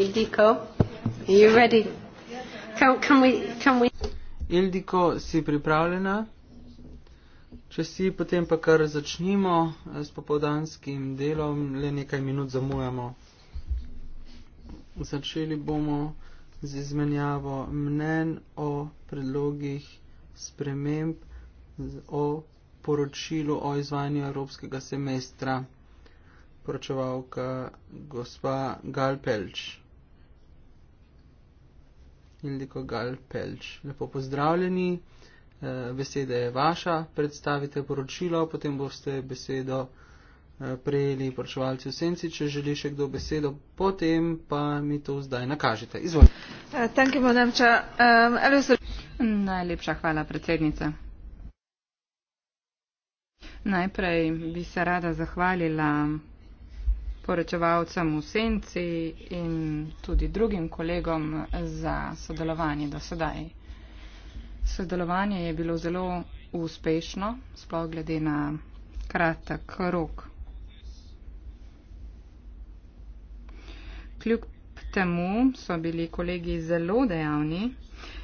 Ildiko, are you ready? Can, can we, can we? Ildiko, si pripravljena? Če si, potem pa kar začnimo eh, s popovdanskim delom, le nekaj minut zamujamo. Začeli bomo z izmenjavo mnen o predlogih sprememb o poročilu o izvajanju evropskega semestra. Poročevalka gospa Galpelč. Ildiko Gal Pelč. Lepo pozdravljeni, eh, beseda je vaša, predstavite poročilo, potem boste besedo eh, prejeli poročevalci v senci, če želi še kdo besedo, potem pa mi to zdaj nakažite. Izvolite. Eh, thank you, Monemča. Um, Najlepša hvala, predsednica. Najprej bi se rada zahvalila poročevalcem v senci in tudi drugim kolegom za sodelovanje do sedaj. Sodelovanje je bilo zelo uspešno, sploh glede na kratek rok. Kljub temu so bili kolegi zelo dejavni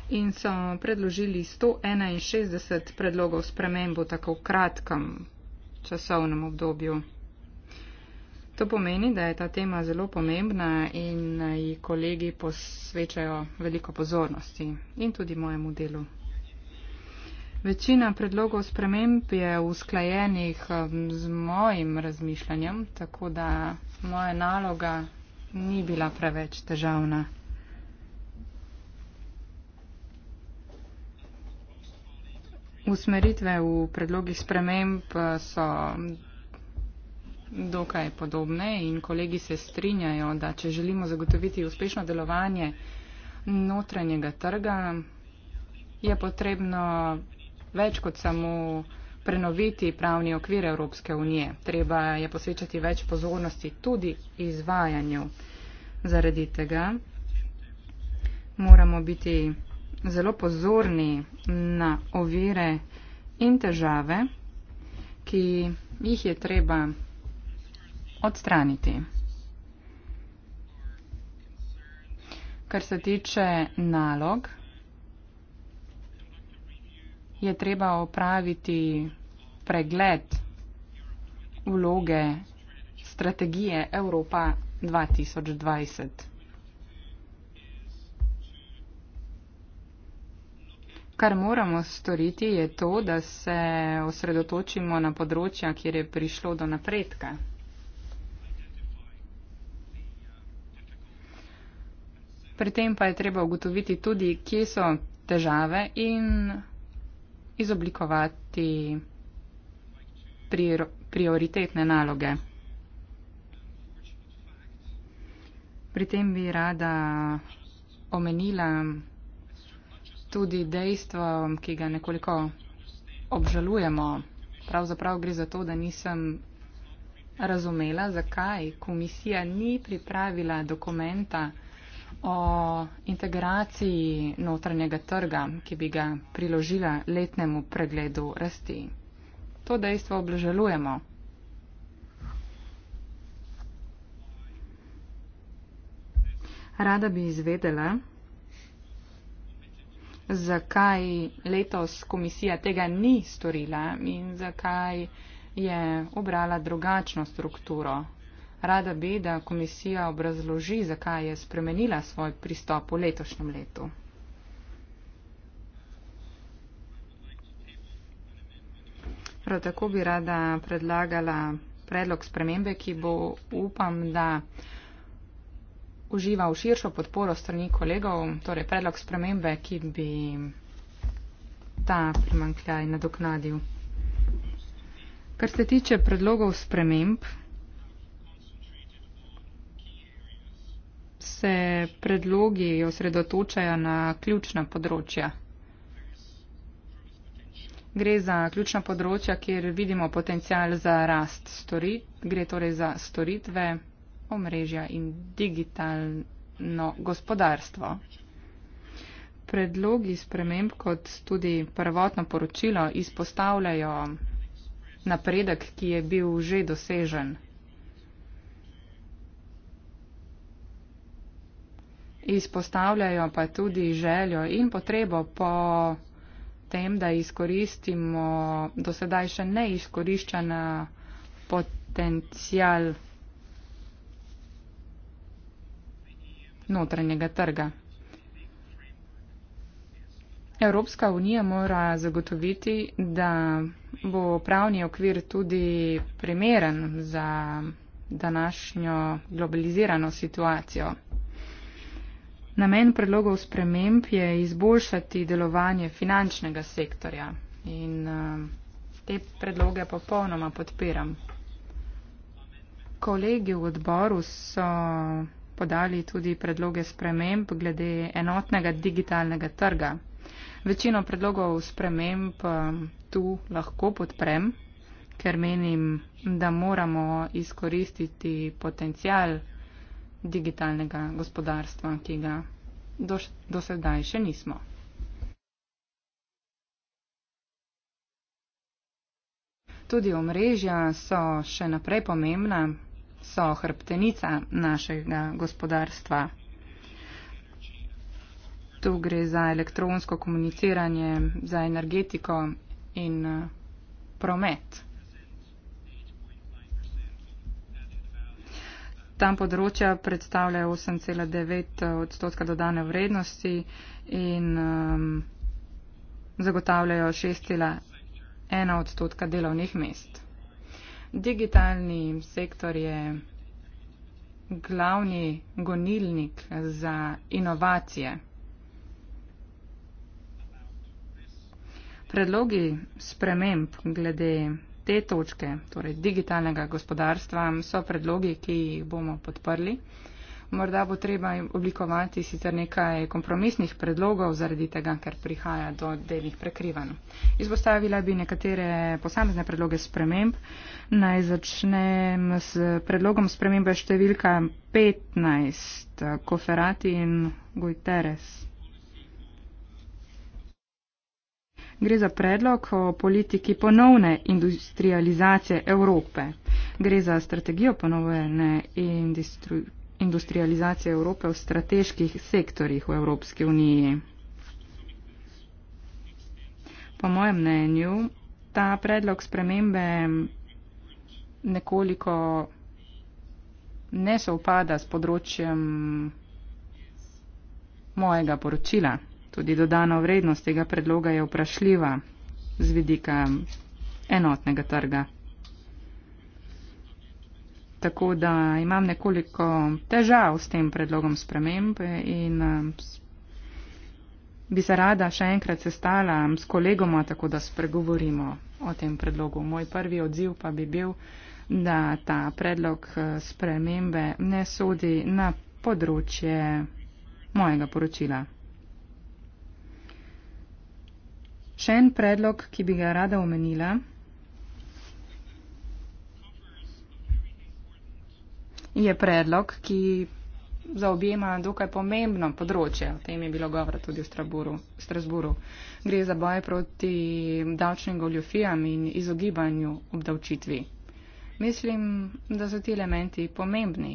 in so predložili 161 predlogov spremembo tako kratkem časovnem obdobju. To pomeni, da je ta tema zelo pomembna in ji kolegi posvečajo veliko pozornosti in tudi mojemu delu. Večina predlogov sprememb je usklajenih um, z mojim razmišljanjem, tako da moja naloga ni bila preveč težavna. Usmeritve v predlogih sprememb uh, so dokaj podobne in kolegi se strinjajo, da če želimo zagotoviti uspešno delovanje notranjega trga, je potrebno več kot samo prenoviti pravni okvir Evropske unije. Treba je posvečati več pozornosti tudi izvajanju. Zaradi tega moramo biti zelo pozorni na ovire in težave, ki jih je treba odstraniti. Kar se tiče nalog, je treba opraviti pregled vloge strategije Evropa 2020. Kar moramo storiti, je to, da se osredotočimo na področja, kjer je prišlo do napredka. Pri tem pa je treba ugotoviti tudi, kje so težave in izoblikovati prior prioritetne naloge. Pri tem bi rada omenila tudi dejstvo, ki ga nekoliko obžalujemo. Pravzaprav gre za to, da nisem razumela, zakaj komisija ni pripravila dokumenta, o integraciji notranjega trga, ki bi ga priložila letnemu pregledu rasti. To dejstvo obležalujemo. Rada bi izvedela, zakaj letos komisija tega ni storila in zakaj je obrala drugačno strukturo Rada bi, da komisija obrazloži, zakaj je spremenila svoj pristop v letošnjem letu. Prav tako bi rada predlagala predlog spremembe, ki bo, upam, da uživa v širšo podporo strani kolegov, torej predlog spremembe, ki bi ta primankljaj nadoknadil. Kar se tiče predlogov sprememb, se predlogi osredotočajo na ključna področja. Gre za ključna področja, kjer vidimo potencial za rast storit, gre torej za storitve, omrežja in digitalno gospodarstvo. Predlogi sprememb, kot tudi prvotno poročilo, izpostavljajo napredek, ki je bil že dosežen. izpostavljajo pa tudi željo in potrebo po tem, da izkoristimo dosedaj še neizkoriščena potencijal notranjega trga. Evropska unija mora zagotoviti, da bo pravni okvir tudi primeren za današnjo globalizirano situacijo. Namen predlogov sprememb je izboljšati delovanje finančnega sektorja in eh, te predloge popolnoma podpiram. Kolegi v odboru so podali tudi predloge sprememb glede enotnega digitalnega trga. Večino predlogov sprememb eh, tu lahko podprem, ker menim, da moramo izkoristiti potencial digitalnega gospodarstva, ki ga do, do sedaj še nismo. Tudi omrežja so še naprej pomembna, so hrbtenica našega gospodarstva. Tu gre za elektronsko komuniciranje, za energetiko in eh, promet. tam področja predstavljajo 8,9 eh, odstotka dodane vrednosti in um, zagotavljajo 6,1 odstotka delovnih mest. Digitalni sektor je glavni gonilnik za inovacije. Predlogi sprememb glede te točke, torej digitalnega gospodarstva, so predlogi, ki jih bomo podprli. Morda bo treba oblikovati sicer nekaj kompromisnih predlogov zaradi tega, ker prihaja do delnih prekrivanj. Izpostavila bi nekatere posamezne predloge sprememb. Naj začnem s predlogom spremembe številka 15, Koferati in Gojteres. Gre za predlog o politiki ponovne industrializacije Evrope. Gre za strategijo ponovne industrializacije Evrope v strateških sektorjih v Evropski uniji. Po mojem mnenju, ta predlog spremembe nekoliko ne sovpada s področjem mojega poročila. Tudi dodana vrednost tega predloga je vprašljiva z vidika enotnega trga. Tako da imam nekoliko težav s tem predlogom sprememb in bi se rada še enkrat sestala s kolegoma, tako da spregovorimo o tem predlogu. Moj prvi odziv pa bi bil, da ta predlog spremembe ne sodi na področje mojega poročila. Še en predlog, ki bi ga rada omenila, je predlog, ki zaobjema dokaj pomembno področje. O tem je bilo govora tudi v Strasburu. Gre za boj proti davčnim goljofijam in izogibanju obdavčitvi. Mislim, da so ti elementi pomembni,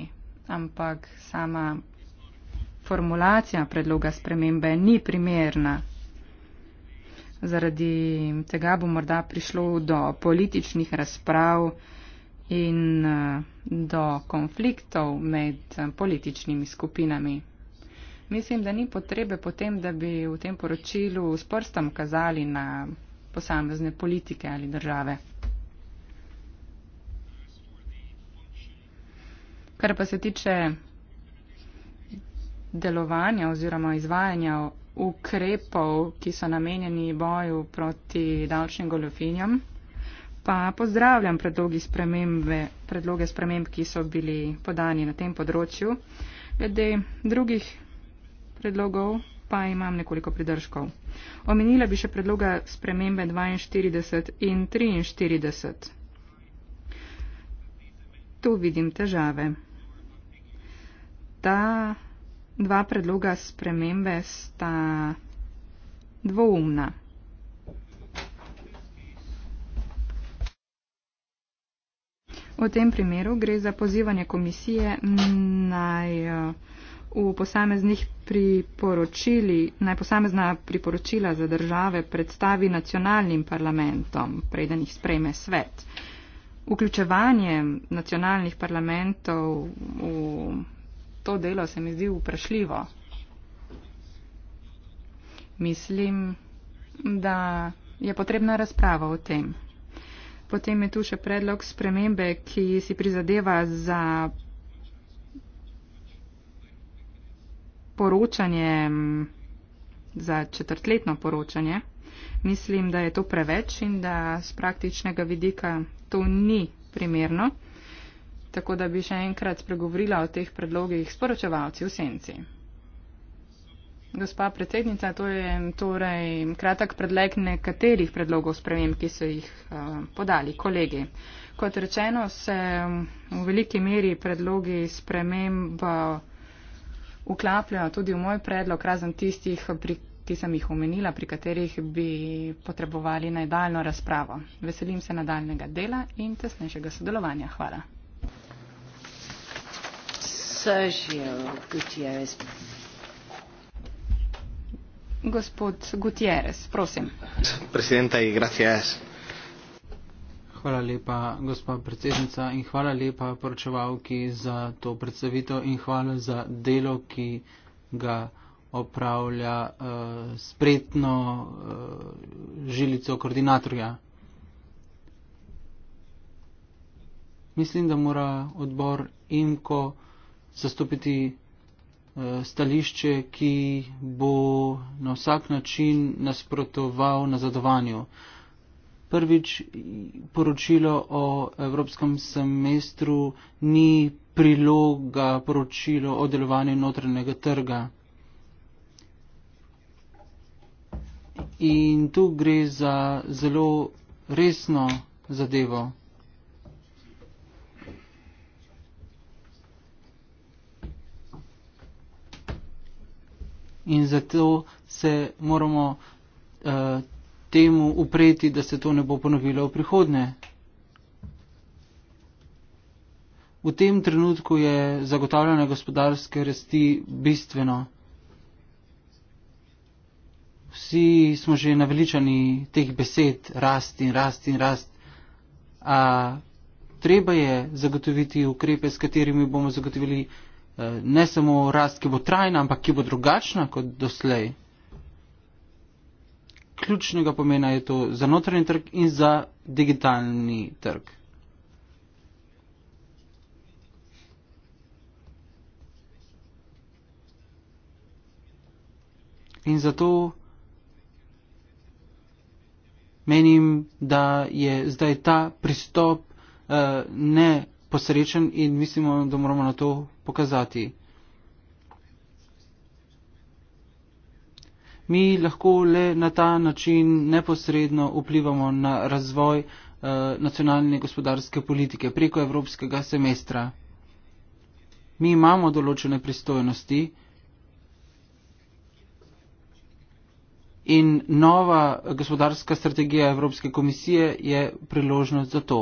ampak sama formulacija predloga spremembe ni primerna. Zaradi tega bo morda prišlo do političnih razprav in eh, do konfliktov med eh, političnimi skupinami. Mislim, da ni potrebe potem, da bi v tem poročilu s prstom kazali na posamezne politike ali države. Kar pa se tiče delovanja oziroma izvajanja ukrepov, ki so namenjeni boju proti davčnim goljofinjam, pa pozdravljam spremembe, predloge sprememb, ki so bili podani na tem področju. Glede drugih predlogov pa imam nekoliko pridržkov. Omenila bi še predloga spremembe 42 in 43. Tu vidim težave. Ta dva predloga spremembe sta dvoumna. V tem primeru gre za pozivanje komisije naj eh, v posameznih priporočili, naj posamezna priporočila za države predstavi nacionalnim parlamentom, preden jih sprejme svet. Vključevanje nacionalnih parlamentov v to delo se mi zdi uprašljivo. Mislim, da je potrebna razprava o tem. Potem je tu še predlog spremembe, ki si prizadeva za poročanje, za četrtletno poročanje. Mislim, da je to preveč in da z praktičnega vidika to ni primerno tako da bi še enkrat spregovorila o teh predlogih sporočevalci v senci. Gospa predsednica, to je torej kratek predlek nekaterih predlogov sprememb, ki so jih uh, podali kolegi. Kot rečeno, se v veliki meri predlogi sprememb uklapljajo eh, tudi v moj predlog, razen tistih, pri, ki sem jih omenila, pri katerih bi potrebovali najdaljno razpravo. Veselim se nadaljnega dela in tesnejšega sodelovanja. Hvala hvala lepa gospa predsednica in hvala lepa poročevalki za to predstavitev in hvala za delo ki ga opravlja uh, spretno uh, žilico koordinatorja. Mislim, da mora odbor IMKO zastopiti eh, stališče, ki bo na vsak način nasprotoval nazadovanju. Prvič, poročilo o evropskem semestru ni priloga poročilo o delovanju notranjega trga. In tu gre za zelo resno zadevo. In zato se moramo uh, temu upreti, da se to ne bo ponovilo v prihodnje. V tem trenutku je zagotavljanje gospodarske rasti bistveno. Vsi smo že naveličani teh besed, rast in rast in rast. A treba je zagotoviti ukrepe, s katerimi bomo zagotovili Eh, ne samo rast, ki bo trajna, ampak ki bo drugačna kot doslej. Ključnega pomena je to za notranji trg in za digitalni trg. In zato menim, da je zdaj ta pristop uh, neposrečen in mislimo, da moramo na to pokazati. Mi lahko le na ta način neposredno vplivamo na razvoj eh, nacionalne gospodarske politike preko evropskega semestra. Mi imamo določene pristojnosti in nova gospodarska strategija Evropske komisije je priložnost za to.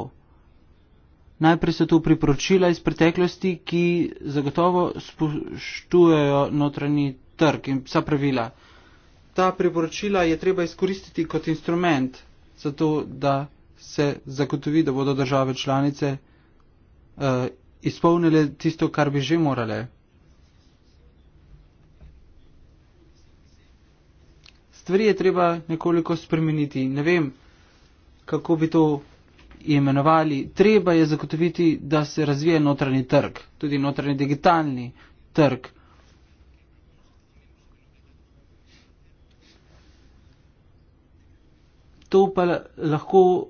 Najprej so tu priporočila iz preteklosti, ki zagotovo spoštujejo notranji trg in vsa pravila. Ta priporočila je treba izkoristiti kot instrument za to, da se zagotovi, da bodo države članice uh, izpolnile tisto, kar bi že morale. Stvari je treba nekoliko spremeniti. Ne vem, kako bi to imenovali, treba je zagotoviti, da se razvije notranji trg, tudi notranji digitalni trg. To pa lahko uh,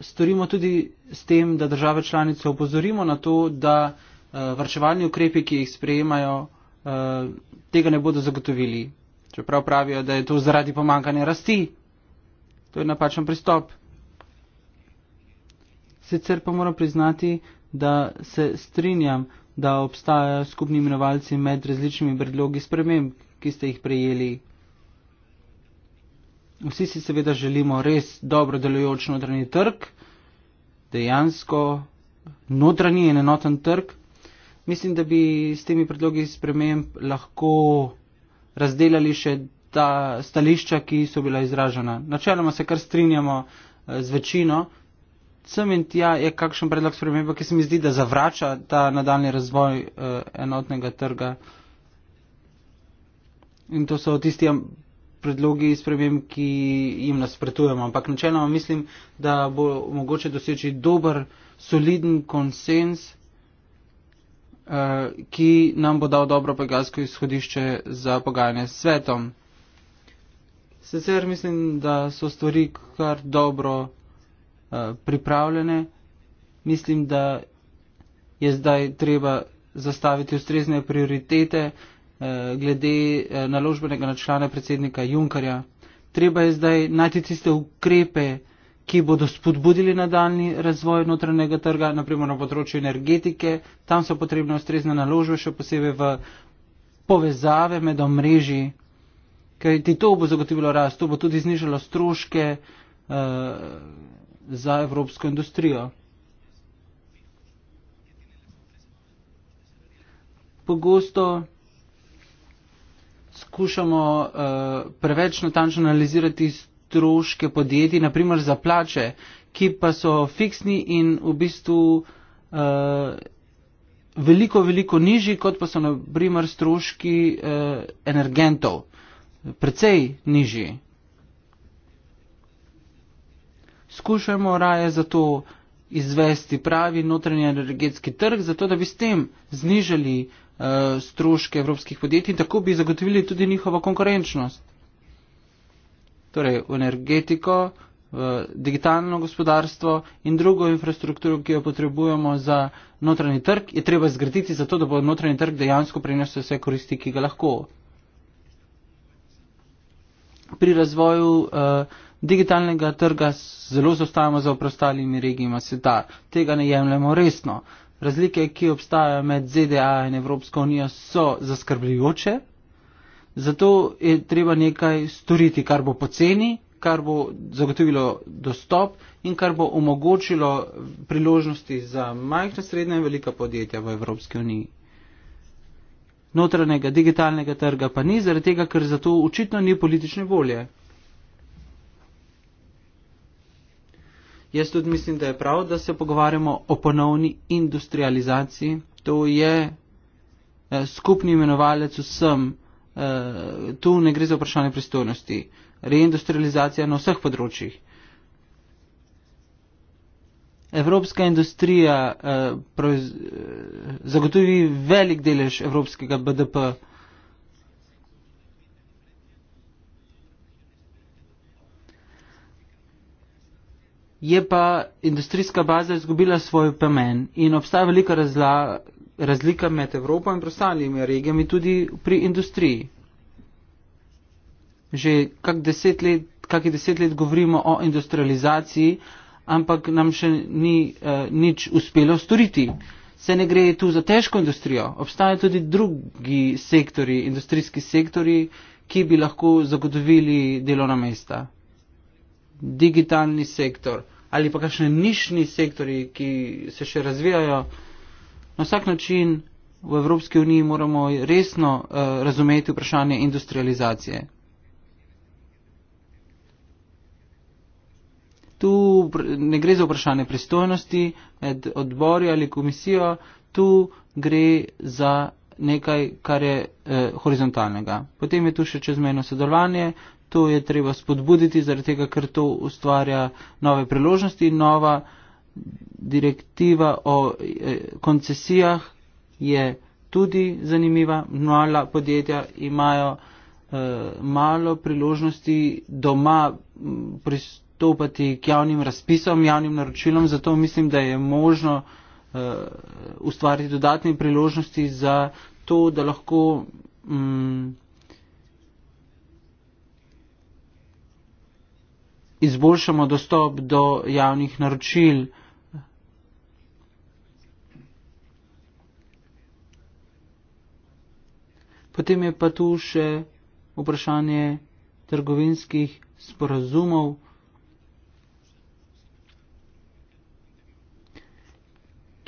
storimo tudi s tem, da države članice opozorimo na to, da uh, eh, vrčevalni ukrepi, ki jih sprejemajo, uh, tega ne bodo zagotovili. Čeprav pravijo, da je to zaradi pomankanja rasti. To je napačen pristop. Sicer pa moram priznati, da se strinjam, da obstajajo skupni imenovalci med različnimi predlogi sprememb, ki ste jih prejeli. Vsi si seveda želimo res dobro delujoč notranji trg, dejansko notranji in enoten trg. Mislim, da bi s temi predlogi sprememb lahko razdelali še ta stališča, ki so bila izražena. Načeloma se kar strinjamo eh, z večino, sem in tja je kakšen predlog spremembe, ki se mi zdi, da zavrača ta nadaljni razvoj uh, enotnega trga. In to so tisti ja, predlogi spremem, ki jim nasprotujemo. Ampak načeloma mislim, da bo mogoče doseči dober, soliden konsens, uh, ki nam bo dal dobro pegalsko izhodišče za pogajanje s svetom. Sicer mislim, da so stvari kar dobro. Eh, pripravljene. Mislim, da je zdaj treba zastaviti ustrezne prioritete eh, glede eh, naložbenega načlana predsednika Junkarja. Treba je zdaj najti tiste ukrepe, ki bodo spodbudili nadaljni razvoj notranjega trga, naprimer na področju energetike. Tam so potrebne ustrezne naložbe, še posebej v povezave med omrežji, ker ti to bo zagotovilo rast, to bo tudi znižalo stroške za evropsko industrijo. Pogosto skušamo uh, preveč natančno analizirati stroške podjetij, naprimer za plače, ki pa so fiksni in v bistvu uh, veliko, veliko nižji, kot pa so naprimer stroški uh, energentov. Precej nižji. skušajmo raje za to izvesti pravi notranji energetski trg, zato da bi s tem znižali uh, stroške evropskih podjetij in tako bi zagotovili tudi njihovo konkurenčnost. Torej, energetiko, uh, digitalno gospodarstvo in drugo infrastrukturo, ki jo potrebujemo za notranji trg, je treba zgraditi zato, da bo notranji trg dejansko prinesel vse koristi, ki ga lahko. Pri razvoju uh, digitalnega trga zelo zaostajamo za ostalimi regijami sveta. Tega ne jemljemo resno. Razlike, ki obstajajo med ZDA in Evropsko unijo, so zaskrbljujoče. Zato je treba nekaj storiti, kar bo poceni, kar bo zagotovilo dostop in kar bo omogočilo priložnosti za majhna, srednja in velika podjetja v Evropski uniji. Notranjega digitalnega trga pa ni, zaradi tega, ker za to očitno ni politične volje. Jaz tudi mislim, da je prav, da se pogovarjamo o ponovni industrializaciji. To je eh, skupni imenovalec vsem. Eh, tu ne gre za vprašanje pristojnosti. Reindustrializacija na vseh področjih. Evropska industrija eh, proiz, eh, zagotovi velik delež evropskega BDP-ja. je pa industrijska baza izgubila svoj pomen in obstaja velika razla, razlika med Evropo in preostalimi regijami tudi pri industriji. Že kak deset let, kakih deset let govorimo o industrializaciji, ampak nam še ni eh, nič uspelo storiti. Se ne gre tu za težko industrijo, obstajajo tudi drugi sektori, industrijski sektori, ki bi lahko zagotovili delovna mesta digitalni sektor ali pa kakšne nišni sektori, ki se še razvijajo. Na vsak način v Evropski uniji moramo resno uh, razumeti vprašanje industrializacije. Tu ne gre za vprašanje pristojnosti med odbori ali komisijo, tu gre za nekaj, kar je eh, horizontalnega. Potem je tu še čezmejno sodelovanje, to je treba spodbuditi, zaradi tega, ker to ustvarja nove priložnosti. Nova direktiva o eh, koncesijah je tudi zanimiva. Mala podjetja imajo eh, malo priložnosti doma pristopati k javnim razpisom, javnim naročilom, zato mislim, da je možno eh, ustvariti dodatne priložnosti za to, da lahko. 嗯。Mm. izboljšamo dostop do javnih naročil. Potem je pa tu še vprašanje trgovinskih sporazumov.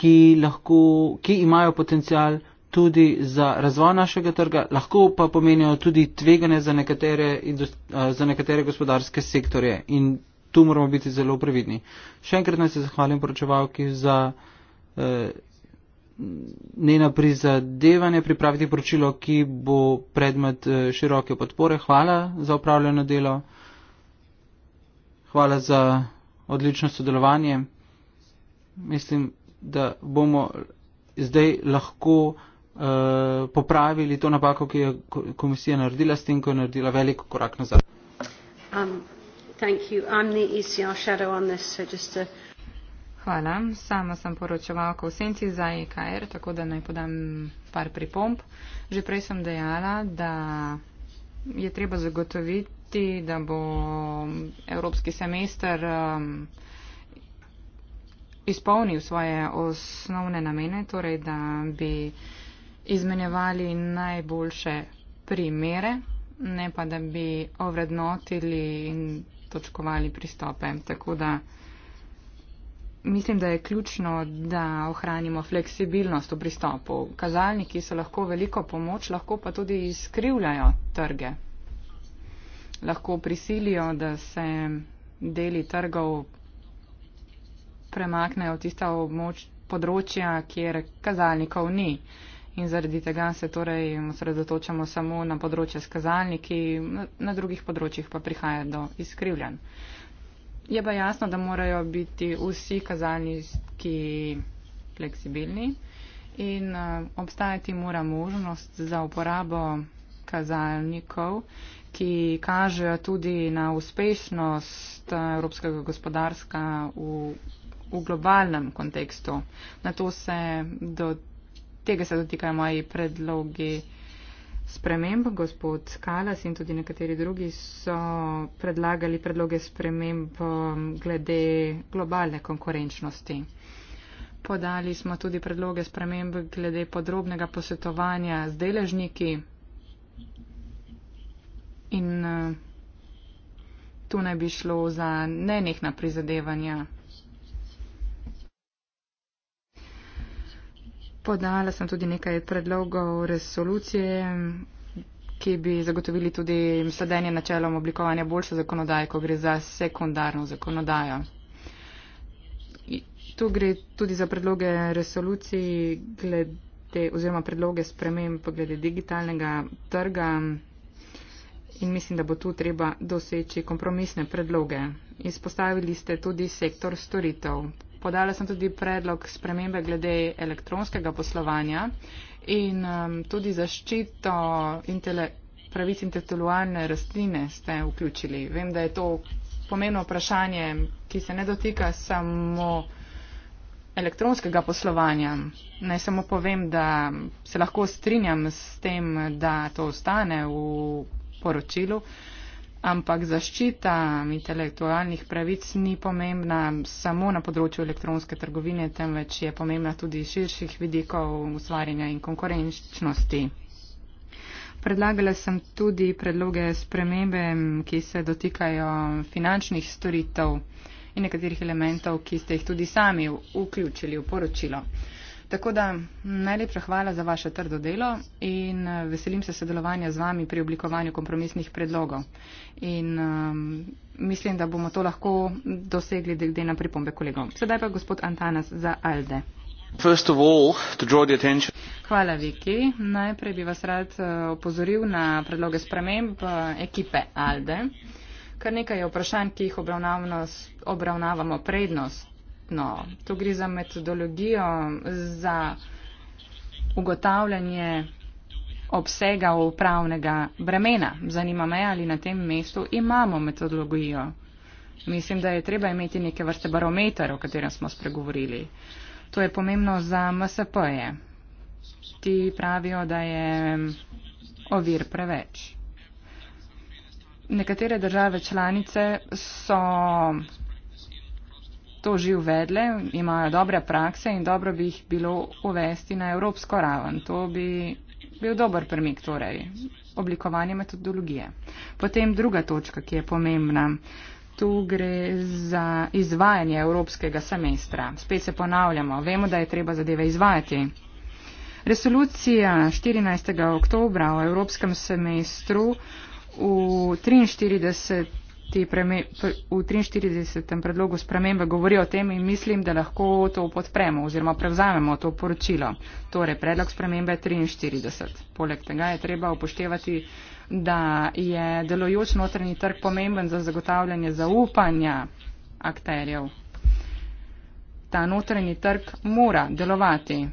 Ki, lahko, ki imajo potencial tudi za razvoj našega trga, lahko pa pomenijo tudi tvegane za nekatere, eh, za nekatere gospodarske sektorje in tu moramo biti zelo previdni. Še enkrat naj se zahvalim poročevalki za eh, njena prizadevanje pripraviti poročilo, ki bo predmet eh, široke podpore. Hvala za upravljeno delo. Hvala za odlično sodelovanje. Mislim, da bomo zdaj lahko Eh, popravili to napako, ki je komisija naredila s tem, ko je naredila velik korak nazaj. Um, e Hvala. Sama sem poročevalka v senci za EKR, tako da naj podam par pripomp. Že prej sem dejala, da je treba zagotoviti, da bo evropski semester um, izpolnil svoje osnovne namene, torej da bi uh, izmenjevali najboljše primere, ne pa da bi ovrednotili in točkovali pristope. Tako da mislim, da je ključno, da ohranimo fleksibilnost v pristopu. Kazalniki so lahko veliko pomoč, lahko pa tudi izkrivljajo trge. Lahko prisilijo, da se deli trgov premaknejo v tista območ področja, kjer kazalnikov ni in zaradi tega se torej osredotočamo samo na področje s kazalniki, na drugih področjih pa prihaja do izkrivljanj. Je pa jasno, da morajo biti vsi kazalniki fleksibilni in eh, obstajati mora možnost za uporabo kazalnikov, ki kažejo tudi na uspešnost eh, evropskega gospodarska v, v globalnem kontekstu. Na to se dotika tega se dotikajo moji predlogi sprememb. Gospod Kalas in tudi nekateri drugi so predlagali predloge sprememb um, glede globalne konkurenčnosti. Podali smo tudi predloge sprememb glede podrobnega posvetovanja z deležniki in uh, tu naj bi šlo za nenehna prizadevanja podala sem tudi nekaj predlogov resolucije, ki bi zagotovili tudi sledenje načelom oblikovanja boljše zakonodaje, ko gre za sekundarno zakonodajo. Tu gre tudi za predloge resolucij glede, oziroma predloge sprememb glede digitalnega trga in mislim, da bo tu treba doseči kompromisne predloge. Izpostavili ste tudi sektor storitev, podala sem tudi predlog spremembe glede elektronskega poslovanja in um, tudi zaščito intele, pravic intelektualne rastline ste vključili. Vem, da je to pomembno vprašanje, ki se ne dotika samo elektronskega poslovanja. Naj samo povem, da se lahko strinjam s tem, da to ostane v poročilu. Uh, ampak zaščita intelektualnih pravic ni pomembna samo na področju elektronske trgovine, temveč je pomembna tudi širših vidikov ustvarjanja in konkurenčnosti. Predlagala sem tudi predloge spremembe, ki se dotikajo finančnih storitev in nekaterih elementov, ki ste jih tudi sami vključili v poročilo. Tako da najlepša hvala za vaše trdo delo in eh, veselim se sodelovanja z vami pri oblikovanju kompromisnih predlogov. In um, mislim, da bomo to lahko dosegli glede na pripombe kolegov. Sedaj pa gospod Antanas za Alde. All, hvala, Viki. Najprej bi vas rad eh, opozoril na predloge sprememb eh, ekipe Alde. Kar nekaj je vprašanj, ki jih obravnavamo prednost konkretno. To gre za metodologijo, za ugotavljanje obsega upravnega bremena. Zanima me, ali na tem mestu imamo metodologijo. Mislim, da je treba imeti neke vrste barometer, o katerem smo spregovorili. To je pomembno za MSP-je. Ti pravijo, da je ovir preveč. Nekatere države članice so to že uvedle, imajo dobre prakse in dobro bi jih bilo uvesti na evropsko raven. To bi bil dober premik, torej oblikovanje metodologije. Potem druga točka, ki je pomembna. Tu gre za izvajanje evropskega semestra. Spet se ponavljamo, vemo, da je treba zadeve izvajati. Resolucija 14. oktobra o evropskem semestru v 43 43. v 43. predlogu spremembe govori o tem in mislim, da lahko to podpremo oziroma prevzamemo to poročilo. Torej, predlog spremembe 43. Poleg tega je treba upoštevati, da je delojoč notrni trg pomemben za zagotavljanje zaupanja akterjev. Ta notrni trg mora delovati.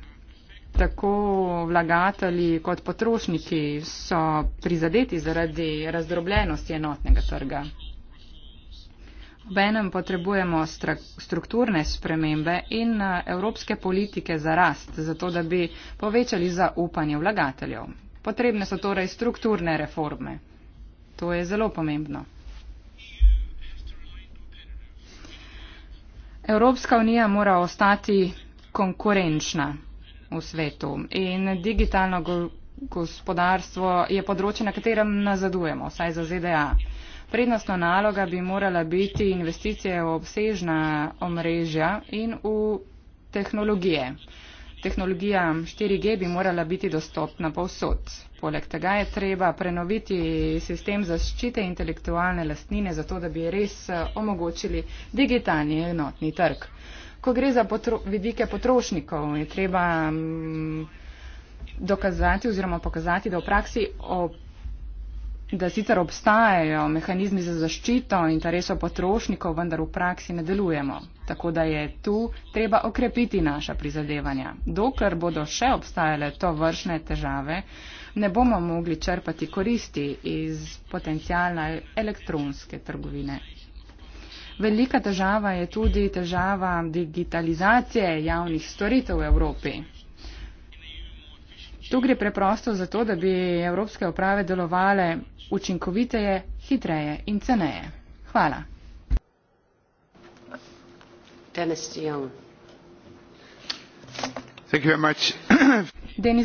Tako vlagatelji kot potrošniki so prizadeti zaradi razdrobljenosti enotnega trga. Obenem potrebujemo strukturne spremembe in eh, evropske politike za rast, zato da bi povečali zaupanje vlagateljev. Potrebne so torej strukturne reforme. To je zelo pomembno. Evropska unija mora ostati konkurenčna v svetu in digitalno gospodarstvo je področje, na katerem nazadujemo, saj za ZDA. Prednostna naloga bi morala biti investicije v obsežna omrežja in v tehnologije. Tehnologija 4G bi morala biti dostopna povsod. Poleg tega je treba prenoviti sistem zaščite intelektualne lastnine, zato da bi res omogočili digitalni enotni trg. Ko gre za potro vidike potrošnikov, je treba mm, dokazati oziroma pokazati, da v praksi da sicer obstajajo mehanizmi za zaščito interesov potrošnikov, vendar v praksi ne delujemo. Tako da je tu treba okrepiti naša prizadevanja. Dokler bodo še obstajale to vršne težave, ne bomo mogli črpati koristi iz potencijalne elektronske trgovine. Velika težava je tudi težava digitalizacije javnih storitev v Evropi. Tu gre preprosto za to, da bi evropske uprave delovale učinkoviteje, hitreje in ceneje. Hvala. Denis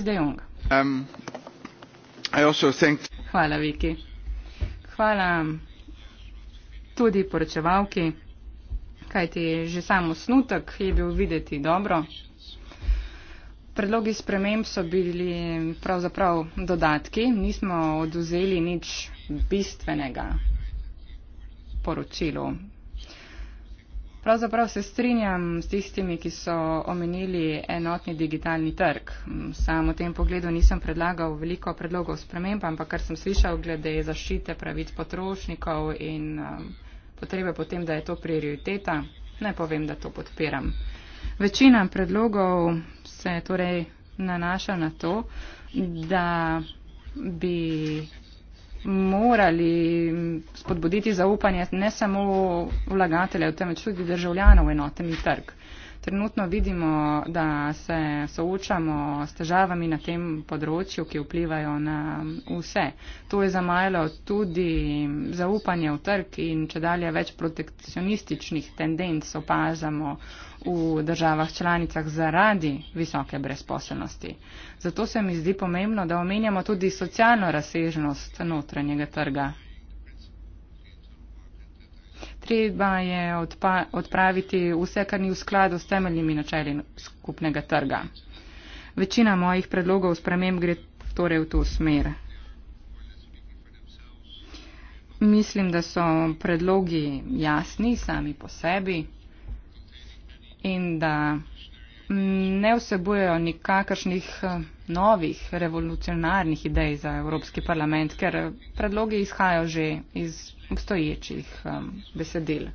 De Jong. Um, Hvala, Viki. Hvala tudi poročevalki, kajti že sam osnutek je bil videti dobro. Predlogi sprememb so bili pravzaprav dodatki, nismo oduzeli nič bistvenega poročilu. Pravzaprav se strinjam s tistimi, ki so omenili enotni digitalni trg. Sam v tem pogledu nisem predlagal veliko predlogov sprememb, ampak kar sem slišal glede zašite pravic potrošnikov in um, potrebe potem, da je to prioriteta, ne povem, da to podpiram. Večina predlogov se je torej nanašal na to, da bi morali spodbuditi zaupanje ne samo vlagateljev, temveč tudi državljanov enotni trg. Uh, trenutno vidimo, da se soočamo s težavami na tem področju, ki vplivajo na vse. To je zamajalo tudi zaupanje v trg in če dalje več protekcionističnih tendenc opazamo v državah članicah zaradi visoke brezposelnosti. Zato se mi zdi pomembno, da omenjamo tudi socialno razsežnost notranjega trga treba je odpa, odpraviti vse, kar ni v skladu s temeljnimi načeli skupnega trga. Večina mojih predlogov sprememb gre torej v to smer. Mislim, da so predlogi jasni sami po sebi in da ne vsebujejo nikakršnih eh, novih revolucionarnih idej za Evropski parlament, ker predloge izhajajo že iz obstoječih um, besedil.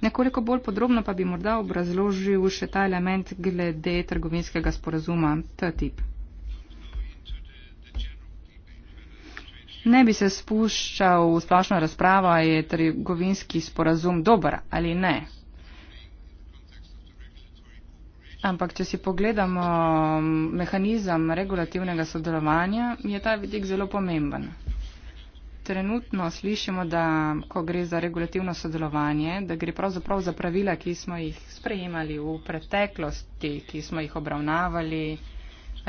Nekoliko bolj podrobno pa bi morda obrazložil še ta element glede trgovinskega sporazuma TTIP. Ne bi se spuščal v splošno razpravo, je trgovinski sporazum dober ali ne. Ampak, če si pogledamo mehanizem regulativnega sodelovanja, je ta vidik zelo pomemben. Trenutno slišimo, da ko gre za regulativno sodelovanje, da gre pravzaprav za pravila, ki smo jih sprejemali v preteklosti, ki smo jih obravnavali,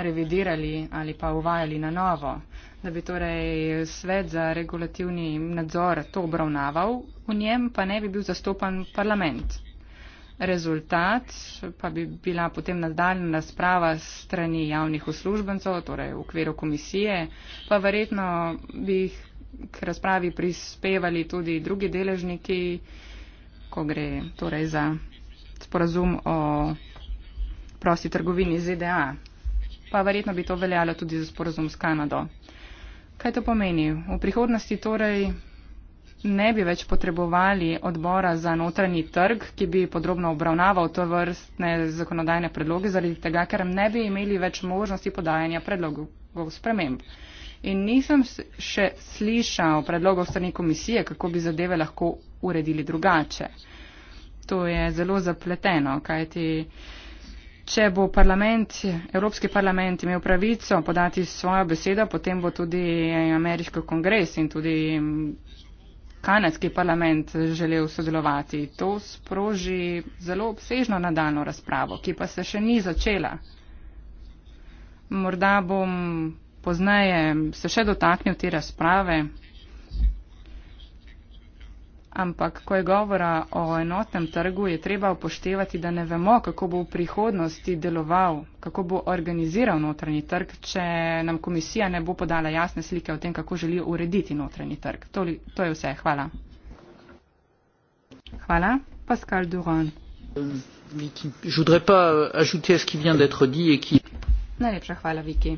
revidirali ali pa uvajali na novo, da bi torej svet za regulativni nadzor to obravnaval, v njem pa ne bi bil zastopan parlament rezultat, pa bi bila potem nadaljna razprava strani javnih uslužbencov, torej v okviru komisije, pa verjetno bi jih k razpravi prispevali tudi drugi deležniki, ko gre torej za sporazum o prosti trgovini ZDA, pa verjetno bi to veljalo tudi za sporazum s Kanado. Kaj to pomeni? V prihodnosti torej ne bi več potrebovali odbora za notranji trg, ki bi podrobno obravnaval to vrstne zakonodajne predloge, zaradi tega, ker ne bi imeli več možnosti podajanja predlogov sprememb. In nisem še slišal predlogov strani komisije, kako bi zadeve lahko uredili drugače. To je zelo zapleteno, kajti če bo parlament, Evropski parlament imel pravico podati svojo besedo, potem bo tudi ameriško kongres in tudi kanadski parlament želel sodelovati. To sproži zelo obsežno nadaljno razpravo, ki pa se še ni začela. Morda bom pozneje se še dotaknil te razprave. Ampak, ko je govora o enotnem trgu, je treba upoštevati, da ne vemo, kako bo v prihodnosti deloval, kako bo organiziral notranji trg, če nam komisija ne bo podala jasne slike o tem, kako želijo urediti notranji trg. To, li, to je vse. Hvala. Hvala. Pascal Duran. Euh, Najlepša hvala, Viki.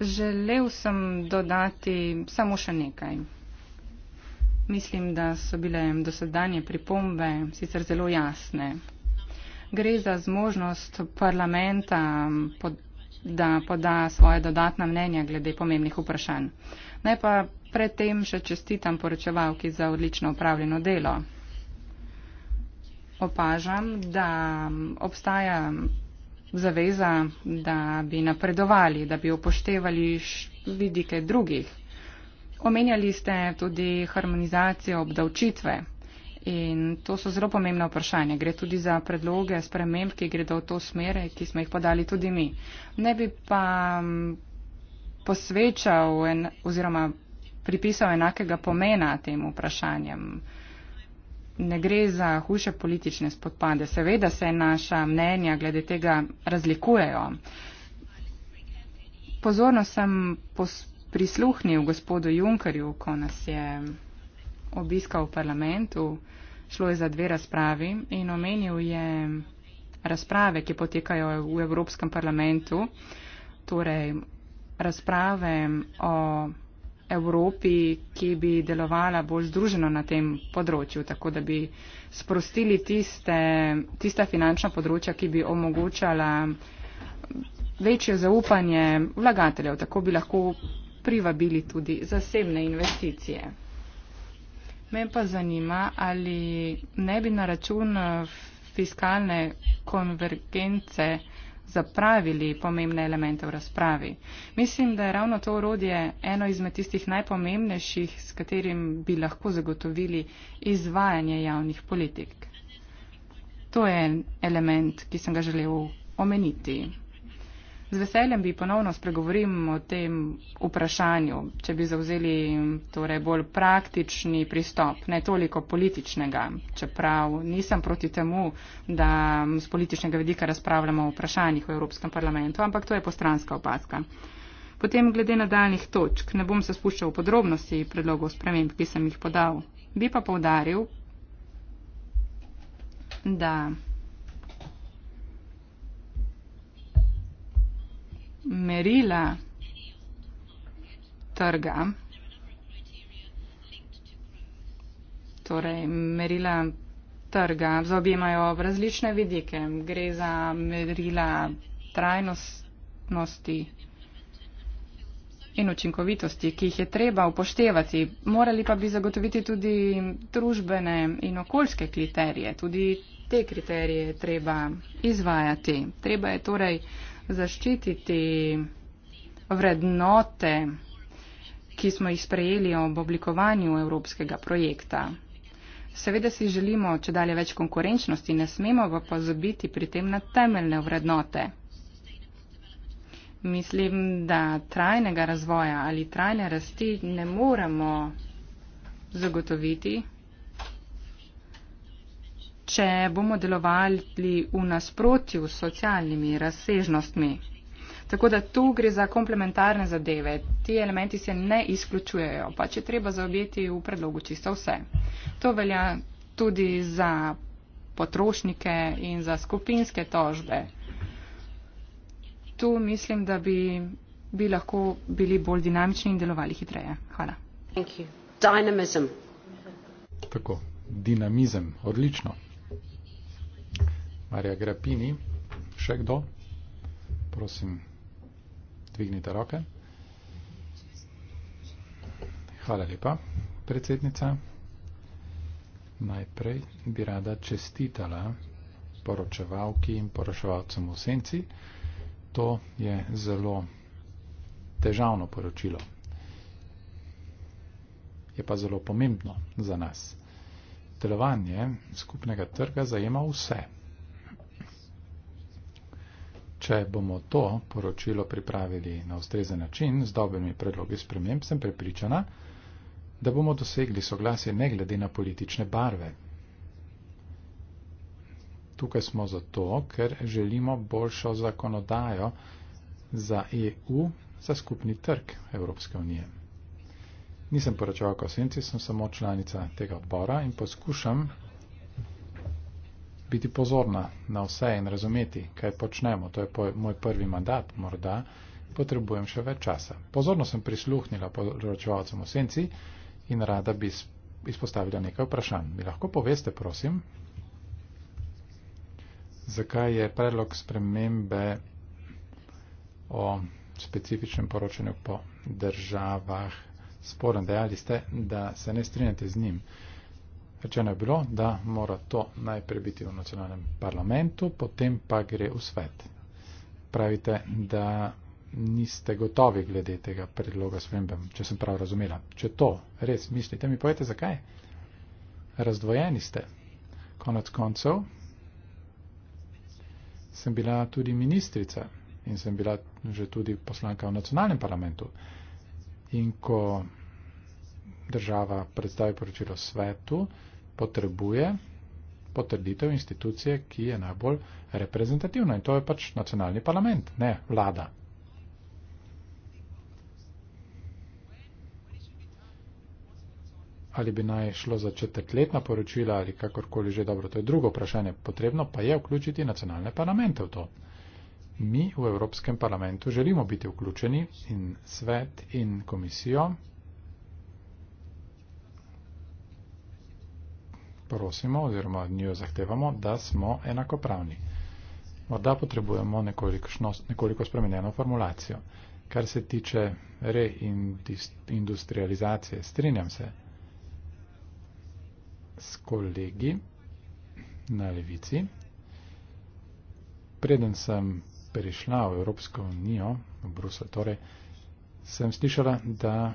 Želel sem dodati samo še nekaj. Mislim, da so bile dosedanje pripombe sicer zelo jasne. Gre za zmožnost parlamenta, da poda svoje dodatna mnenja glede pomembnih vprašanj. Naj pa predtem še čestitam poročevalki za odlično upravljeno delo. Opažam, da obstaja zaveza, da bi napredovali, da bi upoštevali vidike drugih. Omenjali ste tudi harmonizacijo obdavčitve in to so zelo pomembna vprašanja. Gre tudi za predloge, sprememb, ki gredo v to smer, ki smo jih podali tudi mi. Ne bi pa mm, posvečal en, oziroma pripisal enakega pomena tem vprašanjem. Ne gre za hujše politične spopade. Seveda se naša mnenja glede tega razlikujejo. Pozorno sem pospravil prisluhnil gospodu Junkerju, ko nas je obiskal v parlamentu, šlo je za dve razpravi in omenil je razprave, ki potekajo v Evropskem parlamentu, torej razprave o Evropi, ki bi delovala bolj združeno na tem področju, tako da bi sprostili tiste, tista finančna področja, ki bi omogočala večje zaupanje vlagateljev. Tako bi lahko privabili tudi zasebne investicije. Me pa zanima, ali ne bi na račun eh, fiskalne konvergence zapravili pomembne elemente v razpravi. Mislim, da je ravno to urodje eno izmed tistih najpomembnejših, s katerim bi lahko zagotovili izvajanje javnih politik. To je element, ki sem ga želel omeniti. Z veseljem bi ponovno spregovorim o tem vprašanju, če bi zauzeli torej bolj praktični pristop, ne toliko političnega, čeprav nisem proti temu, da z političnega vedika razpravljamo o vprašanjih v Evropskem parlamentu, ampak to je postranska opaska. Potem glede nadaljnih točk, ne bom se spuščal v podrobnosti predlogov sprememb, ki sem jih podal, bi pa povdaril, da merila trga, torej merila trga zaobjemajo različne vidike. Gre za merila trajnostnosti in učinkovitosti, ki jih je treba upoštevati. Morali pa bi zagotoviti tudi družbene in okoljske kriterije. Tudi te kriterije treba izvajati. Treba je torej zaščititi vrednote, ki smo jih sprejeli ob oblikovanju evropskega projekta. Seveda si želimo, če dalje več konkurenčnosti, ne smemo pa pozabiti pri tem na temeljne vrednote. Mislim, da trajnega razvoja ali trajne rasti ne moremo zagotoviti, če bomo delovali v nasprotju s socialnimi razsežnostmi. Tako da tu gre za komplementarne zadeve. Ti elementi se ne izključujejo, pa če treba zaobjeti v predlogu čisto vse. To velja tudi za potrošnike in za skupinske tožbe. Tu mislim, da bi, bi lahko bili bolj dinamični in delovali hitreje. Hvala. Tako, dinamizem, odlično. Marija Grapini, še kdo? Prosim, dvignite roke. Hvala lepa, predsednica. Najprej bi rada čestitala poročevalki in poročevalcem v senci. To je zelo težavno poročilo. Je pa zelo pomembno za nas delovanje skupnega trga zajema vse. Če bomo to poročilo pripravili na ustrezen način z dobrimi predlogi sprememb, sem prepričana, da bomo dosegli soglasje ne glede na politične barve. Tukaj smo zato, ker želimo boljšo zakonodajo za EU, za skupni trg Evropske unije nisem poročevalka v senci, sem samo članica tega odbora in poskušam biti pozorna na vse in razumeti, kaj počnemo. To je moj prvi mandat, morda potrebujem še več časa. Pozorno sem prisluhnila poročevalcem v senci in rada bi izpostavila nekaj vprašanj. Mi lahko poveste, prosim, zakaj je predlog spremembe o specifičnem poročanju po državah sporen, dejali ste, da se ne strinjate z njim. Rečeno je bilo, da mora to najprej biti v nacionalnem parlamentu, potem pa gre v svet. Pravite, da niste gotovi glede tega predloga s vembem, če sem prav razumela. Če to res mislite, mi povete zakaj. Razdvojeni ste. Konec koncev sem bila tudi ministrica in sem bila že tudi poslanka v nacionalnem parlamentu in ko država predstavi poročilo svetu, potrebuje potrditev institucije, ki je najbolj reprezentativna in to je pač nacionalni parlament, ne vlada. Ali bi naj šlo za četrtletna poročila ali kakorkoli že dobro, to je drugo vprašanje. Potrebno pa je vključiti nacionalne parlamente v to. Mi v Evropskem parlamentu želimo biti vključeni in svet in komisijo. prosimo oziroma od njo zahtevamo, da smo enakopravni. Morda potrebujemo nekoliko, nekoliko spremenjeno formulacijo. Kar se tiče reindustrializacije, strinjam se s kolegi na levici. Preden sem prišla v Evropsko unijo, v Brusel torej, sem slišala, da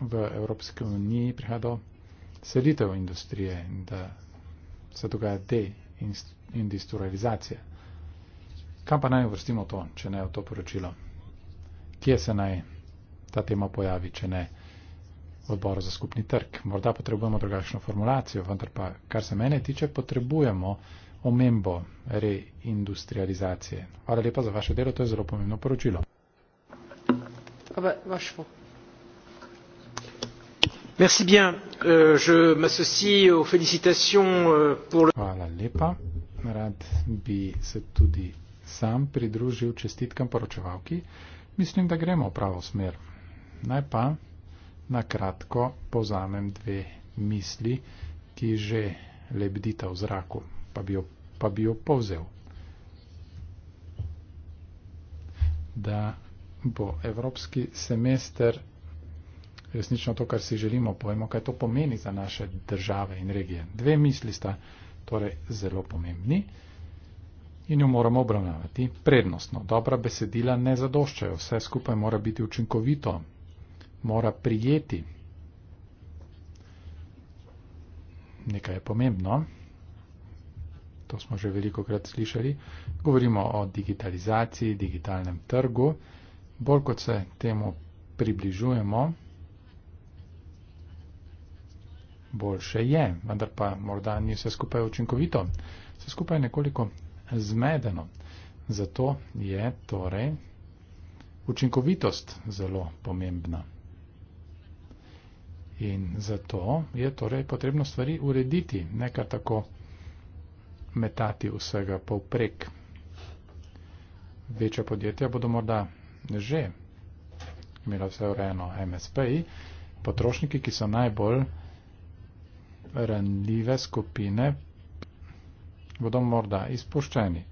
v Evropski uniji prihaja do selitev industrije in da se dogaja deindustrializacija. Kam pa naj uvrstimo to, če ne v to poročilo? Kje se naj ta tema pojavi, če ne v odboru za skupni trg? Morda potrebujemo drugačno formulacijo, vendar pa, kar se mene tiče, potrebujemo omembo reindustrializacije. Hvala lepa za vaše delo, to je zelo pomembno poročilo. Merci bien. Euh, je m'associe aux félicitations euh, pour le. Hvala lepa. Rad bi se tudi sam pridružil čestitkam poročevalki. Mislim, da gremo v pravo smer. Naj pa na kratko povzamem dve misli, ki že lebdita v zraku pa bi jo, pa bi jo povzel. Da bo evropski semester resnično to, kar si želimo, povemo, kaj to pomeni za naše države in regije. Dve misli sta torej zelo pomembni in jo moramo obravnavati prednostno. Dobra besedila ne zadoščajo, vse skupaj mora biti učinkovito, mora prijeti. Nekaj je pomembno to smo že veliko krat slišali, govorimo o digitalizaciji, digitalnem trgu. Bolj kot se temu približujemo, boljše je, vendar pa morda ni vse skupaj učinkovito, vse skupaj je nekoliko zmedeno. Zato je torej učinkovitost zelo pomembna. In zato je torej potrebno stvari urediti, ne kar tako metati vsega povprek. Večja podjetja bodo morda že imela vse urejeno MSP-ji, potrošniki, ki so najbolj ranljive skupine, bodo morda izpuščeni.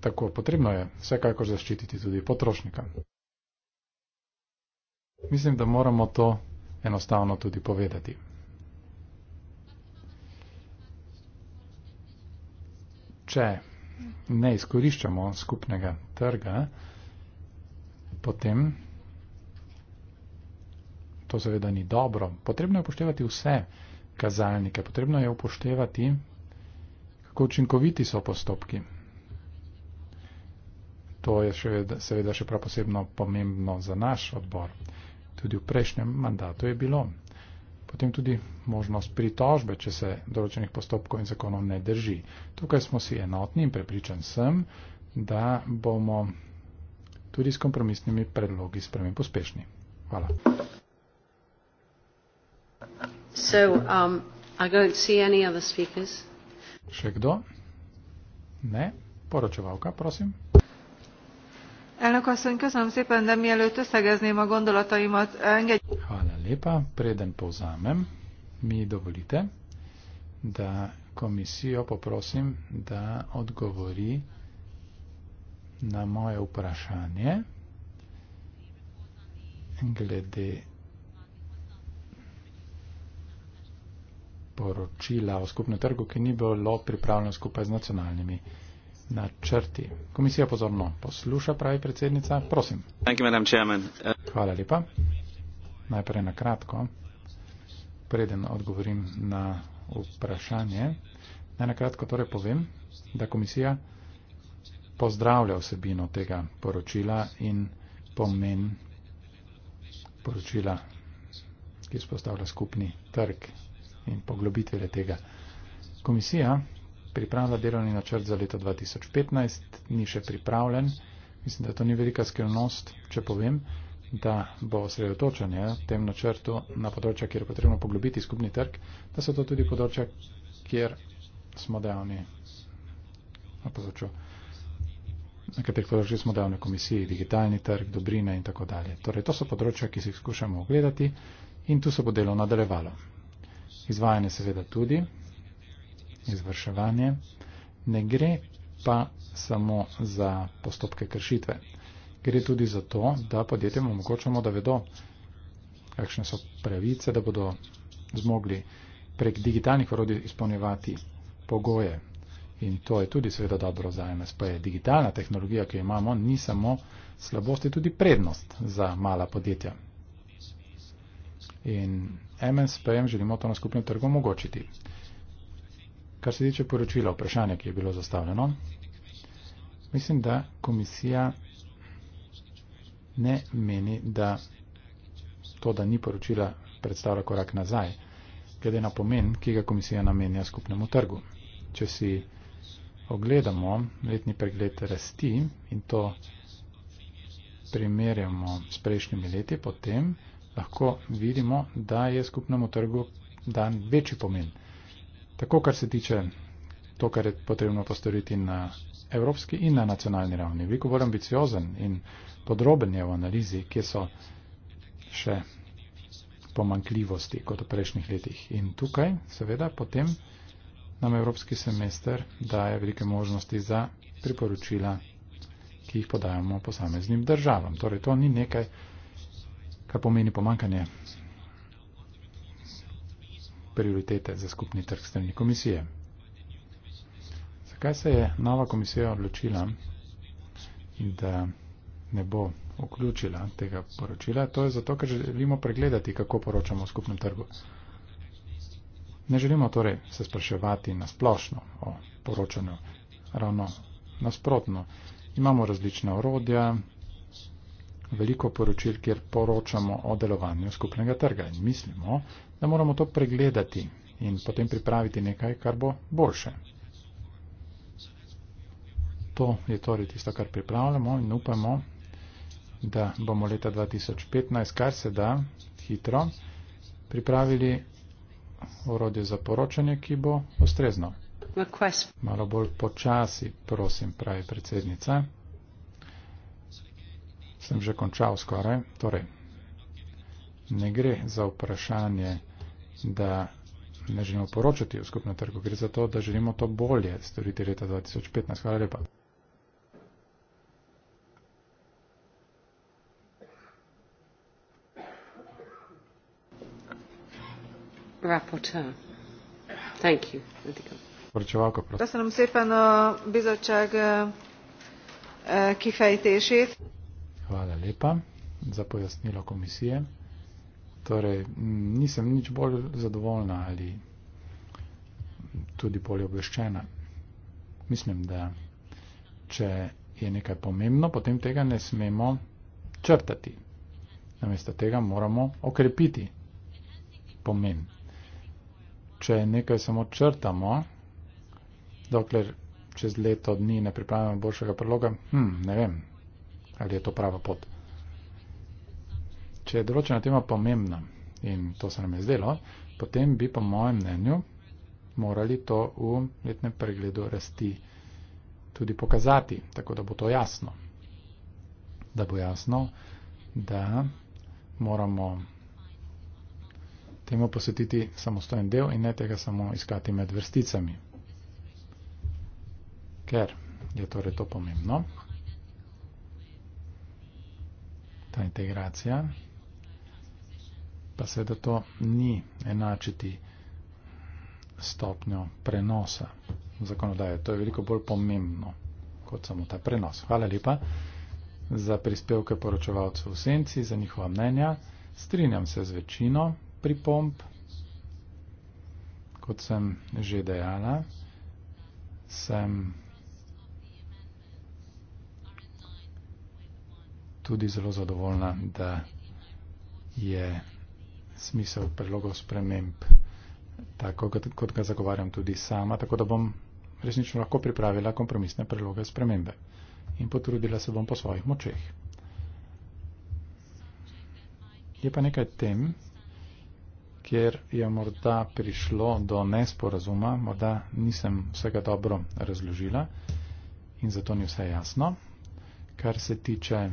Tako potrebno je vsekakor zaščititi tudi potrošnika. Mislim, da moramo to enostavno tudi povedati. če ne izkoriščamo skupnega trga, potem to seveda ni dobro. Potrebno je upoštevati vse kazalnike, potrebno je upoštevati, kako učinkoviti so postopki. To je še, seveda še prav posebno pomembno za naš odbor. Tudi v prejšnjem mandatu je bilo potem tudi možnost pritožbe, če se določenih postopkov in zakonov ne drži. Tukaj smo si enotni in prepričan sem, da bomo tudi s kompromisnimi predlogi spremem uspešni. Hvala. So, um, I don't see any other speakers. Še kdo? Ne. Poročevalka, prosim. Elnök asszony, köszönöm szépen, de mielőtt összegezném a gondolataimat, engedj... Hvala lepa, preden povzamem, mi dovolite, da komisijo poprosim, da odgovori na moje vprašanje glede poročila o skupnem trgu, ki ni bilo pripravljeno skupaj z nacionalnimi načrti. Komisija pozorno posluša, pravi predsednica. Prosim. Hvala lepa. Najprej na kratko, preden odgovorim na vprašanje. Naj na kratko torej povem, da komisija pozdravlja vsebino tega poročila in pomen poročila, ki spostavlja skupni trg in poglobitve tega. Komisija pripravila delovni načrt za leto 2015, ni še pripravljen. Mislim, da to ni velika skrivnost, če povem, da bo osredotočanje v tem načrtu na področja, kjer je potrebno poglobiti skupni trg, da so to tudi področja, kjer smo dejavni. Na, no, področju, na katerih področjih smo dejavni komisiji, digitalni trg, dobrine in tako dalje. Torej, to so področja, ki si jih skušamo ogledati in tu se bo delo nadaljevalo. Izvajanje seveda tudi, izvrševanje, ne gre pa samo za postopke kršitve. Gre tudi za to, da podjetjem omogočamo, da vedo, kakšne so pravice, da bodo zmogli prek digitalnih orodij izpolnjevati pogoje. In to je tudi seveda dobro za MSP. Digitalna tehnologija, ki jo imamo, ni samo slabost, je tudi prednost za mala podjetja. In MSP-jem želimo to na skupnem trgu omogočiti. Kar se tiče poročila, vprašanje, ki je bilo zastavljeno, mislim, da komisija ne meni, da to, da ni poročila, predstavlja korak nazaj, glede na pomen, ki ga komisija namenja skupnemu trgu. Če si ogledamo letni pregled rasti in to primerjamo s prejšnjimi leti, potem lahko vidimo, da je skupnemu trgu dan večji pomen tako kar se tiče to, kar je potrebno postoriti na evropski in na nacionalni ravni. Veliko bolj ambiciozen in podroben je v analizi, kje so še pomankljivosti kot v prejšnjih letih. In tukaj, seveda, potem nam evropski semester daje velike možnosti za priporočila, ki jih podajamo posameznim državam. Torej, to ni nekaj, kar pomeni pomankanje prioritete za skupni trg strani komisije. Zakaj se je nova komisija odločila, da ne bo vključila tega poročila? To je zato, ker želimo pregledati, kako poročamo o skupnem trgu. Ne želimo torej se spraševati nasplošno o poročanju, ravno nasprotno. Imamo različna orodja, veliko poročil, kjer poročamo o delovanju skupnega trga in mislimo, da moramo to pregledati in potem pripraviti nekaj, kar bo boljše. To je torej tisto, kar pripravljamo in upamo, da bomo leta 2015, kar se da hitro, pripravili orodje za poročanje, ki bo ustrezno. Malo bolj počasi, prosim, pravi predsednica sem že končal skoraj. Torej, ne gre za vprašanje, da ne želimo poročati o skupnem trgu, gre za to, da želimo to bolje storiti leta 2015. Hvala lepa. Poročevalko, prosim. Köszönöm szépen a bizottság eh, kifejtését. Hvala lepa za pojasnilo komisije. Torej, nisem nič bolj zadovoljna ali tudi bolje obveščena. Mislim, da če je nekaj pomembno, potem tega ne smemo črtati. Namesto tega moramo okrepiti pomen. Če nekaj samo črtamo, dokler čez leto dni ne pripravimo boljšega predloga, hm, ne vem, ali je to prava pot. Če je določena tema pomembna in to se nam je zdelo, potem bi po mojem mnenju morali to v letnem pregledu rasti tudi pokazati, tako da bo to jasno. Da bo jasno, da moramo temu posvetiti samostojen del in ne tega samo iskati med vrsticami. Ker je torej to pomembno. ta integracija, pa seveda to ni enačiti stopnjo prenosa zakonodaje. To je veliko bolj pomembno kot samo ta prenos. Hvala lepa za prispevke poročevalcev v senci, za njihova mnenja. Strinjam se z večino pripomp, kot sem že dejala. Sem tudi zelo zadovoljna, da je smisel predlogov sprememb tako, kot ga zagovarjam tudi sama, tako da bom resnično lahko pripravila kompromisne predloge spremembe in potrudila se bom po svojih močeh. Je pa nekaj tem, kjer je morda prišlo do nesporazuma, morda nisem vsega dobro razložila in zato ni vse jasno. Kar se tiče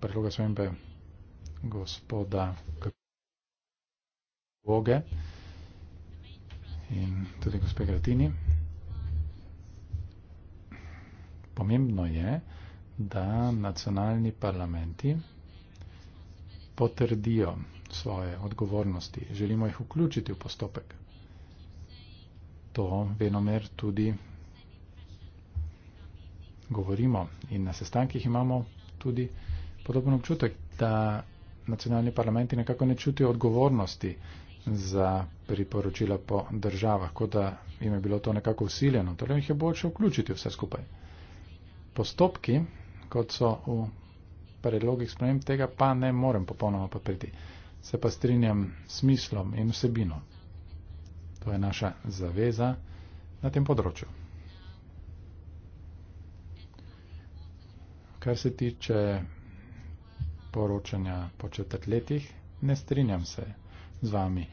predloga svembe gospoda Boge in tudi gospe Gratini. Pomembno je, da nacionalni parlamenti potrdijo svoje odgovornosti. Želimo jih vključiti v postopek. To venomer tudi govorimo in na sestankih imamo tudi podoben občutek, da nacionalni parlamenti nekako ne čutijo odgovornosti za priporočila po državah, kot da jim je bilo to nekako usiljeno. Torej jih je boljše vključiti vse skupaj. Postopki, kot so v predlogih sprememb, tega pa ne morem popolnoma podpreti. Se pa strinjam s smislom in vsebino. To je naša zaveza na tem področju. Kar se tiče poročanja po četrtletjih, ne strinjam se z vami.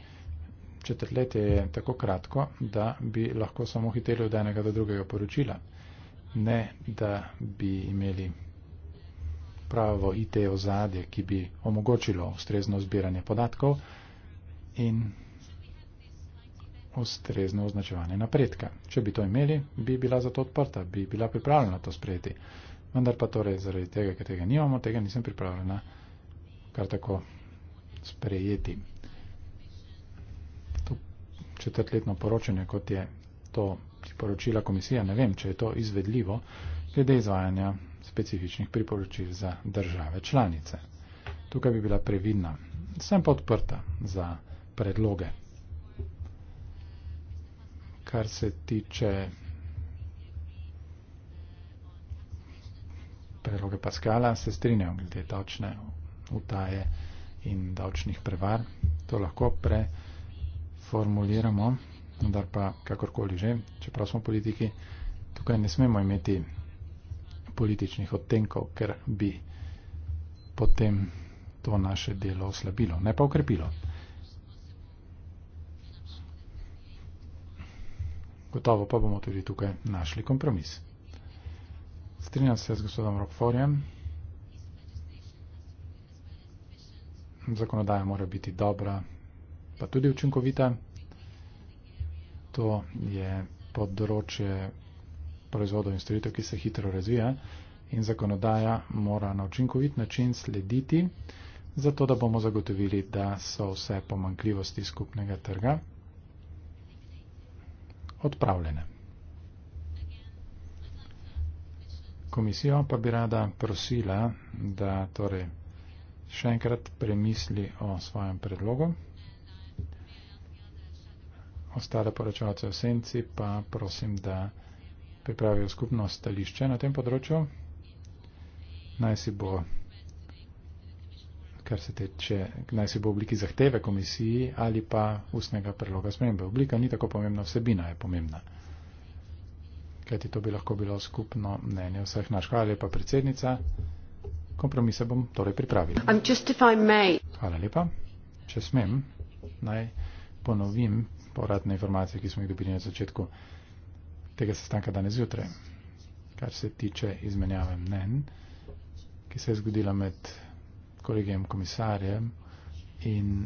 Četrtletje je tako kratko, da bi lahko samo hiteli od enega do drugega poročila. Ne, da bi imeli pravo IT ozadje, ki bi omogočilo ustrezno zbiranje podatkov in ustrezno označevanje napredka. Če bi to imeli, bi bila za to odprta, bi bila pripravljena to sprejeti vendar pa torej zaradi tega, ker tega nimamo, tega nisem pripravljena kar tako sprejeti. To četrtletno poročanje, kot je to priporočila komisija, ne vem, če je to izvedljivo, glede izvajanja specifičnih priporočil za države članice. Tukaj bi bila previdna. Sem pa odprta za predloge. Kar se tiče predloge Paskala, se strinjam glede davčne utaje in davčnih prevar. To lahko preformuliramo, vendar pa kakorkoli že, čeprav smo politiki, tukaj ne smemo imeti političnih odtenkov, ker bi potem to naše delo oslabilo, ne pa ukrepilo. Gotovo pa bomo tudi tukaj našli kompromis. Strinjam se z gospodom Rockforjem. Zakonodaja mora biti dobra, pa tudi učinkovita. To je področje proizvodov in storitev, ki se hitro razvija in zakonodaja mora na učinkovit način slediti, zato da bomo zagotovili, da so vse pomankljivosti skupnega trga odpravljene. Komisijo pa bi rada prosila, da torej še enkrat premisli o svojem predlogu. Ostale poročevalce v senci pa prosim, da pripravijo skupno stališče na tem področju. Naj si bo, kar se teče, naj si bo v obliki zahteve komisiji ali pa ustnega predloga spremembe. Oblika ni tako pomembna, vsebina je pomembna kajti to bi lahko bilo skupno mnenje vseh naš. Hvala lepa, predsednica. Kompromise bom torej pripravil. Um, Hvala lepa. Če smem, naj ponovim povratne informacije, ki smo jih dobili na začetku tega sestanka danes zjutraj, kar se tiče izmenjave mnen, ki se je zgodila med kolegijem komisarjem in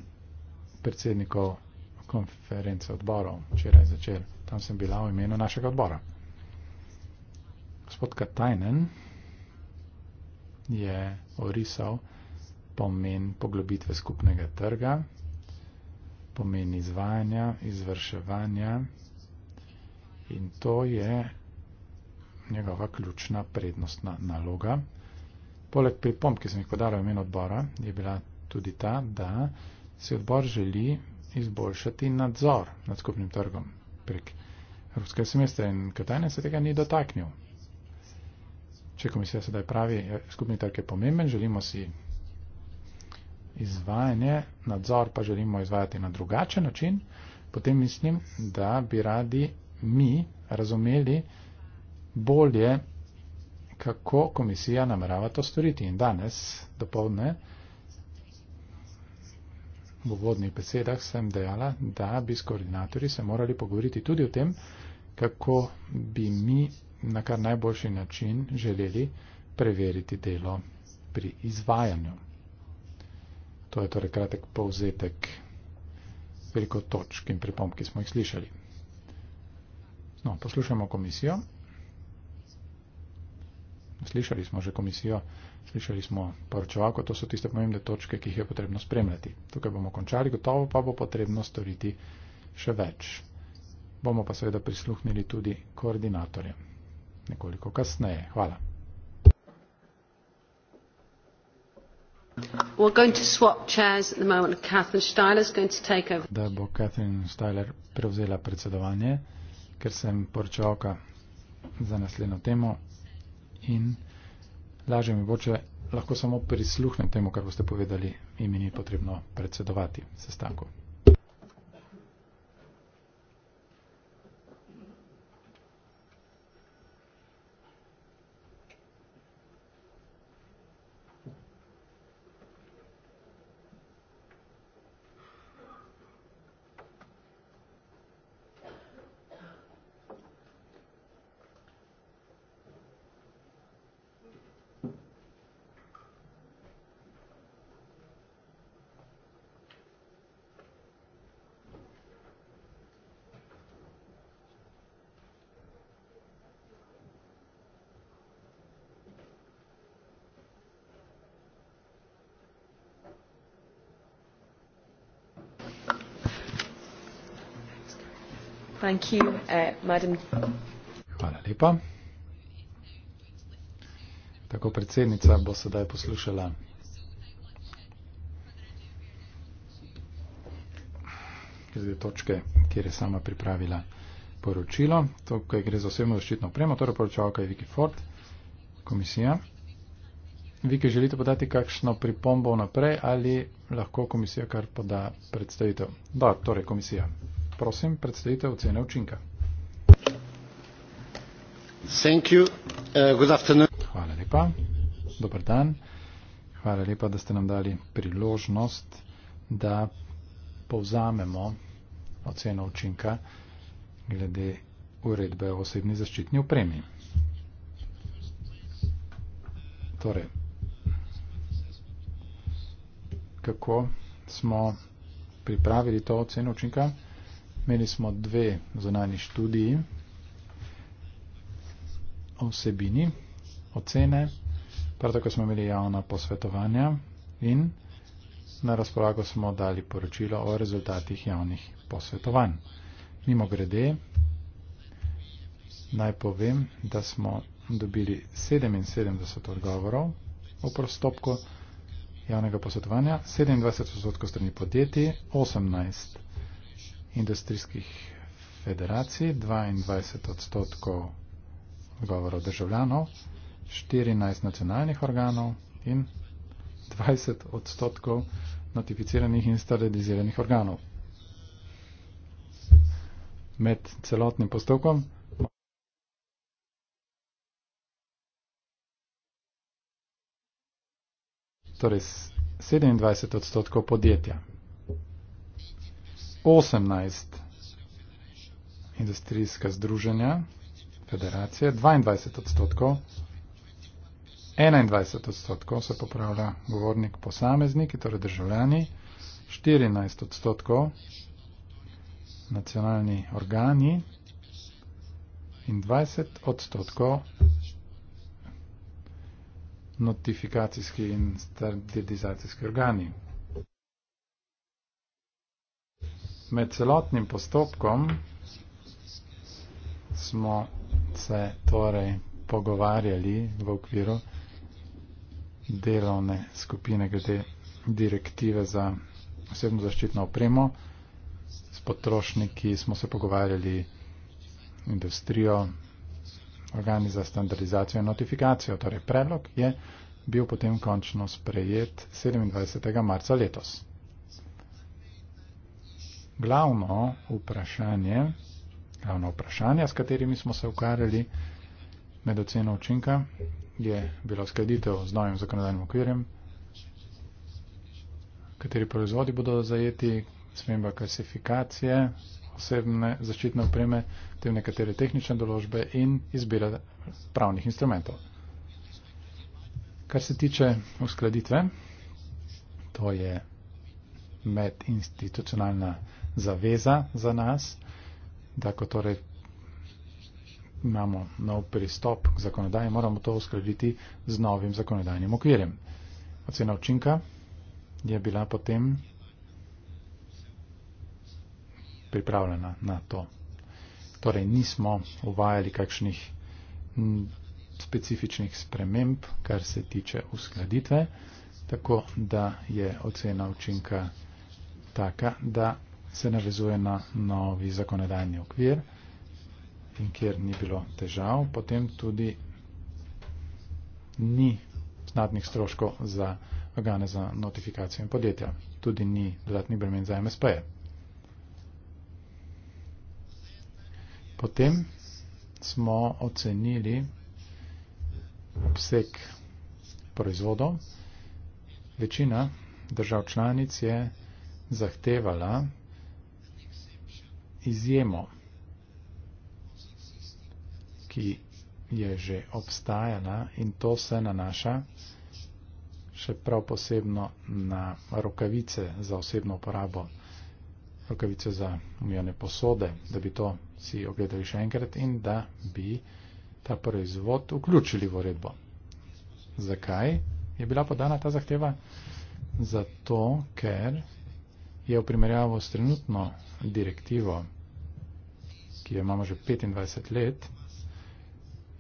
predsednikov konference odborov, včeraj začel. Tam sem bila v imenu našega odbora. Gospod Katajnen je orisal pomen poglobitve skupnega trga, pomen izvajanja, izvrševanja in to je njegova ključna prednostna naloga. Poleg pripomb, ki sem jih podaril v imenu odbora, je bila tudi ta, da se odbor želi izboljšati nadzor nad skupnim trgom prek Evropskega semestra in Katajne se tega ni dotaknil. Če komisija sedaj pravi, skupni trg je pomemben, želimo si izvajanje, nadzor pa želimo izvajati na drugačen način, potem mislim, da bi radi mi razumeli bolje, kako komisija namerava to storiti. In danes, dopolne, v uvodnih besedah sem dejala, da bi s koordinatorji se morali pogovoriti tudi o tem, kako bi mi na kar najboljši način želeli preveriti delo pri izvajanju. To je torej kratek povzetek veliko točk in pripomb, ki smo jih slišali. No, poslušamo komisijo. Slišali smo že komisijo, slišali smo poročevalko, to so tiste pomembne točke, ki jih je potrebno spremljati. Tukaj bomo končali, gotovo pa bo potrebno storiti še več. Bomo pa seveda prisluhnili tudi koordinatorjem nekoliko kasneje. Hvala. We're going to swap chairs at the moment. Catherine Styler is going to take over. Da bo Catherine Styler prevzela predsedovanje, ker sem porčoka za naslednjo temo in lažje mi bo, če lahko samo prisluhnem temu, kar boste povedali in mi ni potrebno predsedovati sestanku. Thank you, uh, madam. Hvala lepa. Tako predsednica bo sedaj poslušala. Zdaj točke, kjer je sama pripravila poročilo. Tukaj gre za osebno zaščitno opremo, torej poročavka je Viki Ford, komisija. Viki, želite podati kakšno pripombo naprej ali lahko komisija kar poda predstavitev? Da, torej komisija prosim predstavite ocene učinka. Uh, Hvala lepa. Dobar dan. Hvala lepa, da ste nam dali priložnost, da povzamemo oceno učinka glede uredbe o osebni zaščitni opremi. Torej, kako smo pripravili to oceno učinka? Imeli smo dve zunani študiji o vsebini, ocene, prav tako smo imeli javna posvetovanja in na razpolago smo dali poročilo o rezultatih javnih posvetovanj. Mimo grede, naj povem, da smo dobili 77 odgovorov o postopku javnega posvetovanja, 27 odstotkov strani podjetij, 18 odgovorov industrijskih federacij, 22 odstotkov govorov državljanov, 14 nacionalnih organov in 20 odstotkov notificiranih in standardiziranih organov. Med celotnim postopkom torej 27 odstotkov podjetja. 18 industrijska združenja, federacije, 22 odstotkov, 21 odstotkov se popravlja govornik posamezniki, torej državljani, 14 odstotkov nacionalni organi in 20 odstotkov notifikacijski in standardizacijski organi. med celotnim postopkom smo se torej pogovarjali v okviru delovne skupine glede direktive za osebno zaščitno opremo. S potrošniki smo se pogovarjali industrijo, organi za standardizacijo in notifikacijo. Torej predlog je bil potem končno sprejet 27. marca letos glavno vprašanje, glavno vprašanje, s katerimi smo se ukvarjali med oceno učinka, je bila uskladitev z novim zakonodajnim okvirjem, kateri proizvodi bodo zajeti, sprememba klasifikacije, osebne zaščitne opreme, tem nekatere tehnične določbe in izbira pravnih instrumentov. Kar se tiče uskladitve, to je medinstitucionalna zaveza za nas, da ko torej imamo nov pristop k zakonodaji, moramo to uskladiti z novim zakonodajnim okvirjem. Ocena učinka je bila potem pripravljena na to. Torej nismo uvajali kakšnih specifičnih sprememb, kar se tiče uskladitve, tako da je ocena učinka taka, da se navezuje na novi zakonodajni okvir in kjer ni bilo težav, potem tudi ni znatnih stroškov za organe za notifikacijo in podjetja. Tudi ni dodatnih bremen za MSP-je. Potem smo ocenili obseg proizvodov. Večina držav članic je zahtevala izjemo, ki je že obstajala in to se nanaša še prav posebno na rokavice za osebno uporabo, rokavice za umijane posode, da bi to si ogledali še enkrat in da bi ta proizvod vključili v uredbo. Zakaj je bila podana ta zahteva? Zato, ker je v primerjavo s trenutno direktivo, ki jo imamo že 25 let,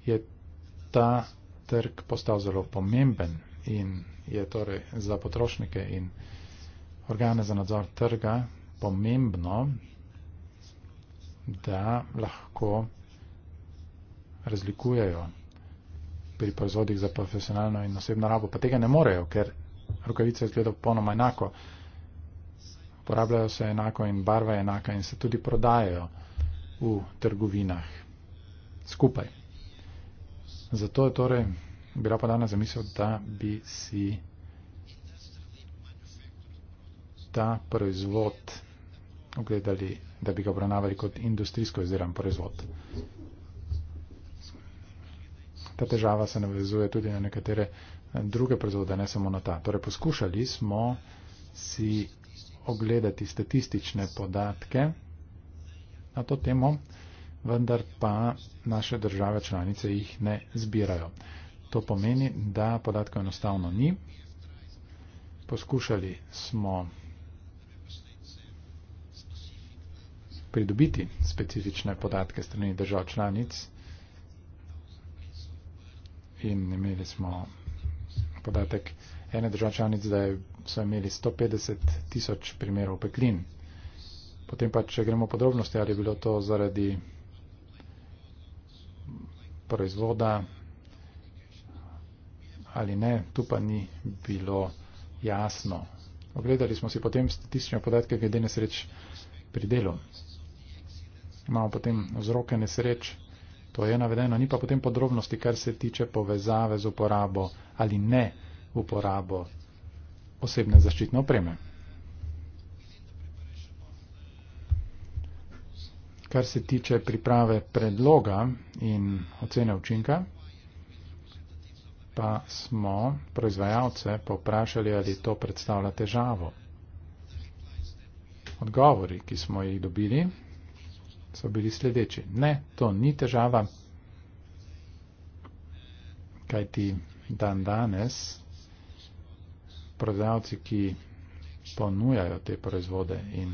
je ta trg postal zelo pomemben in je torej za potrošnike in organe za nadzor trga pomembno, da lahko razlikujejo pri proizvodih za profesionalno in osebno rabo, pa tega ne morejo, ker rokavica izgleda popolnoma enako uporabljajo se enako in barva je enaka in se tudi prodajajo v trgovinah skupaj. Zato je torej bila podana zamisel, da bi si ta proizvod ogledali, da bi ga obravnavali kot industrijsko izdelan proizvod. Ta težava se navezuje tudi na nekatere druge proizvode, ne samo na ta. Torej poskušali smo si ogledati statistične podatke na to temo, vendar pa naše države članice jih ne zbirajo. To pomeni, da podatkov enostavno ni. Poskušali smo pridobiti specifične podatke strani držav članic in imeli smo podatek ene držav članic, da je so imeli 150 tisoč primerov peklin. Potem pa, če gremo podrobnosti, ali je bilo to zaradi proizvoda ali ne, tu pa ni bilo jasno. Ogledali smo si potem statistične podatke glede nesreč pri delu. Imamo potem vzroke nesreč, to je navedeno, ni pa potem podrobnosti, kar se tiče povezave z uporabo ali ne uporabo osebne zaščitne opreme. Kar se tiče priprave predloga in ocene učinka, pa smo proizvajalce poprašali, ali to predstavlja težavo. Odgovori, ki smo jih dobili, so bili sledeči. Ne, to ni težava, kajti dan danes prodajalci, ki ponujajo te proizvode in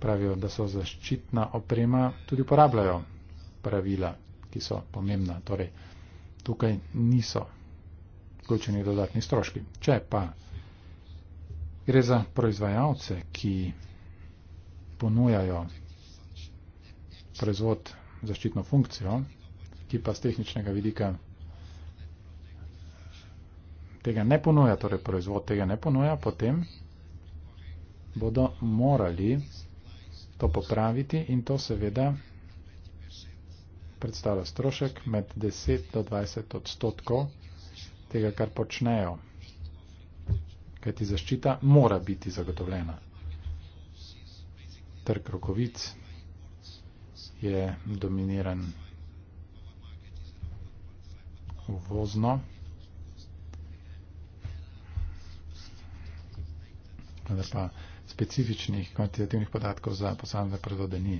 pravijo, da so zaščitna oprema, tudi uporabljajo pravila, ki so pomembna. Torej, tukaj niso vključeni dodatni stroški. Če pa gre za proizvajalce, ki ponujajo proizvod zaščitno funkcijo, ki pa z tehničnega vidika tega ne ponuja, torej proizvod tega ne ponuja, potem bodo morali to popraviti in to seveda predstavlja strošek med 10 do 20 odstotkov tega, kar počnejo. Kajti zaščita mora biti zagotovljena. Trg rokovic je dominiran uvozno. vendar pa specifičnih kvantitativnih podatkov za posamezne proizvode ni.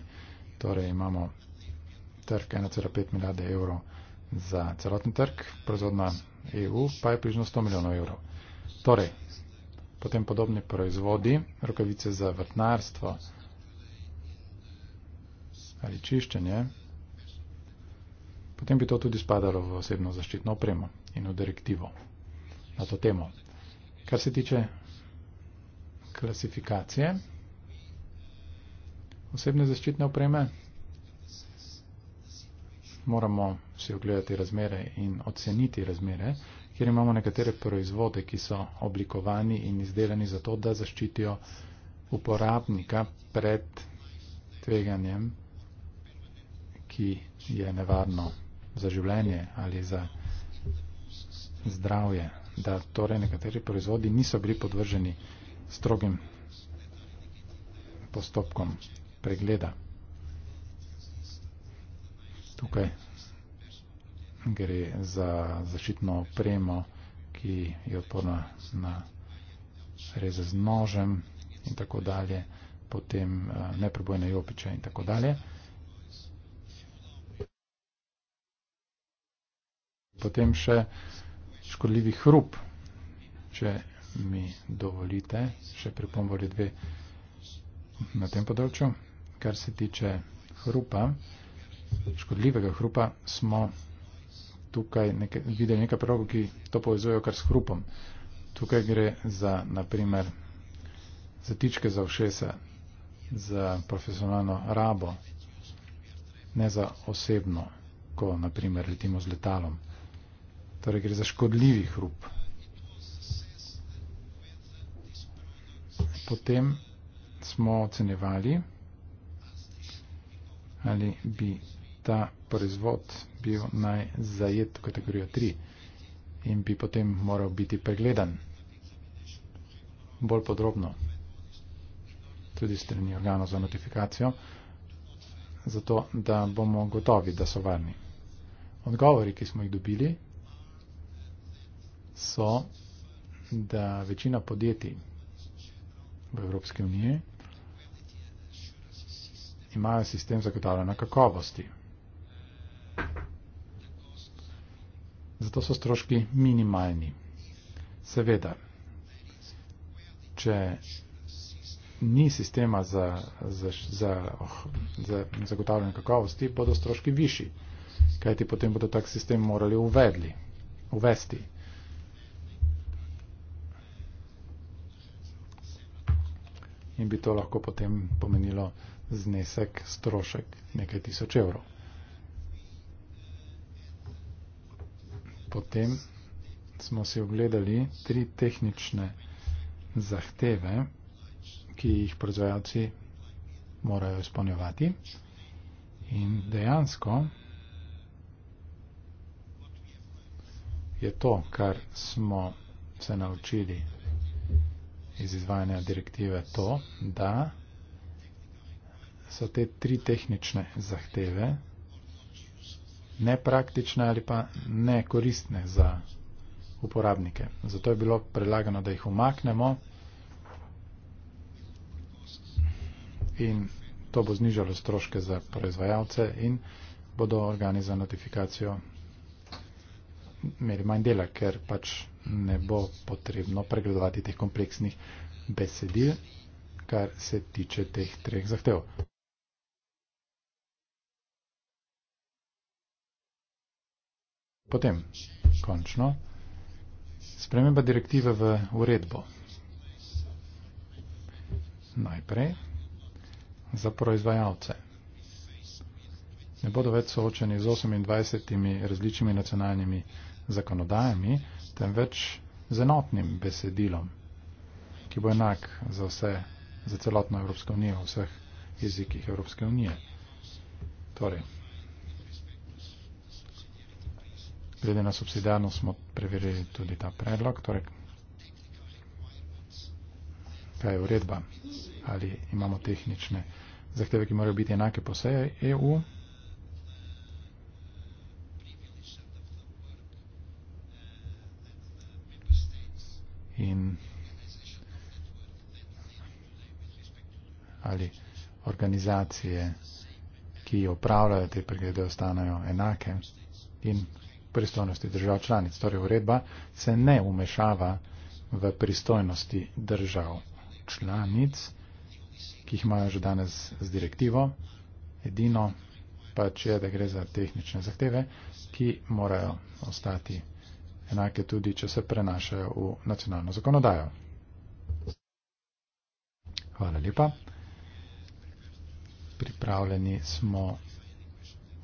Torej imamo trg 1,5 milijarde evrov za celoten trg, proizvodna EU pa je približno 100 milijonov evrov. Torej, potem podobni proizvodi, rokavice za vrtnarstvo ali čiščenje, potem bi to tudi spadalo v osebno zaščitno opremo in v direktivo na to temo. Kar se tiče klasifikacije. Osebne zaščitne opreme. Moramo si ogledati razmere in oceniti razmere, kjer imamo nekatere proizvode, ki so oblikovani in izdelani zato, da zaščitijo uporabnika pred tveganjem, ki je nevarno za življenje ali za zdravje. Da torej nekateri proizvodi niso bili podvrženi strogim postopkom pregleda. Tukaj gre za zaščitno opremo, ki je odporna na reze z nožem in tako dalje, potem eh, neprebojne jopiče in tako dalje. Potem še škodljivi hrup, če mi dovolite še pripombo ali dve na tem področju. Kar se tiče hrupa, škodljivega hrupa, smo tukaj nekaj, videli nekaj prorokov, ki to povezujejo kar s hrupom. Tukaj gre za, naprimer, zatičke za všesa, za profesionalno rabo, ne za osebno, ko, naprimer, letimo z letalom. Torej gre za škodljivi hrup, potem smo ocenjevali, ali bi ta proizvod bil najzajet v kategorijo 3 in bi potem moral biti pregledan bolj podrobno, tudi strani organov za notifikacijo, zato da bomo gotovi, da so varni. Odgovori, ki smo jih dobili, so, da večina podjetij v Evropske unije, imajo sistem zagotavljanja kakovosti. Zato so stroški minimalni. Seveda, če ni sistema za, za, za, oh, za zagotavljanje kakovosti, bodo stroški višji, kajti potem bodo tak sistem morali uvedli, uvesti. in bi to lahko potem pomenilo znesek, strošek nekaj tisoč evrov. Potem smo si ogledali tri tehnične zahteve, ki jih proizvajalci morajo izpolnjevati in dejansko je to, kar smo se naučili iz izvajanja direktive to, da so te tri tehnične zahteve nepraktične ali pa nekoristne za uporabnike. Zato je bilo predlagano, da jih umaknemo in to bo znižalo stroške za proizvajalce in bodo organi za notifikacijo imeli manj dela, ker pač ne bo potrebno pregledovati teh kompleksnih besedil, kar se tiče teh treh zahtev. Potem, končno, sprememba direktive v uredbo. Najprej za proizvajalce. Ne bodo več soočeni z 28 različnimi nacionalnimi zakonodajami, temveč z enotnim besedilom, ki bo enak za vse, za celotno Evropsko unijo, v vseh jezikih Evropske unije. Torej, glede na subsidijarno smo preverili tudi ta predlog, torej, kaj je uredba, ali imamo tehnične zahteve, ki morajo biti enake po vsej EU, in ali organizacije, ki opravljajo te preglede, ostanejo enake in pristojnosti držav članic. Torej, uredba se ne umešava v pristojnosti držav članic, ki jih imajo že danes z direktivo. Edino pač je, da gre za tehnične zahteve, ki morajo ostati enake tudi, če se prenašajo v nacionalno zakonodajo. Hvala lepa. Pripravljeni smo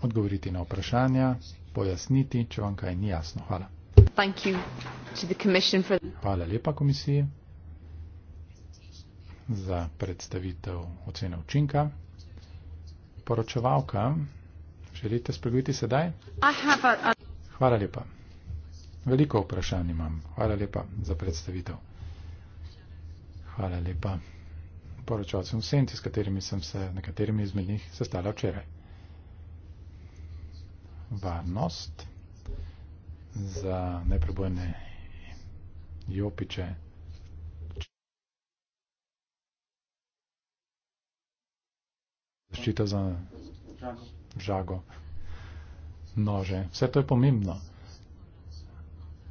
odgovoriti na vprašanja, pojasniti, če vam kaj ni jasno. Hvala. Hvala lepa komisiji za predstavitev ocene učinka. Poročevalka, želite spregovoriti sedaj? Hvala lepa. Veliko vprašanj imam. Hvala lepa za predstavitev. Hvala lepa. Poročal sem vsem, s katerimi sem se, nekaterimi izmed njih, sestala včeraj. Varnost za neprebojne jopiče. Zaščita za žago, nože. Vse to je pomembno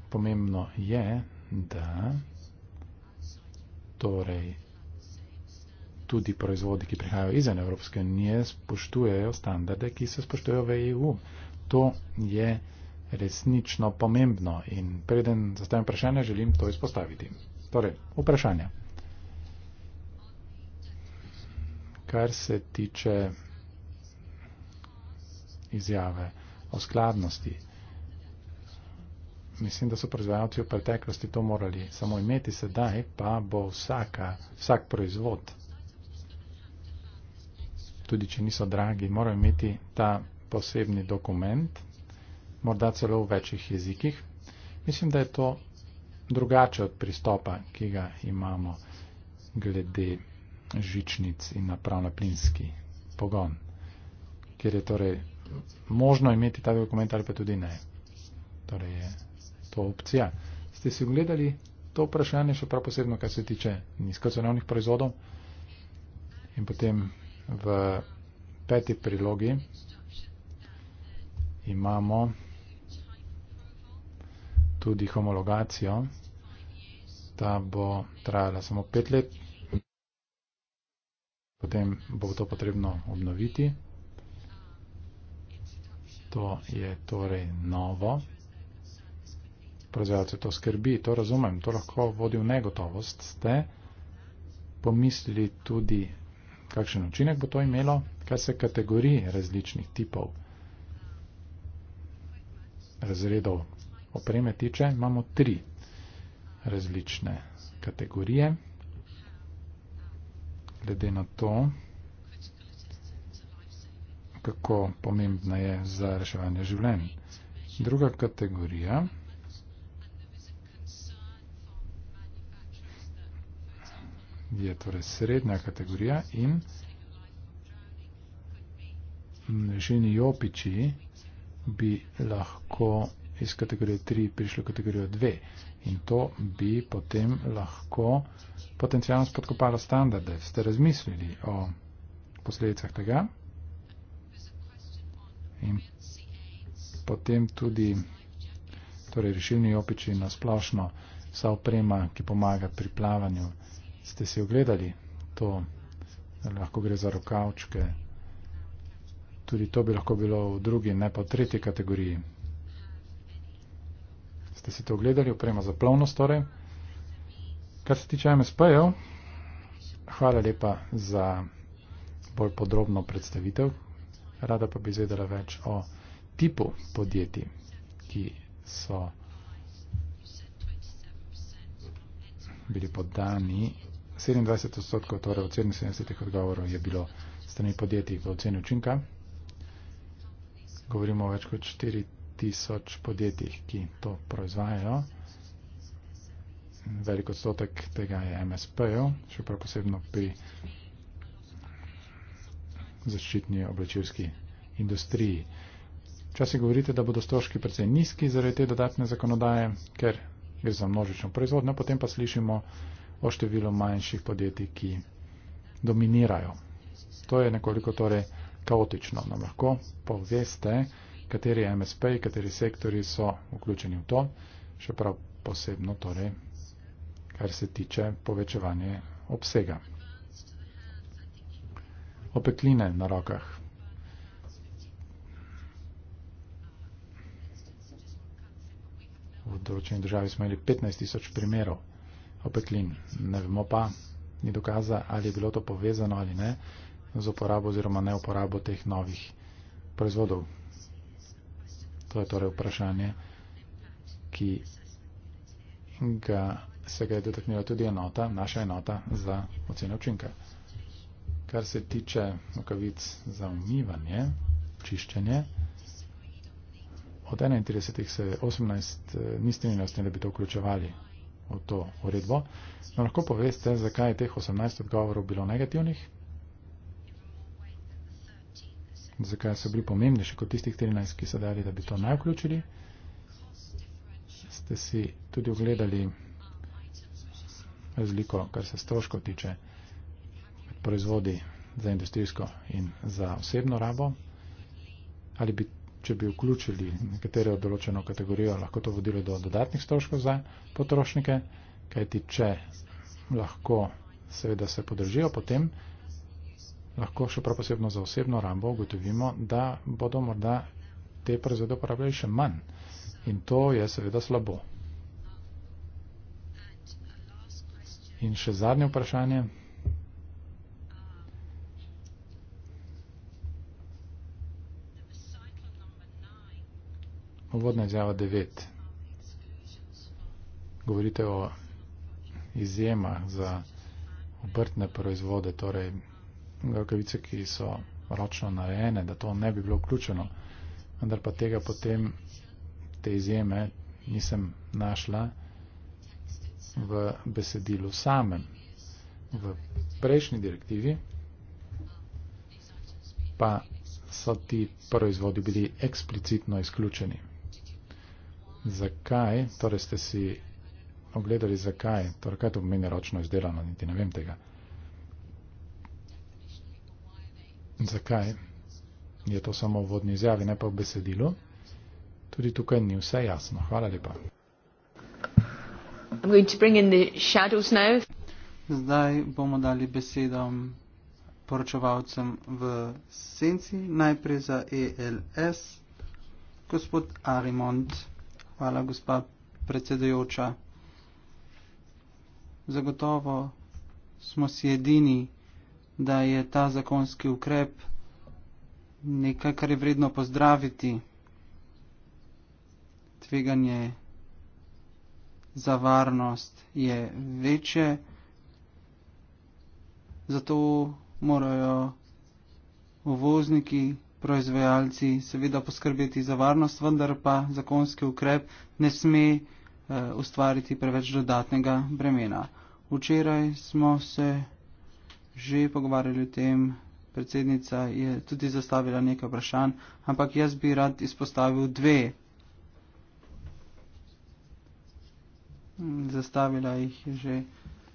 pomembno je, da torej tudi proizvodi, ki prihajajo izven Evropske unije, spoštujejo standarde, ki se spoštujejo v EU. To je resnično pomembno in preden zastavim vprašanje, želim to izpostaviti. Torej, vprašanja. Kar se tiče izjave o skladnosti, mislim, da so proizvajalci v preteklosti to morali samo imeti, sedaj pa bo vsaka, vsak proizvod, tudi če niso dragi, morajo imeti ta posebni dokument, morda celo v večjih jezikih. Mislim, da je to drugače od pristopa, ki ga imamo glede žičnic in naprav na plinski pogon, kjer je torej možno imeti ta dokument ali pa tudi ne. Torej je to opcija. Ste si ogledali to vprašanje, še prav posebno, kar se tiče nizkocenovnih proizvodov? In potem v peti prilogi imamo tudi homologacijo, ta bo trajala samo pet let, potem bo to potrebno obnoviti. To je torej novo proizvajalce to skrbi, to razumem, to lahko vodi v negotovost. Ste pomislili tudi, kakšen učinek bo to imelo, kaj se kategorij različnih tipov razredov opreme tiče? Imamo tri različne kategorije. Glede na to, kako pomembna je za reševanje življenj. Druga kategorija. je torej srednja kategorija in ženi jopiči bi lahko iz kategorije 3 prišlo kategorijo 2 in to bi potem lahko potencijalno spodkopalo standarde. Ste razmislili o posledicah tega in potem tudi torej rešilni jopiči na splošno vsa oprema, ki pomaga pri plavanju ste si ogledali to, lahko gre za rokavčke. Tudi to bi lahko bilo v drugi, ne pa v tretji kategoriji. Ste si to ogledali, oprema za plovnost torej. Kar se tiče MSP-jev, hvala lepa za bolj podrobno predstavitev. Rada pa bi izvedela več o tipu podjetij, ki so bili podani 27 odstotkov, torej od 77 odgovorov je bilo strani podjetij v oceni učinka. Govorimo o več kot 4000 podjetjih, ki to proizvajajo. Velik odstotek tega je MSP-jev, še prav posebno pri zaščitni oblačevski industriji. Včasih govorite, da bodo stroški precej nizki zaradi te dodatne zakonodaje, ker gre za množično proizvodnjo, potem pa slišimo, o številu manjših podjetij, ki dominirajo. To je nekoliko torej kaotično. Nam lahko poveste, kateri MSP, kateri sektori so vključeni v to, še prav posebno torej, kar se tiče povečevanja obsega. Opekline na rokah. V določeni državi smo imeli 15 tisoč primerov opeklin. Ne vemo pa, ni dokaza, ali je bilo to povezano ali ne z uporabo oziroma neuporabo teh novih proizvodov. To je torej vprašanje, ki ga se ga je dotaknila tudi enota, naša enota za oceno učinka. Kar se tiče rokavic za umivanje, čiščenje, od 31. se 18 eh, ni strinjalo s tem, da bi to vključevali v to uredbo. No, lahko poveste, zakaj je teh 18 odgovorov bilo negativnih? Zakaj so bili pomembnejši kot tistih 13, ki so dali, da bi to naj vključili? Ste si tudi ogledali razliko, kar se stroško tiče proizvodi za industrijsko in za osebno rabo? Ali bi če bi vključili nekatere določeno kategorijo, lahko to vodilo do dodatnih stroškov za potrošnike, kajti če lahko seveda se podržijo, potem lahko še prav posebno za osebno rambo ugotovimo, da bodo morda te proizvode uporabljali še manj. In to je seveda slabo. In še zadnje vprašanje. Uvodna djava 9. Govorite o izjemah za obrtne proizvode, torej glavkavice, ki so ročno narejene, da to ne bi bilo vključeno, vendar pa tega potem, te izjeme, nisem našla v besedilu samem. V prejšnji direktivi pa so ti proizvodi bili eksplicitno izključeni zakaj, torej ste si ogledali zakaj, torej kaj to pomeni ročno izdelano, niti ne vem tega. Zakaj je to samo v vodni izjavi, ne pa v besedilu. Tudi tukaj ni vse jasno. Hvala lepa. I'm going to bring in the shadows now. Zdaj bomo dali besedom poročevalcem v senci, najprej za ELS, gospod Arimont. Hvala, gospa predsedujoča. Zagotovo smo si edini, da je ta zakonski ukrep nekaj, kar je vredno pozdraviti. Tveganje za varnost je večje, zato morajo uvozniki proizvajalci seveda poskrbeti za varnost, vendar pa zakonski ukrep ne sme eh, ustvariti preveč dodatnega bremena. Včeraj smo se že pogovarjali o tem, predsednica je tudi zastavila nekaj vprašanj, ampak jaz bi rad izpostavil dve. Zastavila jih je že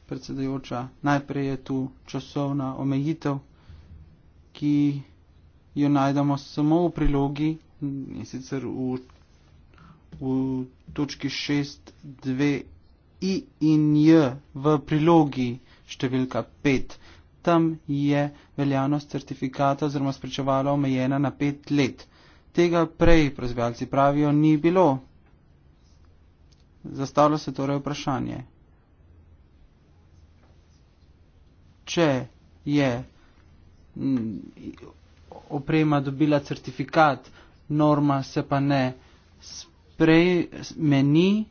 predsedujoča. Najprej je tu časovna omejitev, ki jo najdemo samo v prilogi in sicer v, v točki 6, 2, i in j v prilogi številka 5. Tam je veljavnost certifikata oziroma sprečevala omejena na 5 let. Tega prej, proizvajalci pravijo, ni bilo. Zastavlja se torej vprašanje. Če je oprema dobila certifikat, norma se pa ne spremeni,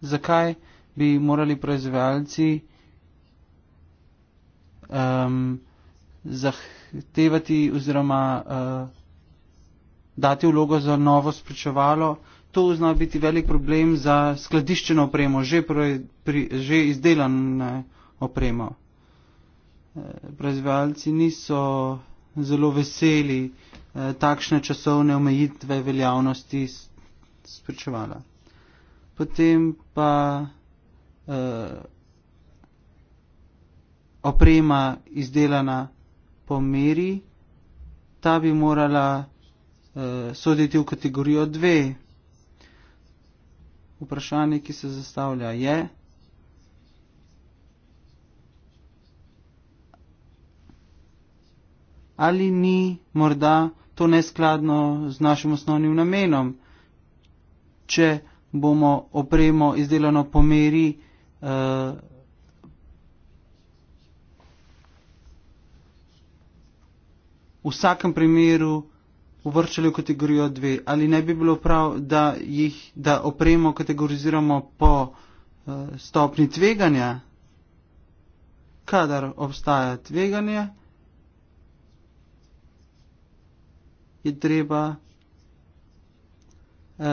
zakaj bi morali proizvajalci um, zahtevati oziroma uh, dati vlogo za novo spričevalo. To zna biti velik problem za skladiščeno opremo, že, pri, pri, že izdelano opremo. Uh, proizvajalci niso zelo veseli eh, takšne časovne omejitve veljavnosti spričevala. Potem pa eh, oprema izdelana po meri, ta bi morala eh, soditi v kategorijo 2. Vprašanje, ki se zastavlja, je. ali ni morda to neskladno z našim osnovnim namenom, če bomo opremo izdelano po meri uh, v vsakem primeru uvrčali v kategorijo 2. Ali ne bi bilo prav, da, jih, da opremo kategoriziramo po uh, eh, stopni tveganja, kadar obstaja tveganje? je treba uh,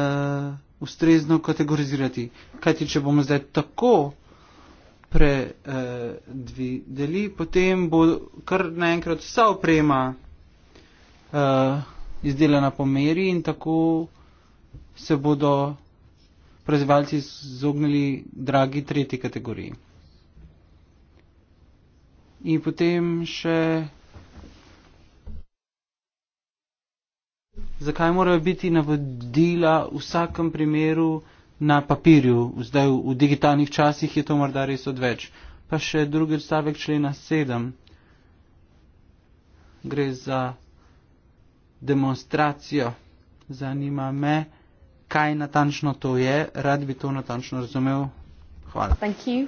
ustrezno kategorizirati. Kajti, če bomo zdaj tako predvideli, uh, potem bo kar naenkrat vsa oprema uh, izdelana po meri in tako se bodo proizvajalci izognili dragi tretji kategoriji. In potem še zakaj morajo biti navodila v vsakem primeru na papirju, zdaj v, v digitalnih časih je to morda res odveč. Pa še drugi odstavek člena 7. Gre za demonstracijo. Zanima me, kaj natančno to je. Rad bi to natančno razumel. Hvala. You,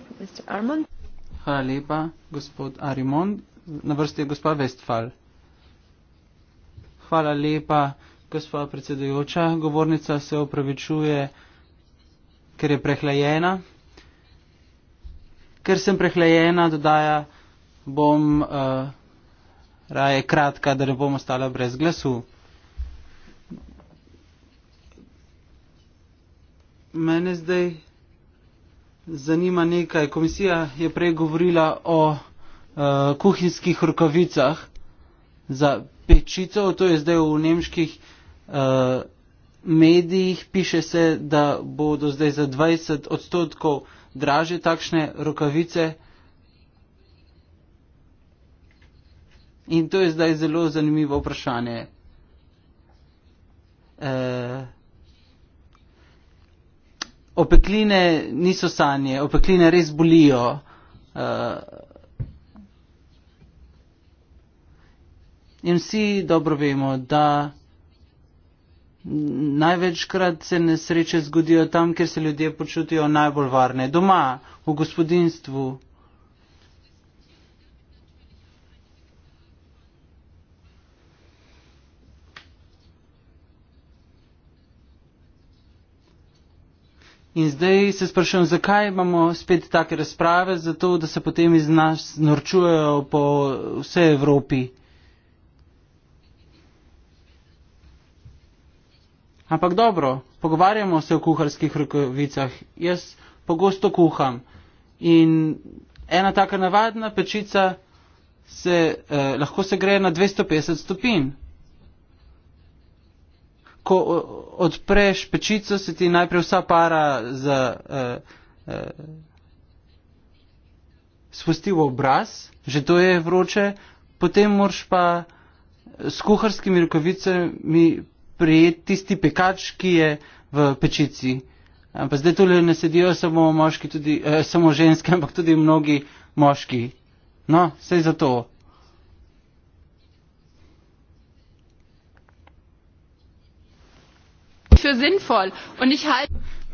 Hvala lepa, gospod Arimond. Na vrsti je gospod Westfall. Hvala lepa gospa predsedujoča, govornica se opravičuje, ker je prehlajena. Ker sem prehlajena, dodaja, bom uh, raje kratka, da ne bom ostala brez glasu. Mene zdaj zanima nekaj. Komisija je prej govorila o uh, eh, kuhinskih rukavicah za pečico, to je zdaj v nemških uh, Eh, medijih piše se, da bodo zdaj za 20 odstotkov draže takšne rokavice. In to je zdaj zelo zanimivo vprašanje. E, opekline niso sanje, opekline res bolijo. E, in vsi dobro vemo, da Največkrat se nesreče zgodijo tam, kjer se ljudje počutijo najbolj varne, doma, v gospodinstvu. In zdaj se sprašujem, zakaj imamo spet take razprave, zato da se potem iz nas norčujejo po vsej Evropi. Ampak dobro, pogovarjamo se o kuharskih rokovicah. Jaz pogosto kuham. In ena taka navadna pečica se, eh, lahko se greje na 250 stopinj. Ko odpreš pečico, se ti najprej vsa para z, eh, eh, spusti v obraz, že to je vroče, potem moraš pa s kuharskimi rokovicami prijeti tisti pekač, ki je v pečici. Pa zdaj tukaj ne sedijo samo, moški, tudi, eh, samo ženske, ampak tudi mnogi moški. No, vse za to.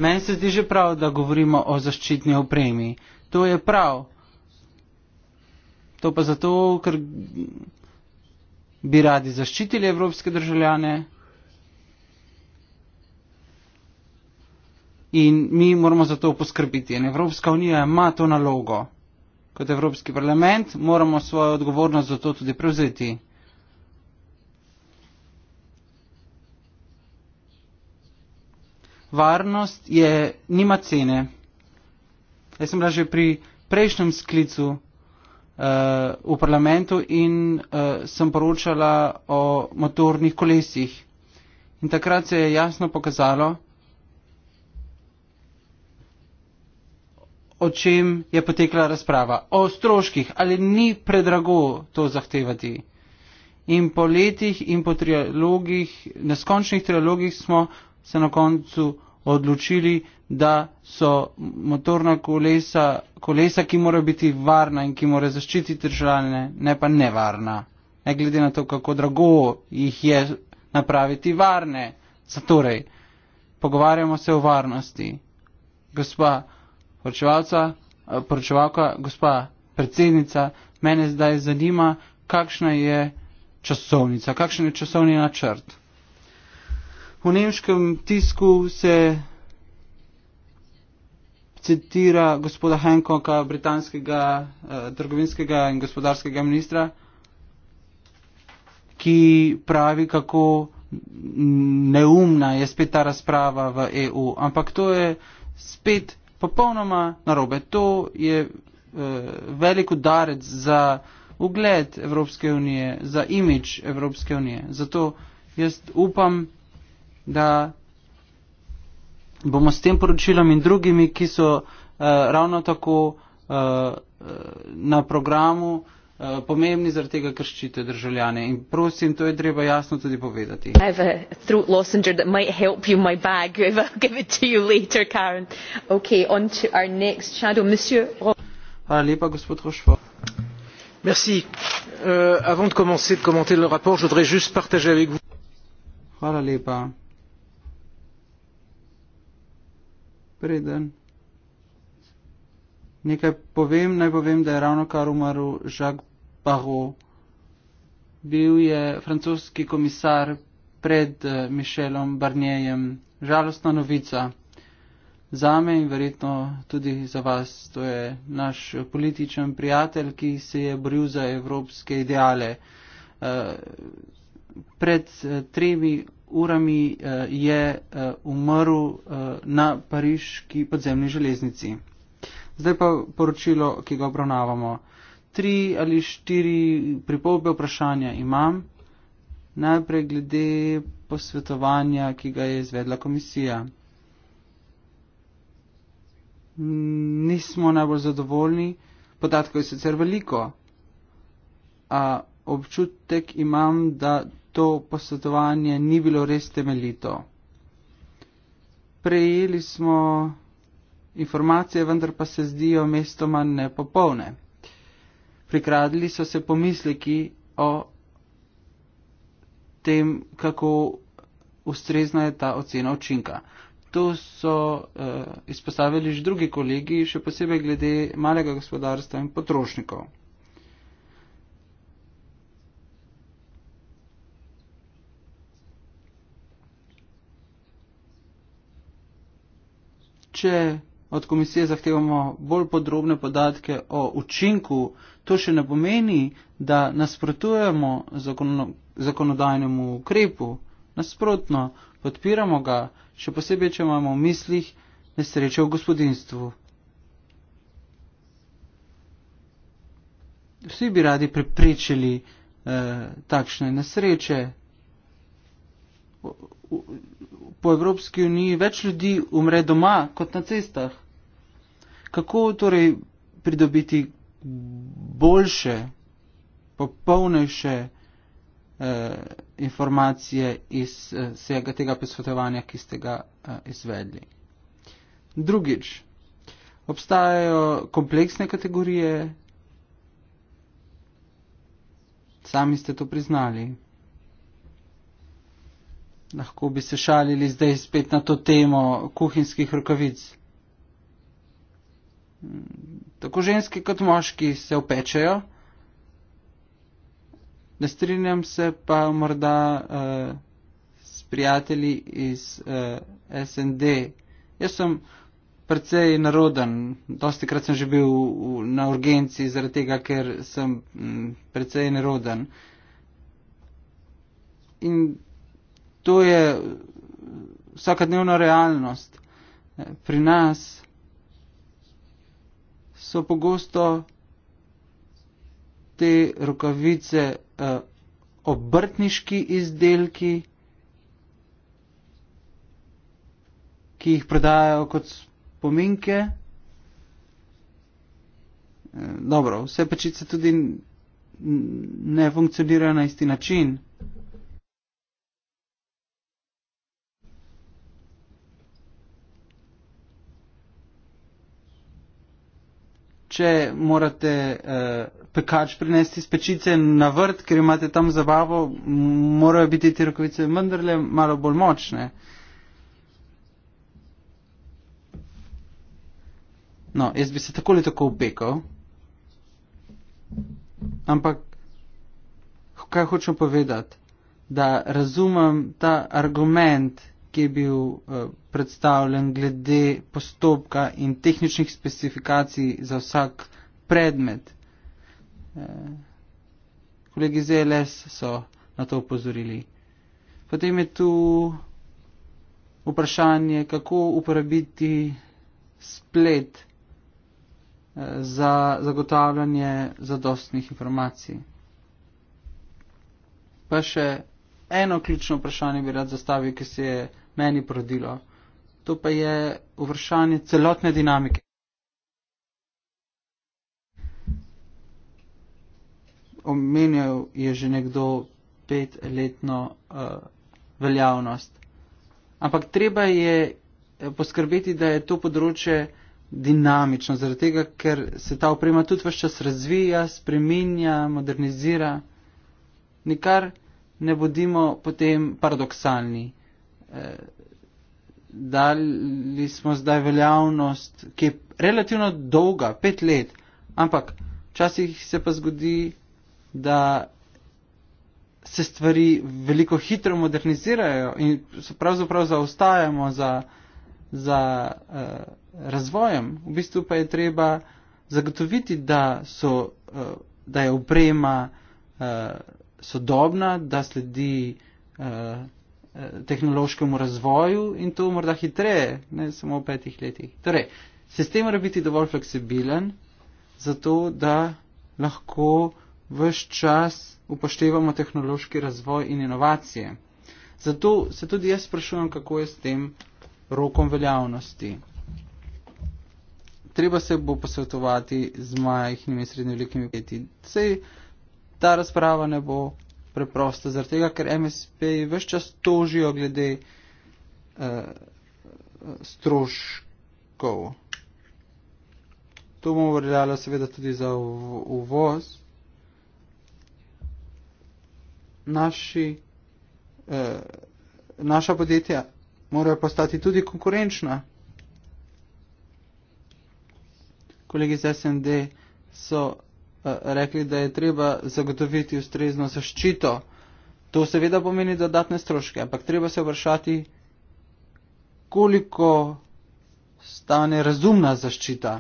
Meni se zdi že prav, da govorimo o zaščitni opremi. To je prav. To pa zato, ker bi radi zaščitili evropske državljane. in mi moramo za to poskrbiti. In Evropska unija ima to nalogo. Kot Evropski parlament moramo svojo odgovornost za to tudi prevzeti. Varnost je, nima cene. Jaz sem bila že pri prejšnjem sklicu uh, v parlamentu in uh, sem poročala o motornih kolesih. In takrat se je jasno pokazalo, o čem je potekla razprava. O stroških, ali ni predrago to zahtevati. In po letih in po trilogih, neskončnih trilogih smo se na koncu odločili, da so motorna kolesa, kolesa, ki morajo biti varna in ki morajo zaščititi državljane, ne pa nevarna. Ne glede na to, kako drago jih je napraviti varne. Zatorej, pogovarjamo se o varnosti. Gospa, poročevalca, eh, poročevalka, gospa predsednica, mene zdaj zanima, kakšna je časovnica, kakšen je časovni načrt. V nemškem tisku se citira gospoda Hancocka, britanskega eh, trgovinskega in gospodarskega ministra, ki pravi, kako neumna je spet ta razprava v EU. Ampak to je spet popolnoma narobe. To je uh, velik udarec za ugled Evropske unije, za imič Evropske unije. Zato jaz upam, da bomo s tem poročilom in drugimi, ki so uh, ravno tako uh, na programu, uh, Eh, pomembni, zaradi tega, ker ščite državljane. In prosim, to je treba jasno tudi povedati. Hvala lepa, gospod Rošfo. Merci. Euh, avant de commencer de commenter le rapport, je voudrais juste partager avec vous. Hvala lepa. Preden nekaj povem, naj povem, da je ravno kar umrl Jacques Barrault. Bil je francoski komisar pred eh, Mišelom Barnjejem. Žalostna novica za me in verjetno tudi za vas. To je naš političen prijatelj, ki se je boril za evropske ideale. Eh, pred eh, tremi urami je umrl na pariški podzemni železnici. Zdaj pa poročilo, ki ga obravnavamo tri ali štiri pripombe vprašanja imam. Najprej glede posvetovanja, ki ga je izvedla komisija. Nismo najbolj zadovoljni, podatkov je sicer veliko, a občutek imam, da to posvetovanje ni bilo res temeljito. Prejeli smo informacije, vendar pa se zdijo mestoma nepopolne prikradili so se pomisleki o tem, kako ustrezna je ta ocena učinka. To so uh, izpostavili že drugi kolegi, še posebej glede malega gospodarstva in potrošnikov. Če od komisije zahtevamo bolj podrobne podatke o učinku, to še ne pomeni, da nasprotujemo zakonu, zakonodajnemu ukrepu. Nasprotno, podpiramo ga, še posebej, če imamo v mislih nesreče v gospodinstvu. Vsi bi radi preprečili eh, takšne nesreče po Evropski uniji več ljudi umre doma kot na cestah. Kako torej pridobiti boljše, popolnejše eh, informacije iz eh, vsega eh, tega posvetovanja, ki ste ga eh, izvedli? Drugič, obstajajo kompleksne kategorije, sami ste to priznali lahko bi se šalili zdaj spet na to temo kuhinjskih rokavic. Tako ženski kot moški se opečejo. Ne strinjam se pa morda uh, s prijatelji iz uh, eh, SND. Jaz sem precej naroden, dosti krat sem že bil v, v, na urgenci zaradi tega, ker sem m, mm, precej naroden. In to je vsakodnevna realnost. Pri nas so pogosto te rokavice eh, obrtniški izdelki, ki jih prodajajo kot spominke. Eh, dobro, vse pečice tudi ne funkcionirajo na isti način. če morate uh, pekač prinesti iz pečice na vrt, ker imate tam zabavo, morajo biti te rokovice vendarle malo bolj močne. No, jaz bi se tako ali tako upekal. Ampak, kaj hočem povedati? Da razumem ta argument, ki je bil eh, predstavljen glede postopka in tehničnih specifikacij za vsak predmet. Eh, kolegi z e LS so na to upozorili. Potem je tu vprašanje, kako uporabiti splet eh, za zagotavljanje zadostnih informacij. Pa še eno ključno vprašanje bi rad zastavil, ki se je meni porodilo. To pa je vprašanje celotne dinamike. Omenil je že nekdo petletno uh, veljavnost. Ampak treba je eh, poskrbeti, da je to področje dinamično, zaradi tega, ker se ta oprema tudi vse čas razvija, spreminja, modernizira. Nikar ne bodimo potem paradoksalni dali smo zdaj veljavnost, ki je relativno dolga, pet let, ampak včasih se pa zgodi, da se stvari veliko hitro modernizirajo in se pravzaprav zaostajamo za, za uh, razvojem. V bistvu pa je treba zagotoviti, da, so, uh, da je oprema uh, sodobna, da sledi uh, Eh, tehnološkemu razvoju in to morda hitreje, ne samo v petih letih. Torej, sistem mora biti dovolj fleksibilen, zato da lahko vse čas upoštevamo tehnološki razvoj in inovacije. Zato se tudi jaz sprašujem, kako je s tem rokom veljavnosti. Treba se bo posvetovati z majhnimi in srednjevelikimi peti. Sej ta razprava ne bo preprosta, zaradi tega, ker MSP-ji vse čas tožijo glede eh, stroškov. To bomo vrljali seveda tudi za uvoz. Naši, eh, naša podjetja morajo postati tudi konkurenčna. Kolegi iz SND so Eh, rekli, da je treba zagotoviti ustrezno zaščito. To seveda pomeni dodatne stroške, ampak treba se vprašati, koliko stane razumna zaščita.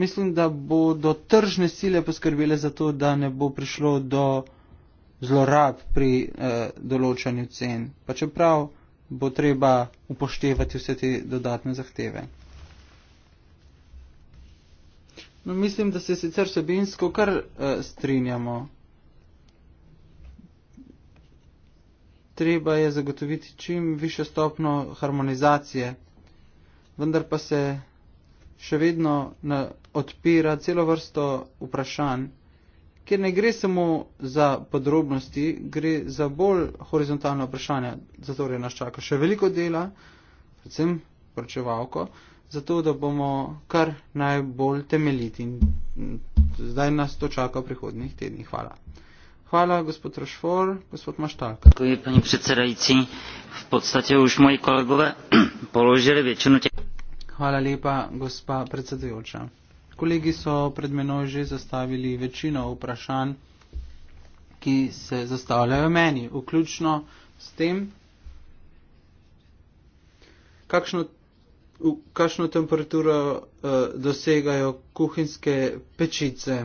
Mislim, da bodo tržne sile poskrbele za to, da ne bo prišlo do zlorab pri eh, določanju cen. Pa čeprav bo treba upoštevati vse te dodatne zahteve. No, mislim, da se sicer vsebinsko kar uh, strinjamo. Treba je zagotoviti čim višjo stopno harmonizacije, vendar pa se še vedno na, odpira celo vrsto vprašanj kjer ne gre samo za podrobnosti, gre za bolj horizontalno vprašanje, zato je torej nas čaka še veliko dela, predvsem pročevalko, zato da bomo kar najbolj temeljiti. In mm, zdaj nas to čaka v prihodnih tednih. Hvala. Hvala, gospod Rošfor, gospod Maštalka. Hvala, pani predsedajci. V podstate už moji kolegove položili večino tega. Hvala lepa, gospa predsedujoča. Kolegi so pred menoj že zastavili večino vprašanj, ki se zastavljajo meni, vključno s tem, kakšno, v, kakšno temperaturo eh, dosegajo kuhinske pečice.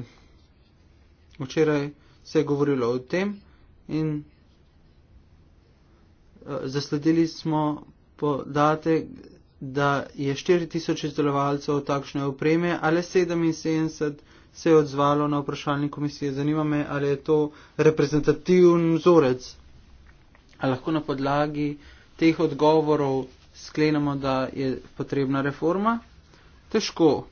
Včeraj se je govorilo o tem in eh, zasledili smo podatek, da je 4000 izdelovalcev takšne opreme ali 77 se je odzvalo na vprašalni komisije. Zanima me, ali je to reprezentativen vzorec. A lahko na podlagi teh odgovorov sklenemo, da je potrebna reforma? Težko.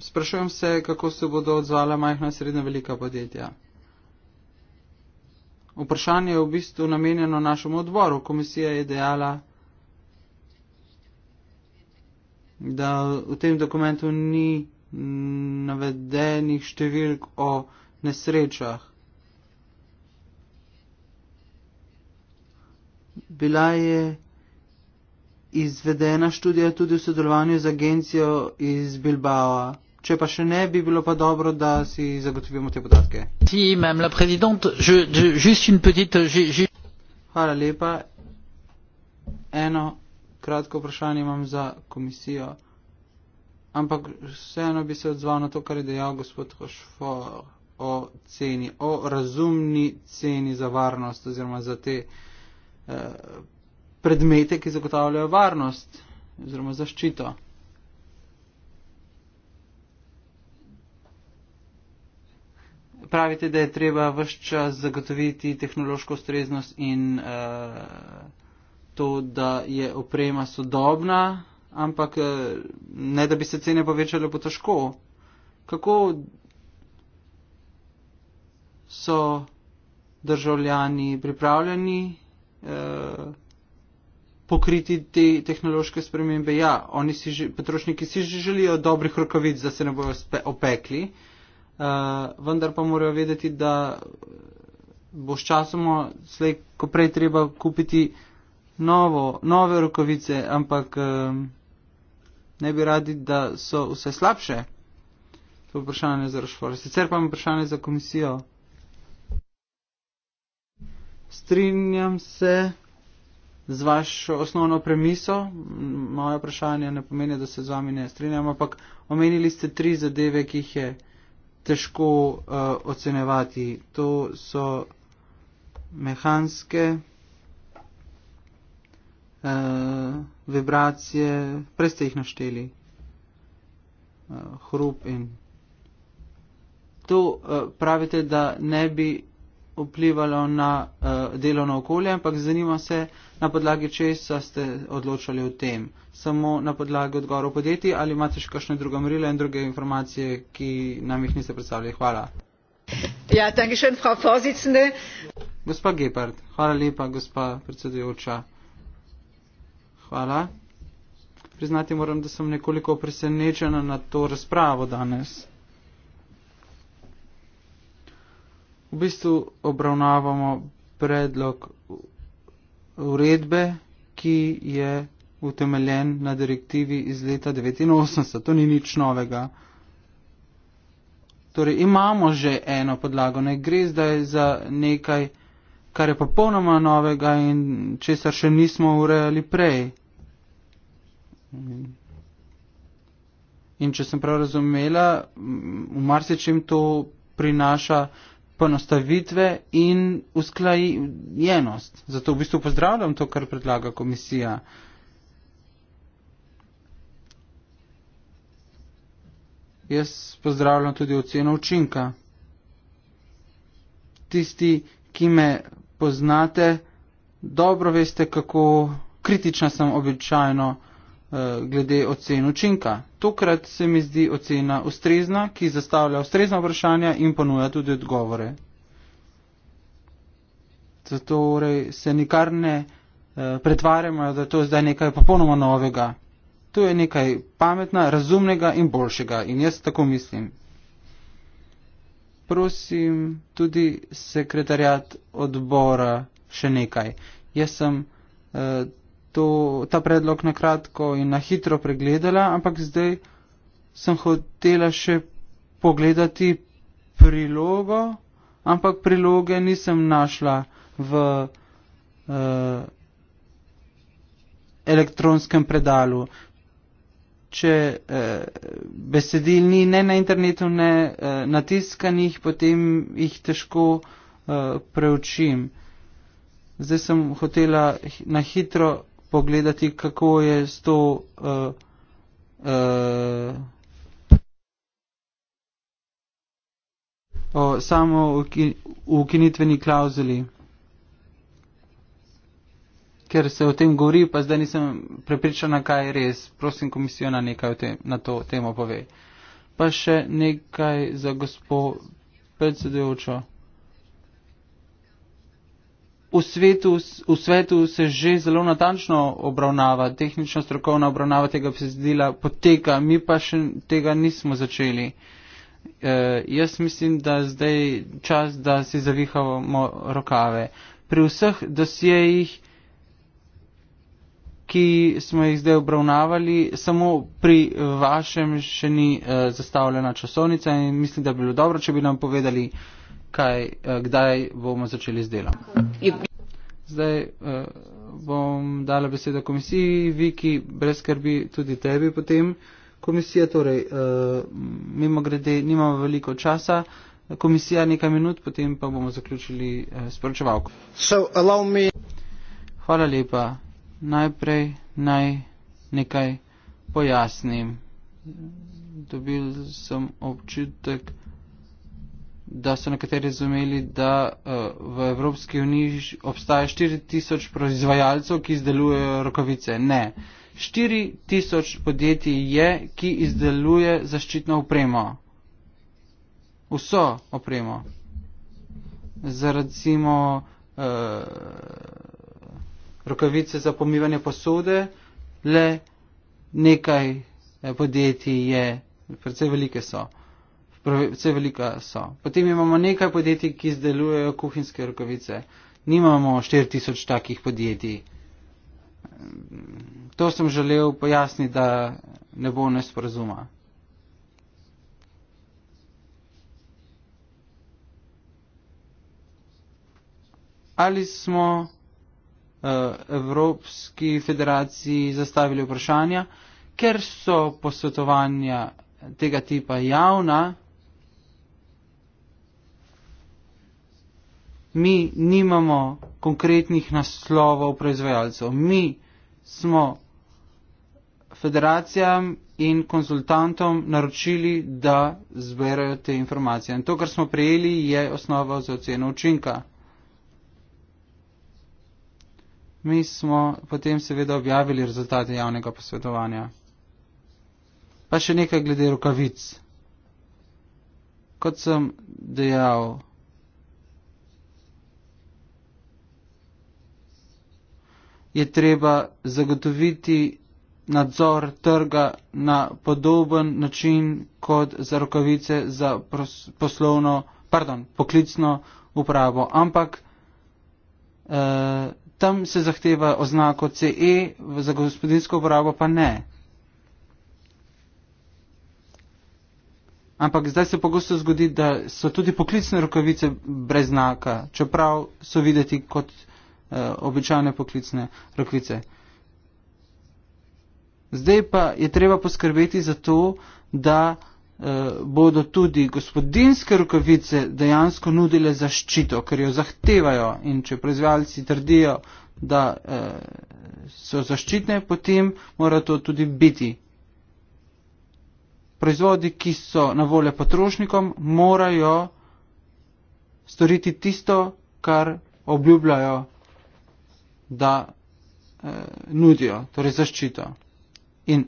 Sprašujem se, kako se bodo odzvala majhna in srednja velika podjetja. Vprašanje je v bistvu namenjeno našemu odboru. Komisija je dejala, da v tem dokumentu ni navedenih številk o nesrečah. Bila je izvedena študija tudi v sodelovanju z agencijo iz Bilbao. Če pa še ne, bi bilo pa dobro, da si zagotovimo te podatke. Euh, Hvala lepa. Eno kratko vprašanje imam za komisijo. Ampak vseeno bi se odzval na to, kar je dejal gospod Hošfor o ceni, o razumni ceni za varnost oziroma za te eh, predmete, ki zagotavljajo varnost oziroma zaščito. pravite, da je treba vse čas zagotoviti tehnološko ustreznost in uh, to, da je oprema sodobna, ampak uh, ne da bi se cene povečale, bo težko. Kako so državljani pripravljeni uh, pokriti te tehnološke spremembe? Ja, oni si, potrošniki si že želijo dobrih rokovic, da se ne bojo opekli. Uh, uh, vendar pa morajo vedeti, da bo s časom, slej, ko prej treba kupiti novo, nove rokovice, ampak um, ne bi radi, da so vse slabše. To je vprašanje za Rošfor. Sicer pa imam vprašanje za komisijo. Strinjam se z vašo osnovno premiso. Moje vprašanje ne pomeni, da se z vami ne strinjam, ampak omenili ste tri zadeve, ki jih je težko uh, eh, ocenevati. To so mehanske uh, vibracije, prej ste jih našteli, uh, hrup in. To uh, pravite, da ne bi vplivalo na uh, delovno okolje, ampak zanima se, na podlagi česa ste odločali o tem. Samo na podlagi odgovorov podjetij ali imate še kakšne druge merile in druge informacije, ki nam jih niste predstavili. Hvala. Ja, tankišen, frau Vorsitzende. Gospa Gepard, hvala lepa, gospa predsedujoča. Hvala. Priznati moram, da sem nekoliko presenečena na to razpravo danes. V bistvu obravnavamo predlog uredbe, ki je utemeljen na direktivi iz leta 1989. To ni nič novega. Torej imamo že eno podlago, ne gre zdaj za nekaj, kar je popolnoma novega in česar še nismo urejali prej. In če sem prav razumela, v marsičem to prinaša ponostavitve in usklajenost. Zato v bistvu pozdravljam to, kar predlaga komisija. Jaz pozdravljam tudi oceno učinka. Tisti, ki me poznate, dobro veste, kako kritična sem običajno. Eh, glede ocen učinka. Tokrat se mi zdi ocena ustrezna, ki zastavlja ustrezna vprašanja in ponuja tudi odgovore. Zato torej, se nikar ne eh, pretvarjamo, da to je zdaj nekaj popolnoma novega. To je nekaj pametna, razumnega in boljšega in jaz tako mislim. Prosim tudi sekretarjat odbora še nekaj. Jaz sem eh, to, ta predlog na kratko in na hitro pregledala, ampak zdaj sem hotela še pogledati prilogo, ampak priloge nisem našla v uh, elektronskem predalu. Če eh, besedil ni ne na internetu, ne eh, natiskanih, potem jih težko eh, preučim. Zdaj sem hotela na hitro pogledati, kako je s to uh, uh, samo ukinitveni klauzuli. Ker se o tem govori, pa zdaj nisem prepričana, kaj je res. Prosim, komisijona nekaj te, na to temo pove. Pa še nekaj za gospod predsedujočo. V svetu, v svetu se že zelo natančno obravnava, tehnično strokovna obravnava tega besedila poteka, mi pa še tega nismo začeli. E, jaz mislim, da zdaj čas, da si zavihamo rokave. Pri vseh dosjejih, ki smo jih zdaj obravnavali, samo pri vašem še ni e, zastavljena časovnica in mislim, da bi bilo dobro, če bi nam povedali kaj, eh, kdaj bomo začeli z delom. Zdaj eh, bom dala besedo komisiji, Viki, brez skrbi tudi tebi potem. Komisija, torej, eh, mimo grede, nimamo veliko časa. Komisija nekaj minut, potem pa bomo zaključili sporočevalko. So, me... Hvala lepa. Najprej naj nekaj pojasnim. Dobil sem občutek, da so nekateri razumeli, da eh, v Evropski uniji obstaja 4000 proizvajalcev, ki izdelujejo rokovice. Ne. 4000 podjetij je, ki izdeluje zaščitno opremo. Vso opremo. Zaradi uh, eh, rokovice za pomivanje posode, le nekaj eh, podjetij je, predvsej velike so precej velika so. Potem imamo nekaj podjetij, ki izdelujejo kuhinske rokovice. Nimamo 4000 takih podjetij. To sem želel pojasniti, da ne bo nesporazuma. Ali smo eh, Evropski federaciji zastavili vprašanja, ker so posvetovanja tega tipa javna, mi nimamo konkretnih naslovov proizvajalcev. Mi smo federacijam in konzultantom naročili, da zberajo te informacije. In to, kar smo prejeli, je osnova za oceno učinka. Mi smo potem seveda objavili rezultate javnega posvetovanja. Pa še nekaj glede rokavic. Kot sem dejal, je treba zagotoviti nadzor trga na podoben način kot za rokavice za poslovno, pardon, poklicno upravo. Ampak eh, tam se zahteva oznako CE, za gospodinsko uporabo pa ne. Ampak zdaj se pogosto zgodi, da so tudi poklicne rokavice brez znaka, čeprav so videti kot Eh, običajne poklicne rokvice. Zdaj pa je treba poskrbeti za to, da eh, bodo tudi gospodinske rokovice dejansko nudile zaščito, ker jo zahtevajo in če proizvajalci trdijo, da eh, so zaščitne, potem mora to tudi biti. Proizvodi, ki so na voljo potrošnikom, morajo storiti tisto, kar obljubljajo da eh, nudijo, torej zaščito. In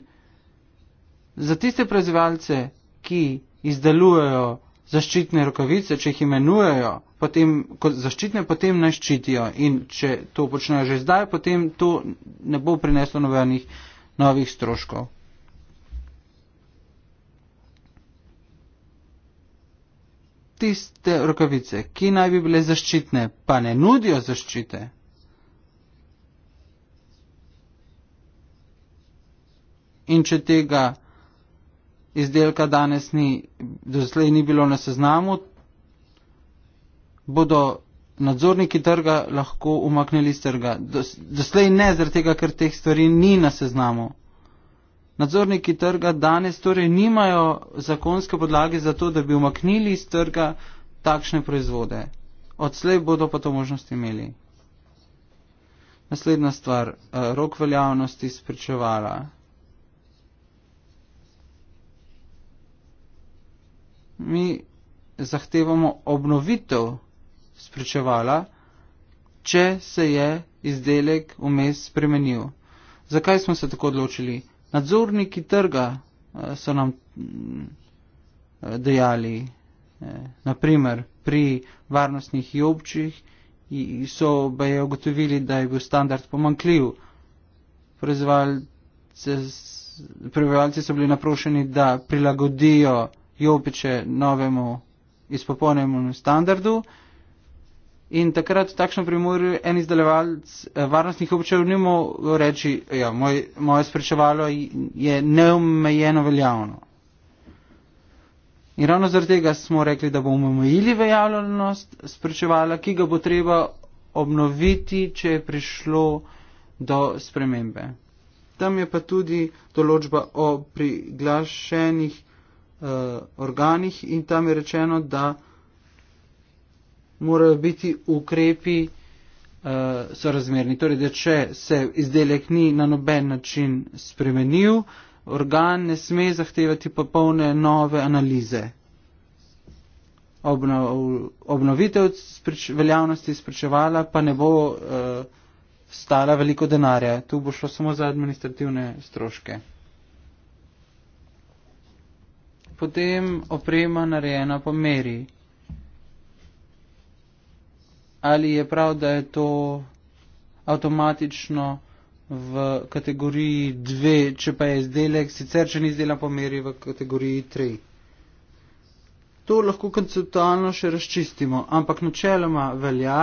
za tiste proizvajalce, ki izdelujejo zaščitne rokavice, če jih imenujejo potem, kot zaščitne, potem naj ščitijo in če to počnejo že zdaj, potem to ne bo prineslo novenih novih stroškov. Tiste rokavice, ki naj bi bile zaščitne, pa ne nudijo zaščite, in če tega izdelka danes ni, doslej ni bilo na seznamu, bodo nadzorniki trga lahko umaknili iz trga. Doslej ne, zaradi tega, ker teh stvari ni na seznamu. Nadzorniki trga danes torej nimajo zakonske podlage za to, da bi umaknili iz trga takšne proizvode. Odslej bodo pa to možnost imeli. Naslednja stvar, eh, rok veljavnosti spričevala. mi zahtevamo obnovitev spričevala, če se je izdelek vmes spremenil. Zakaj smo se tako odločili? Nadzorniki trga eh, so nam mm, dejali, eh, naprimer pri varnostnih jobčih, so pa je ugotovili, da je bil standard pomankljiv. Prebivalci so bili naprošeni, da prilagodijo jopiče novemu izpopolnjenemu standardu. In takrat v takšnem primoru en izdelovalec eh, varnostnih občev ni mogel reči, ja, moj, moje sprečevalo je neomejeno veljavno. In ravno zaradi tega smo rekli, da bomo omejili veljavnost sprečevala, ki ga bo treba obnoviti, če je prišlo do spremembe. Tam je pa tudi določba o priglašenih uh, organih in tam je rečeno, da morajo biti ukrepi uh, sorazmerni. Torej, da če se izdelek ni na noben način spremenil, organ ne sme zahtevati popolne nove analize. Obnov, obnovitev sprič, veljavnosti spričevala pa ne bo uh, stala veliko denarja. Tu bo šlo samo za administrativne stroške potem oprema narejena po meri. Ali je prav, da je to avtomatično v kategoriji 2, če pa je izdelek, sicer če ni izdelan po meri v kategoriji 3. To lahko konceptualno še razčistimo, ampak načeloma velja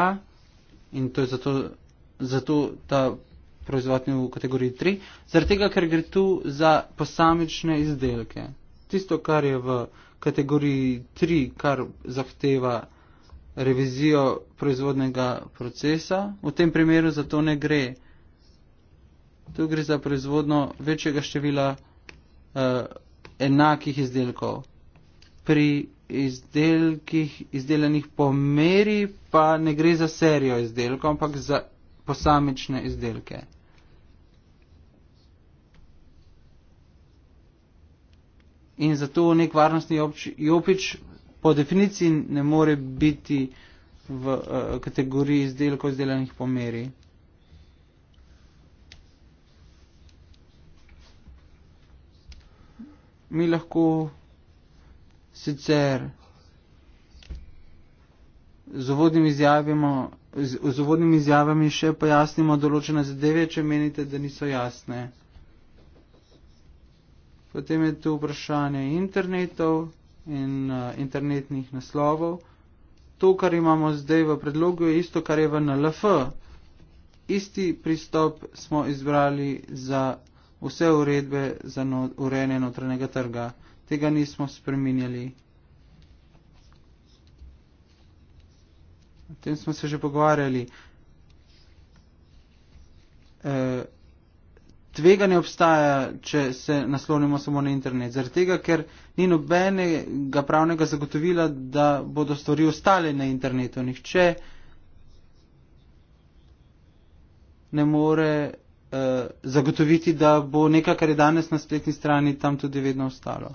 in to je zato, zato ta proizvodnja v kategoriji 3, zaradi tega, ker gre tu za posamične izdelke tisto, kar je v kategoriji 3, kar zahteva revizijo proizvodnega procesa. V tem primeru za to ne gre. Tu gre za proizvodno večjega števila uh, enakih izdelkov. Pri izdelkih izdelanih po meri pa ne gre za serijo izdelkov, ampak za posamične izdelke. in zato nek varnostni jopič po definiciji ne more biti v uh, kategoriji izdelkov izdelanih po meri. Mi lahko sicer z uvodnimi izjavimo Z uvodnimi izjavami še pojasnimo določene zadeve, če menite, da niso jasne. Potem je tu vprašanje internetov in uh, internetnih naslovov. To, kar imamo zdaj v predlogu, je isto, kar je v NLF. Isti pristop smo izbrali za vse uredbe za no, urejanje notranjega trga. Tega nismo spreminjali. O tem smo se že pogovarjali. E, tveganje obstaja, če se naslonimo samo na internet. Zaradi tega, ker ni nobenega pravnega zagotovila, da bodo stvari ostale na internetu. Nihče ne more uh, zagotoviti, da bo nekaj, kar je danes na spletni strani, tam tudi vedno ostalo.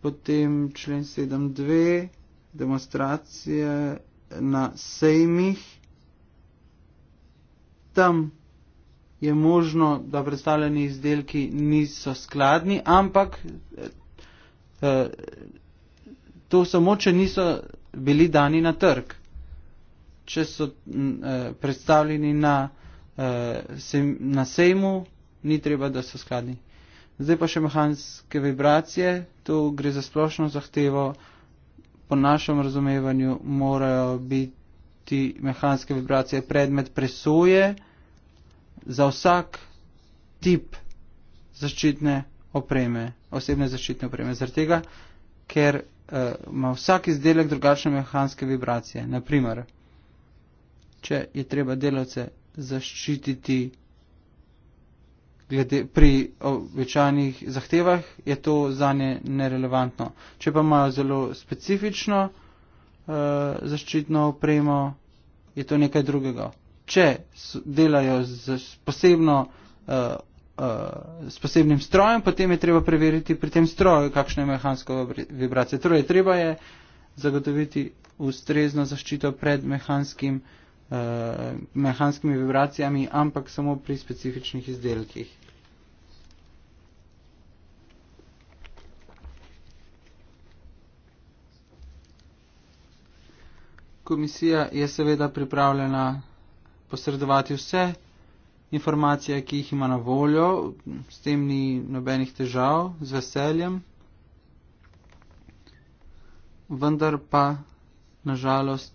Potem člen 7.2. Demonstracije na sejmih. Tam je možno, da predstavljeni izdelki niso skladni, ampak eh, eh, to samo, če niso bili dani na trg. Če so mm, eh, predstavljeni na, na sejmu, ni treba, da so skladni. Zdaj pa še mehanske vibracije, tu gre za splošno zahtevo, po našem razumevanju morajo biti mehanske vibracije predmet presoje, za vsak tip zaščitne opreme, osebne zaščitne opreme. Zaradi tega, ker uh, ima vsak izdelek drugačne mehanske vibracije. Naprimer, če je treba delavce zaščititi glede, pri običajnih zahtevah, je to za nje nerelevantno. Če pa imajo zelo specifično uh, zaščitno opremo, je to nekaj drugega če delajo z, z posebno, uh, uh, s posebnim strojem, potem je treba preveriti pri tem stroju, kakšne je mehansko vibracije. Torej, treba je zagotoviti ustrezno zaščito pred mehanskim, uh, mehanskimi vibracijami, ampak samo pri specifičnih izdelkih. Komisija je seveda pripravljena posredovati vse informacije, ki jih ima na voljo, s tem ni nobenih težav, z veseljem. Vendar pa, nažalost,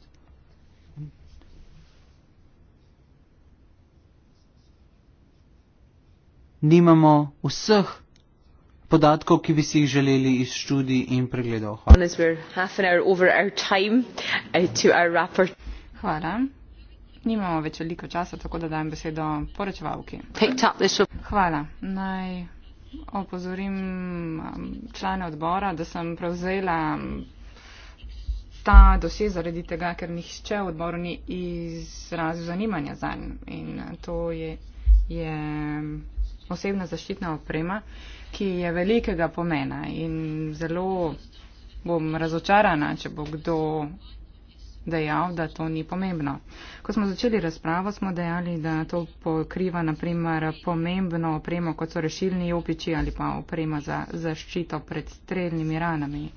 nimamo vseh podatkov, ki bi si jih želeli iz študij in pregledov. Hvala. Uh, Hvala. Nimamo več veliko časa, tako da dajem besedo poročevalki. Hvala. Naj opozorim um, člane odbora, da sem prevzela um, ta dosje zaradi tega, ker nihče v odboru ni izrazil zanimanja za njim. In to je, je um, osebna zaščitna oprema, ki je velikega pomena in zelo bom razočarana, če bo kdo dejal, da to ni pomembno. Ko smo začeli razpravo, smo dejali, da to pokriva naprimer pomembno opremo, kot so rešilni jopiči ali pa oprema za zaščito pred streljnimi ranami.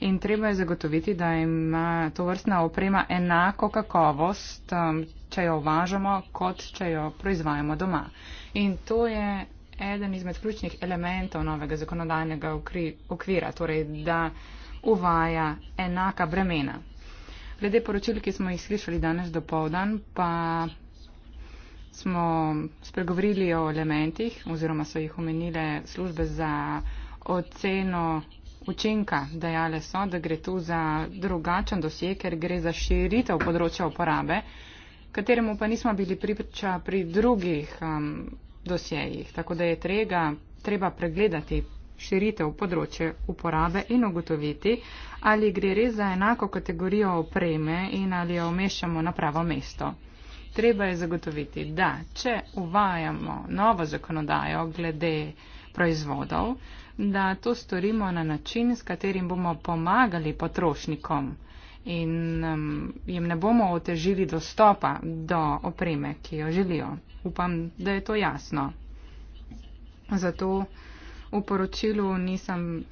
In treba je zagotoviti, da ima to vrstna oprema enako kakovost, um, če jo uvažamo, kot če jo proizvajamo doma. In to je eden izmed ključnih elementov novega zakonodajnega okvira, torej da uvaja enaka bremena. Glede poročil, ki smo jih slišali danes do povdan, pa smo spregovorili o elementih oziroma so jih omenile službe za oceno učinka. Dejale so, da gre tu za drugačen dosje, ker gre za širitev področja uporabe, kateremu pa nismo bili priča pri drugih um, dosjejih. Tako da je trega, treba pregledati širitev področje uporabe in ugotoviti, ali gre res za enako kategorijo opreme in ali jo omešamo na pravo mesto. Treba je zagotoviti, da če uvajamo novo zakonodajo glede proizvodov, da to storimo na način, s katerim bomo pomagali potrošnikom in um, jim ne bomo otežili dostopa do opreme, ki jo želijo. Upam, da je to jasno. Zato v poročilu nisem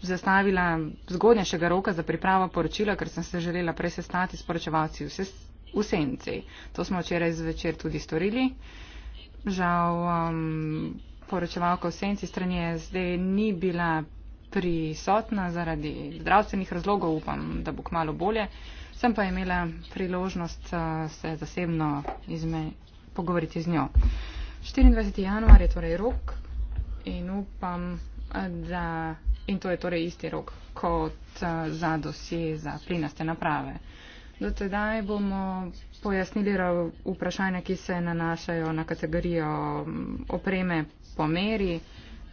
zastavila zgodnejšega roka za pripravo poročila, ker sem se želela prej sestati s poročevalci v, ses v senci. To smo včeraj zvečer tudi storili. Žal, um, poročevalka v senci strani je zdaj ni bila prisotna zaradi zdravstvenih razlogov, upam, da bo kmalo bolje. Sem pa imela priložnost uh, se zasebno pogovoriti z njo. 24. januar je torej rok, in upam, da in to je torej isti rok kot eh, za dosje za plinaste naprave. Do tedaj bomo pojasnili vprašanja, ki se nanašajo na kategorijo mm, opreme po meri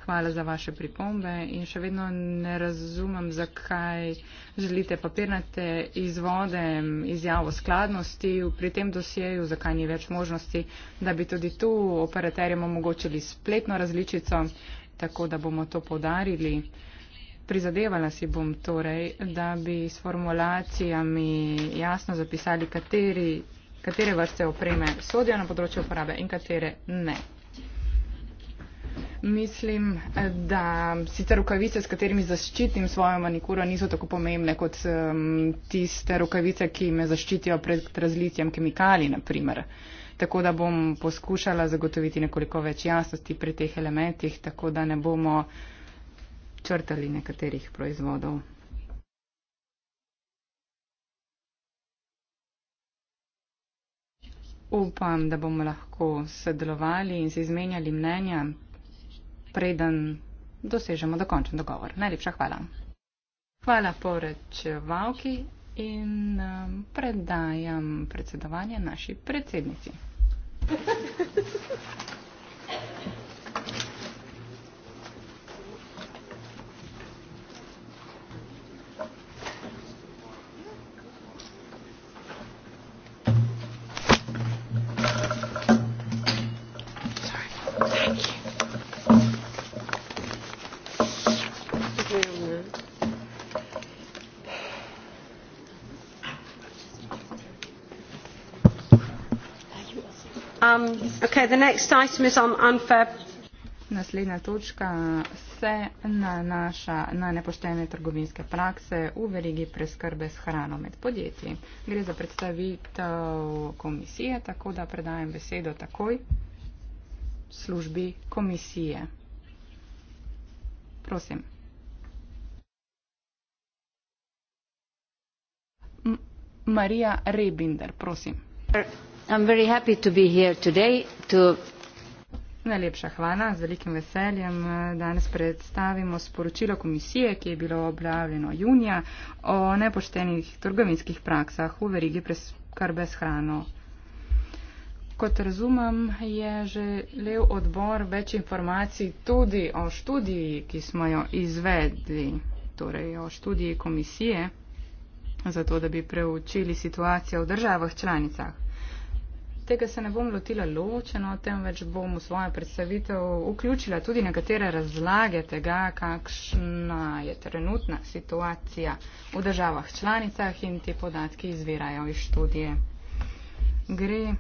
hvala za vaše pripombe in še vedno ne razumem, zakaj želite papirnate izvode izjavo skladnosti pri tem dosjeju, zakaj ni več možnosti, da bi tudi tu operaterjem omogočili spletno različico, tako da bomo to podarili. Prizadevala si bom torej, da bi s formulacijami jasno zapisali, kateri, katere vrste opreme sodijo na področju uporabe in katere ne mislim, da sicer rukavice, s katerimi zaščitim svojo manikuro, niso tako pomembne kot um, tiste rukavice, ki me zaščitijo pred razlitjem kemikali, naprimer. Tako da bom poskušala zagotoviti nekoliko več jasnosti pri teh elementih, tako da ne bomo črtali nekaterih proizvodov. Upam, da bomo lahko sodelovali in se izmenjali mnenja preden dosežemo dokončen dogovor. Najlepša hvala. Hvala porečevalki in um, predajam predsedovanje naši predsednici. Um, okay, the next item is on unfair Naslednja točka se nanaša na nepoštene trgovinske prakse v verigi preskrbe s hrano med podjetji. Gre za predstavitev komisije, tako da predajem besedo takoj službi komisije. Prosim. Marija Rebinder, prosim. Najlepša hvala. Z velikim veseljem eh, danes predstavimo sporočilo komisije, ki je bilo objavljeno junija o nepoštenih trgovinskih praksah v verigi preskrbe s hrano. Kot razumem, je želel odbor več informacij tudi o študiji, ki smo jo izvedli, torej o študiji komisije, zato da bi preučili situacijo v državah članicah tega se ne bom lotila ločeno, temveč bom v svojo predstavitev vključila tudi nekatere razlage tega, kakšna je trenutna situacija v državah članicah in ti podatki izvirajo iz študije. Gre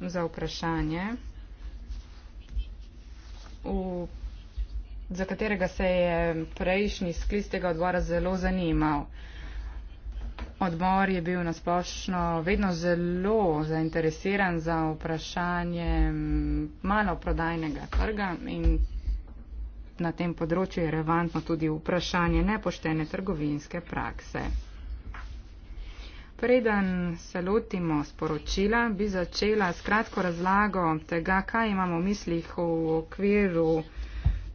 za vprašanje, v, za katerega se je prejšnji sklic tega odbora zelo zanimal. Odbor je bil nasplošno vedno zelo zainteresiran za vprašanje maloprodajnega trga in na tem področju je relevantno tudi vprašanje nepoštene trgovinske prakse. Preden se lotimo sporočila, bi začela s kratko razlago tega, kaj imamo v mislih v okviru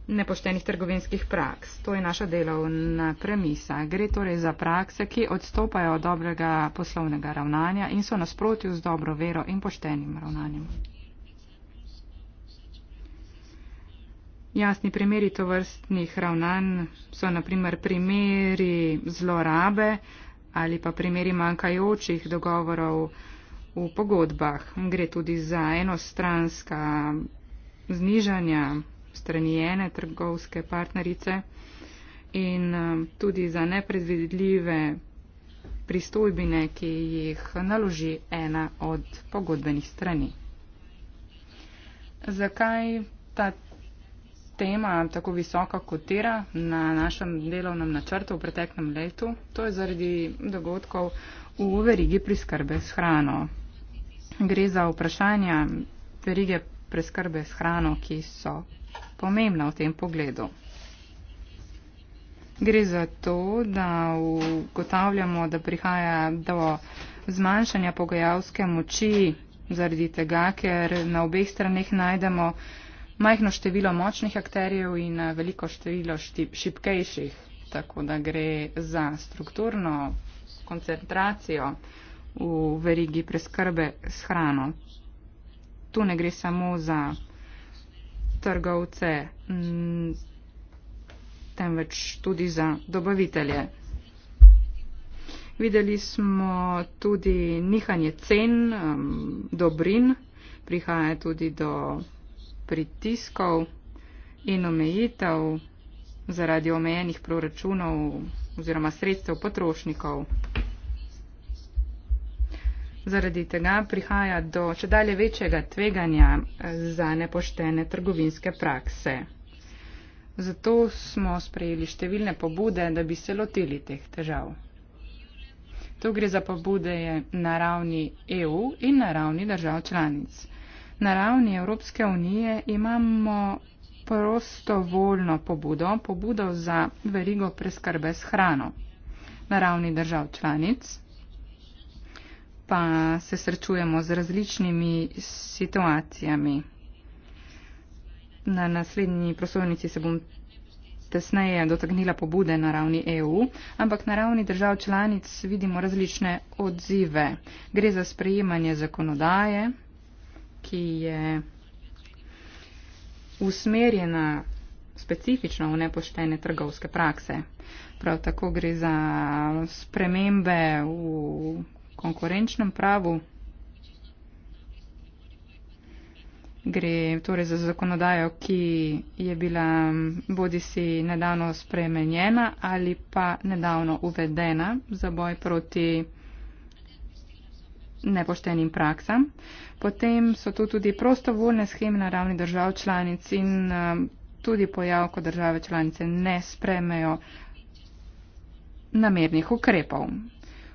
nepoštenih trgovinskih praks. To je naša delovna premisa. Gre torej za prakse, ki odstopajo od dobrega poslovnega ravnanja in so nasprotju z dobro vero in poštenim ravnanjem. Jasni primeri tovrstnih ravnanj so naprimer primeri zlorabe ali pa primeri manjkajočih dogovorov v pogodbah. Gre tudi za enostranska znižanja stranjene trgovske partnerice in eh, tudi za nepredvidljive pristojbine, ki jih naloži ena od pogodbenih strani. Zakaj ta tema tako visoka kotira na našem delovnem načrtu v preteklem letu? To je zaradi dogodkov v verigi priskrbe s hrano. Gre za vprašanja verige preskrbe s hrano, ki so pomembna v tem pogledu. Gre za to, da ugotavljamo, da prihaja do zmanjšanja pogajalske moči zaradi tega, ker na obeh straneh najdemo majhno število močnih akterjev in veliko število šipkejših, tako da gre za strukturno koncentracijo v verigi preskrbe s hrano. Tu ne gre samo za trgovce, temveč tudi za dobavitelje. Videli smo tudi nihanje cen dobrin, prihaja tudi do pritiskov in omejitev zaradi omejenih proračunov oziroma sredstev potrošnikov. Zaradi tega prihaja do če dalje večjega tveganja eh, za nepoštene trgovinske prakse. Zato smo sprejeli številne pobude, da bi se lotili teh težav. To gre za pobude na ravni EU in na ravni držav članic. Na ravni Evropske unije imamo prostovoljno pobudo, pobudo za verigo preskrbe s hrano. Na ravni držav članic pa se srečujemo z različnimi situacijami. Na naslednji prosovnici se bom tesneje dotaknila pobude na ravni EU, ampak na ravni držav članic vidimo različne odzive. Gre za sprejemanje zakonodaje, ki je usmerjena specifično v nepoštene trgovske prakse. Prav tako gre za spremembe v konkurenčnem pravu. Gre torej za zakonodajo, ki je bila bodi si nedavno spremenjena ali pa nedavno uvedena za boj proti nepoštenim praksam. Potem so tu tudi prostovoljne scheme na ravni držav članic in um, tudi pojav, ko države članice ne spremejo namernih ukrepov.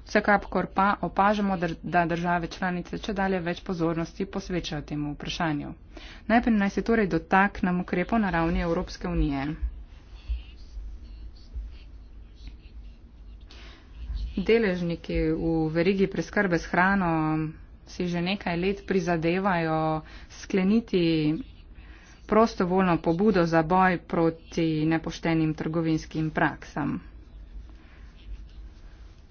Vsekakor pa opažamo, da države članice če dalje več pozornosti posvečajo temu vprašanju. Najprej naj se torej dotaknem ukrepo na ravni Evropske unije. Deležniki v verigi preskrbe s hrano si že nekaj let prizadevajo skleniti prostovoljno pobudo za boj proti nepoštenim trgovinskim praksam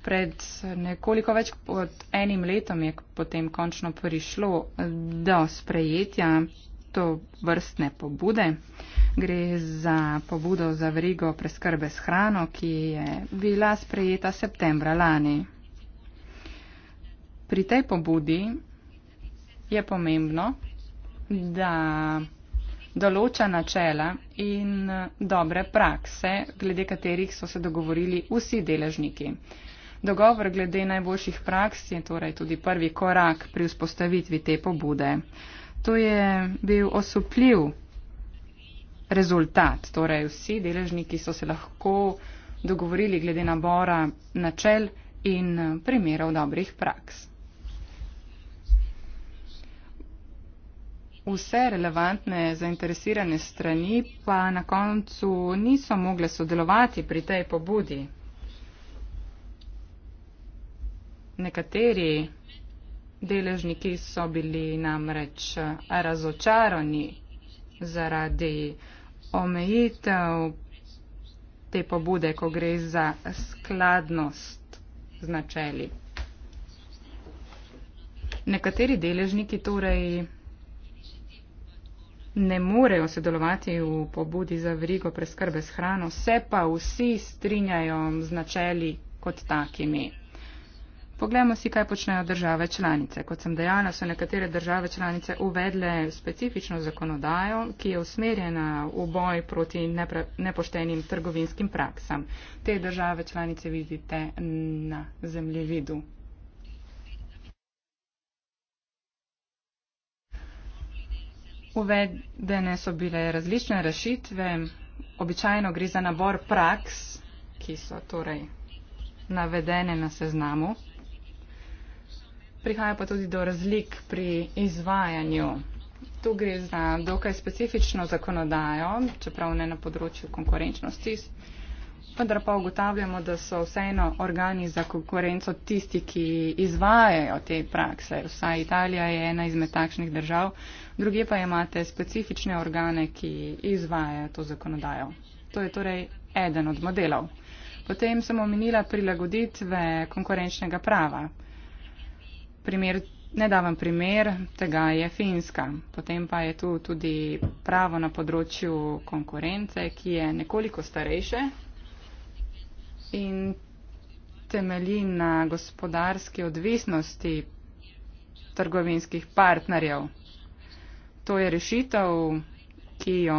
pred nekoliko več kot enim letom je potem končno prišlo do sprejetja to vrstne pobude. Gre za pobudo za verigo preskrbe s hrano, ki je bila sprejeta septembra lani. Pri tej pobudi je pomembno, da določa načela in dobre prakse, glede katerih so se dogovorili vsi deležniki. Dogovor glede najboljših praks je torej tudi prvi korak pri vzpostavitvi te pobude. To je bil osupljiv rezultat, torej vsi deležniki so se lahko dogovorili glede nabora načel in primerov dobrih praks. Vse relevantne zainteresirane strani pa na koncu niso mogle sodelovati pri tej pobudi, Nekateri deležniki so bili namreč eh, razočarani zaradi omejitev te pobude, ko gre za skladnost z načeli. Nekateri deležniki torej ne morejo sodelovati v pobudi za vrigo preskrbe s hrano, se pa vsi strinjajo z načeli kot takimi. Poglejmo si, kaj počnejo države članice. Kot sem dejala, so nekatere države članice uvedle specifično zakonodajo, ki je usmerjena v boj proti nepoštenim trgovinskim praksam. Te države članice vidite na zemljevidu. Uvedene so bile različne rešitve. Običajno gre za nabor praks, ki so torej navedene na seznamu prihaja pa tudi do razlik pri izvajanju. Tu gre za dokaj specifično zakonodajo, čeprav ne na področju konkurenčnosti, vendar pa ugotavljamo, da so vseeno organi za konkurenco tisti, ki izvajajo te prakse. Vsa Italija je ena izmed takšnih držav, druge pa imate specifične organe, ki izvajajo to zakonodajo. To je torej eden od modelov. Potem sem omenila prilagoditve konkurenčnega prava primer, nedaven primer tega je Finska. Potem pa je tu tudi pravo na področju konkurence, ki je nekoliko starejše in temelji na gospodarski odvisnosti trgovinskih partnerjev. To je rešitev, ki jo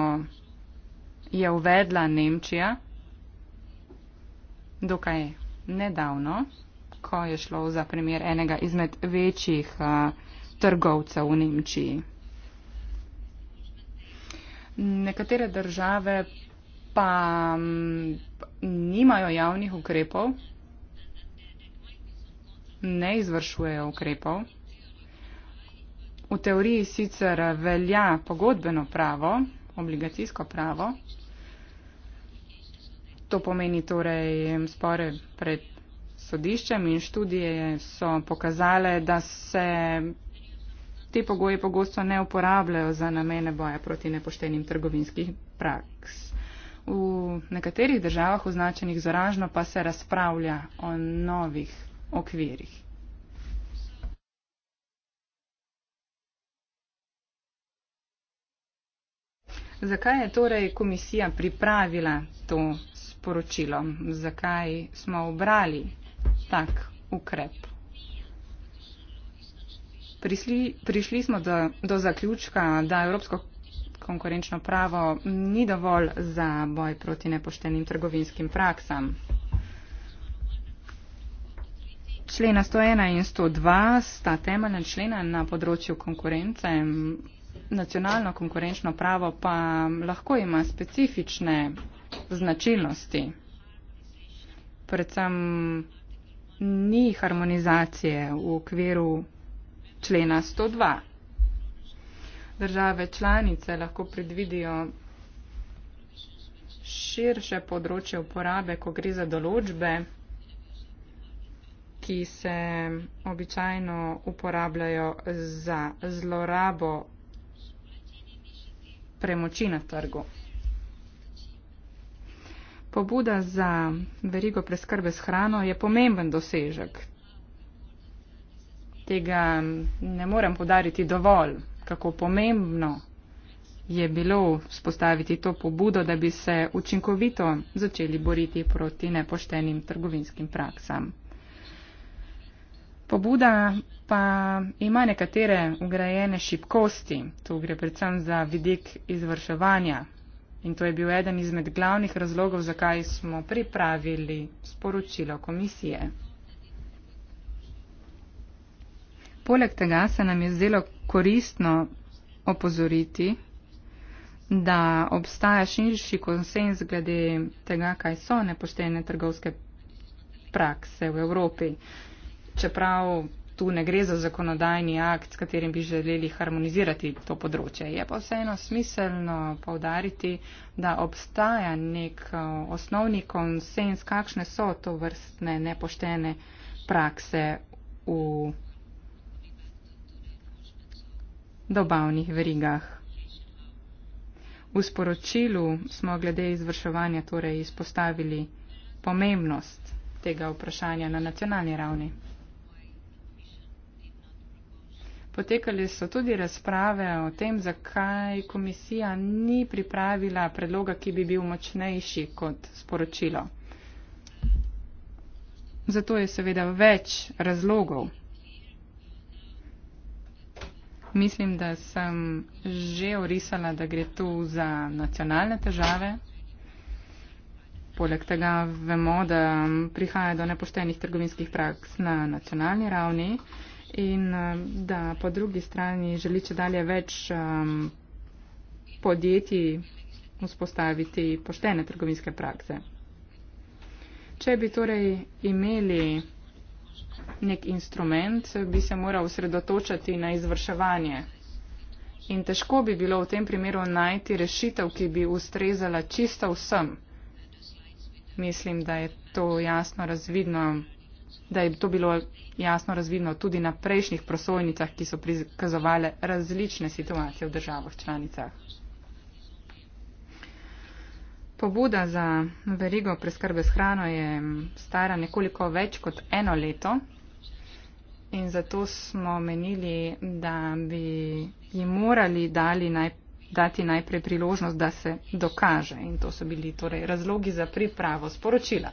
je uvedla Nemčija dokaj nedavno ko je šlo za primer enega izmed večjih uh, trgovcev v Nemčiji. Nekatere države pa m, nimajo javnih ukrepov, ne izvršujejo ukrepov. V teoriji sicer velja pogodbeno pravo, obligacijsko pravo. To pomeni torej spore pred sodiščem in študije so pokazale, da se ti pogoji pogosto ne uporabljajo za namene boja proti nepoštenim trgovinskih praks. V nekaterih državah označenih zaražno pa se razpravlja o novih okvirih. Zakaj je torej komisija pripravila to sporočilo? Zakaj smo obrali tak ukrep. Prišli, prišli smo do, do zaključka, da evropsko konkurenčno pravo ni dovolj za boj proti nepoštenim trgovinskim praksam. Člena 101 in 102 sta temeljna člena na področju konkurence. Nacionalno konkurenčno pravo pa lahko ima specifične značilnosti. Predvsem ni harmonizacije v okviru člena 102. Države članice lahko predvidijo širše področje uporabe, ko gre za določbe, ki se običajno uporabljajo za zlorabo premoči na trgu. Pobuda za verigo preskrbe s hrano je pomemben dosežek. Tega ne morem podariti dovolj, kako pomembno je bilo spostaviti to pobudo, da bi se učinkovito začeli boriti proti nepoštenim trgovinskim praksam. Pobuda pa ima nekatere ugrajene šibkosti. Tu gre predvsem za vidik izvrševanja In to je bil eden izmed glavnih razlogov, zakaj smo pripravili sporočilo komisije. Poleg tega se nam je zdelo koristno opozoriti, da obstaja širši konsens glede tega, kaj so nepoštene trgovske prakse v Evropi. Čeprav tu ne gre za zakonodajni akt, s katerim bi želeli harmonizirati to področje. Je pa vseeno smiselno povdariti, da obstaja nek eh, osnovni konsens, kakšne so to vrstne nepoštene prakse v dobavnih verigah. V sporočilu smo glede izvrševanja torej izpostavili pomembnost tega vprašanja na nacionalni ravni. Potekali so tudi razprave o tem, zakaj komisija ni pripravila predloga, ki bi bil močnejši kot sporočilo. Zato je seveda več razlogov. Mislim, da sem že orisala, da gre tu za nacionalne težave. Poleg tega vemo, da prihaja do nepoštenih trgovinskih praks na nacionalni ravni in eh, da po drugi strani želi če dalje več um, podjetij vzpostaviti poštene trgovinske prakse. Če bi torej imeli nek instrument, bi se moral osredotočati na izvrševanje. In težko bi bilo v tem primeru najti rešitev, ki bi ustrezala čisto vsem. Mislim, da je to jasno razvidno da je to bilo jasno razvidno tudi na prejšnjih prosojnicah, ki so prikazovale različne situacije v državah članicah. Pobuda za verigo preskrbe s hrano je stara nekoliko več kot eno leto in zato smo menili, da bi ji morali dali naj, dati najprej priložnost, da se dokaže. In to so bili torej razlogi za pripravo sporočila.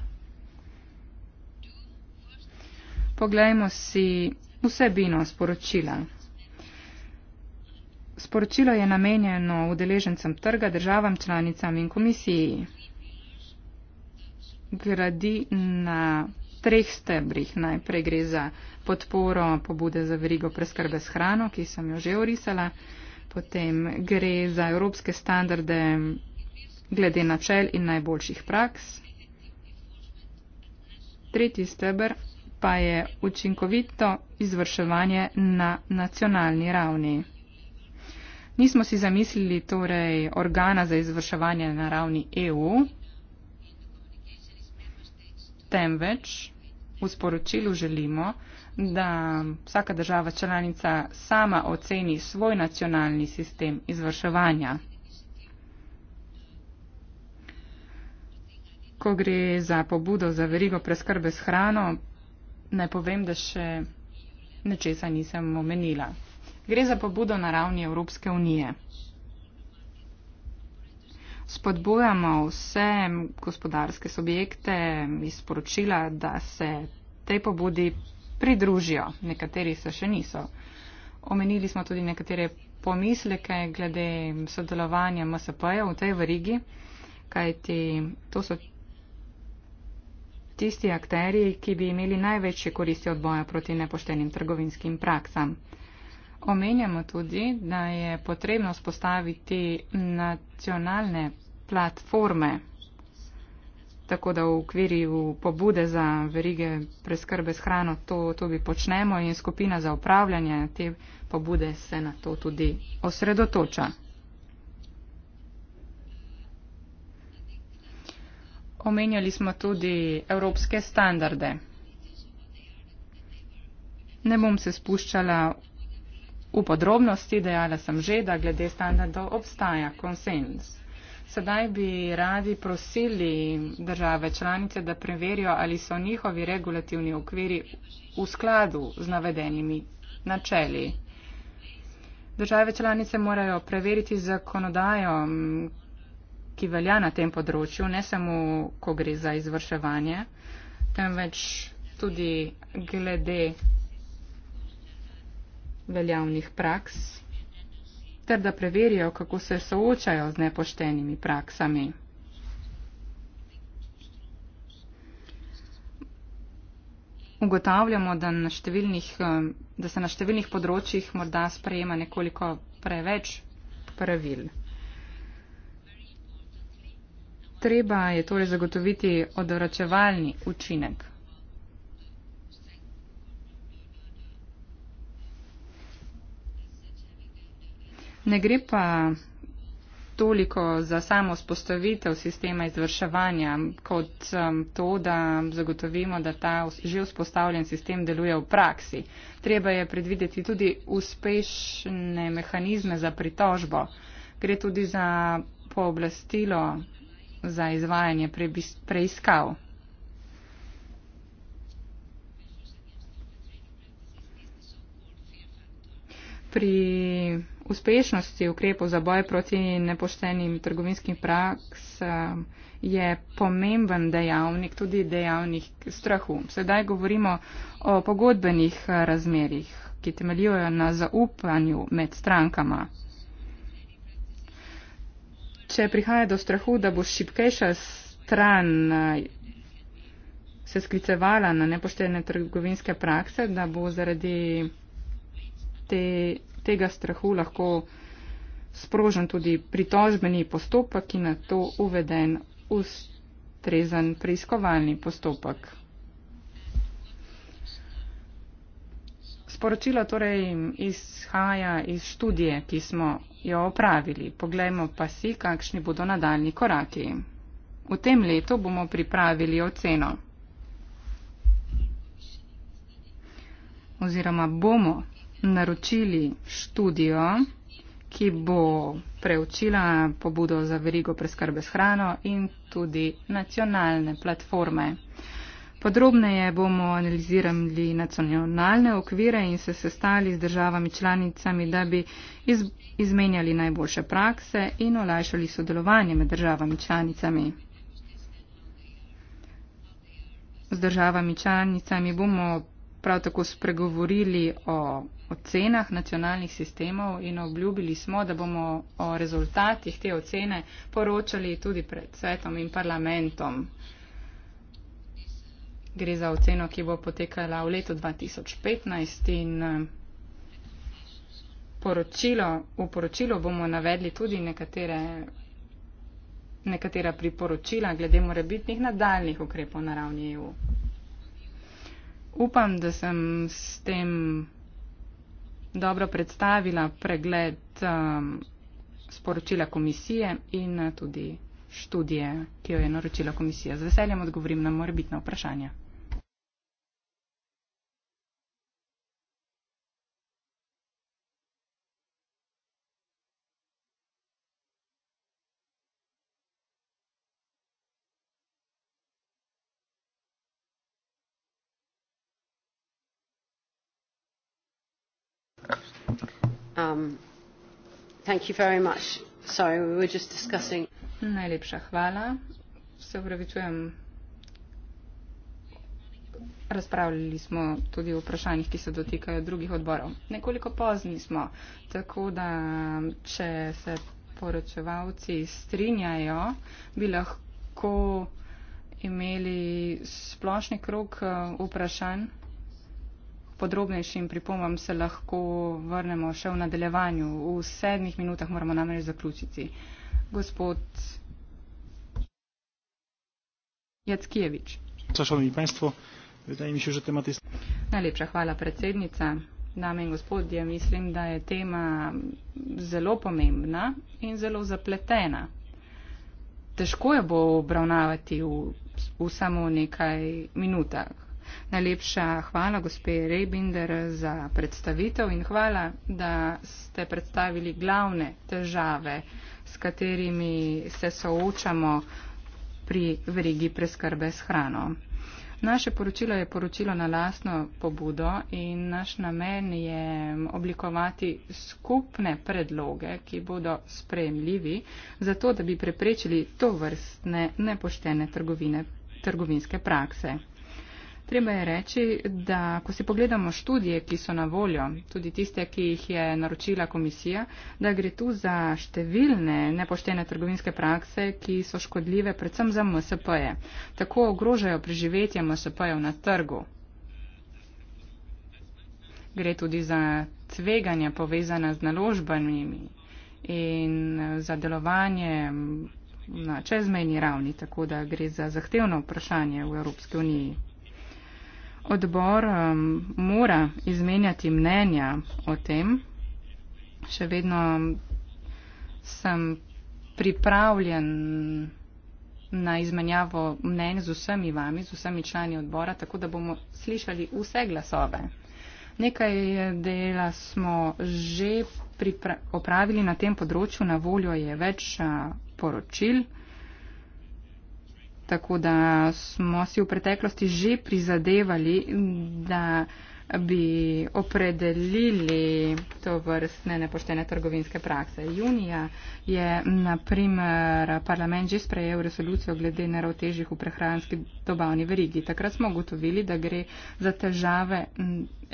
Poglejmo si vsebino sporočila. Sporočilo je namenjeno udeležencem trga, državam, članicam in komisiji. Gradi na treh stebrih. Najprej gre za podporo pobude za verigo preskrbe s hrano, ki sem jo že orisala. Potem gre za evropske standarde glede načel in najboljših praks. Tretji stebr pa je učinkovito izvrševanje na nacionalni ravni. Nismo si zamislili torej organa za izvrševanje na ravni EU, temveč v sporočilu želimo, da vsaka država članica sama oceni svoj nacionalni sistem izvrševanja. Ko gre za pobudo za verigo preskrbe s hrano, Naj povem, da še nečesa nisem omenila. Gre za pobudo na ravni Evropske unije. Spodbujamo vse gospodarske subjekte iz poročila, da se tej pobudi pridružijo. Nekateri se še niso. Omenili smo tudi nekatere pomisleke glede sodelovanja MSP-ja v tej verigi, kajti to so tisti akterji, ki bi imeli največje koristi od boja proti nepoštenim trgovinskim praksam. Omenjamo tudi, da je potrebno spostaviti nacionalne platforme, tako da v okviru pobude za verige preskrbe s hrano to tudi počnemo in skupina za upravljanje te pobude se na to tudi osredotoča. Omenjali smo tudi evropske standarde. Ne bom se spuščala v podrobnosti, dejala sem že, da glede standardov obstaja konsens. Sedaj bi radi prosili države članice, da preverijo, ali so njihovi regulativni okviri v skladu z navedenimi načeli. Države članice morajo preveriti zakonodajo, ki velja na tem področju, ne samo, ko gre za izvrševanje, temveč tudi glede veljavnih praks, ter da preverijo, kako se soočajo z nepoštenimi praksami. Ugotavljamo, da, na številnih, um, da se na številnih področjih morda sprejema nekoliko preveč pravil treba je torej zagotoviti odvračevalni učinek. Ne gre pa toliko za samo spostavitev sistema izvrševanja, kot um, to, da zagotovimo, da ta že vzpostavljen sistem deluje v praksi. Treba je predvideti tudi uspešne mehanizme za pritožbo. Gre tudi za pooblastilo za izvajanje preiskav. Pri uspešnosti ukrepov za boj proti nepoštenim trgovinskim praksam je pomemben dejavnik tudi dejavnik strahu. Sedaj govorimo o pogodbenih razmerjih, ki temeljujo na zaupanju med strankama če prihaja do strahu, da bo šipkejša stran eh, se sklicevala na nepoštene trgovinske prakse, da bo zaradi te, tega strahu lahko sprožen tudi pritožbeni postopek in na to uveden ustrezen preiskovalni postopek. sporočilo torej izhaja iz študije, ki smo jo opravili. Poglejmo pa si, kakšni bodo nadaljni koraki. V tem letu bomo pripravili oceno. Oziroma bomo naročili študijo, ki bo preučila pobudo za verigo preskrbe s hrano in tudi nacionalne platforme. Podrobneje bomo analizirali nacionalne okvire in se sestali z državami članicami, da bi iz, izmenjali najboljše prakse in olajšali sodelovanje med državami članicami. Z državami članicami bomo prav tako spregovorili o ocenah nacionalnih sistemov in obljubili smo, da bomo o rezultatih te ocene poročali tudi pred svetom in parlamentom gre za oceno, ki bo potekala v letu 2015 in eh, poročilo, v poročilu bomo navedli tudi nekatere, nekatera priporočila glede morebitnih nadaljnih ukrepov na ravni EU. Upam, da sem s tem dobro predstavila pregled um, sporočila komisije in eh, tudi študije, ki jo je naročila komisija. Z veseljem odgovorim na morebitna vprašanja. Um, thank you very much. Sorry, we were just discussing. Najlepša hvala. Se upravičujem. Razpravljali smo tudi o vprašanjih, ki se dotikajo drugih odborov. Nekoliko pozni smo, tako da če se poročevalci strinjajo, bi lahko imeli splošni krok uh, vprašanj podrobnejšim pripombam se lahko vrnemo še v nadaljevanju. V sedmih minutah moramo namreč zaključiti. Gospod Jackijevič. Šanovni panstvo, vedaj mi še že temati. Najlepša hvala, predsednica. Dame in gospodje, mislim, da je tema zelo pomembna in zelo zapletena. Težko jo bo obravnavati v, v samo nekaj minutah. Najlepša hvala gospe Rejbinder za predstavitev in hvala, da ste predstavili glavne težave, s katerimi se soočamo pri verigi preskrbe s hrano. Naše poročilo je poročilo na lastno pobudo in naš namen je oblikovati skupne predloge, ki bodo spremljivi, zato da bi preprečili to vrstne nepoštene trgovine, trgovinske prakse. Treba je reči, da ko si pogledamo študije, ki so na voljo, tudi tiste, ki jih je naročila komisija, da gre tu za številne nepoštene trgovinske prakse, ki so škodljive predvsem za MSP-je. Tako ogrožajo preživetje MSP-jev na trgu. Gre tudi za tveganja povezana z naložbanimi in za delovanje na čezmejni ravni, tako da gre za zahtevno vprašanje v Evropski uniji odbor um, mora izmenjati mnenja o tem. Še vedno sem pripravljen na izmenjavo mnen z vsemi vami, z vsemi člani odbora, tako da bomo slišali vse glasove. Nekaj dela smo že opravili na tem področju, na voljo je več uh, poročil. Tako da smo si v preteklosti že prizadevali, da bi opredelili to vrstne nepoštene trgovinske prakse. Junija je, naprimer, parlament že sprejel resolucijo glede neravtežjih v prehranski dobavni verigi. Takrat smo ugotovili, da gre za težave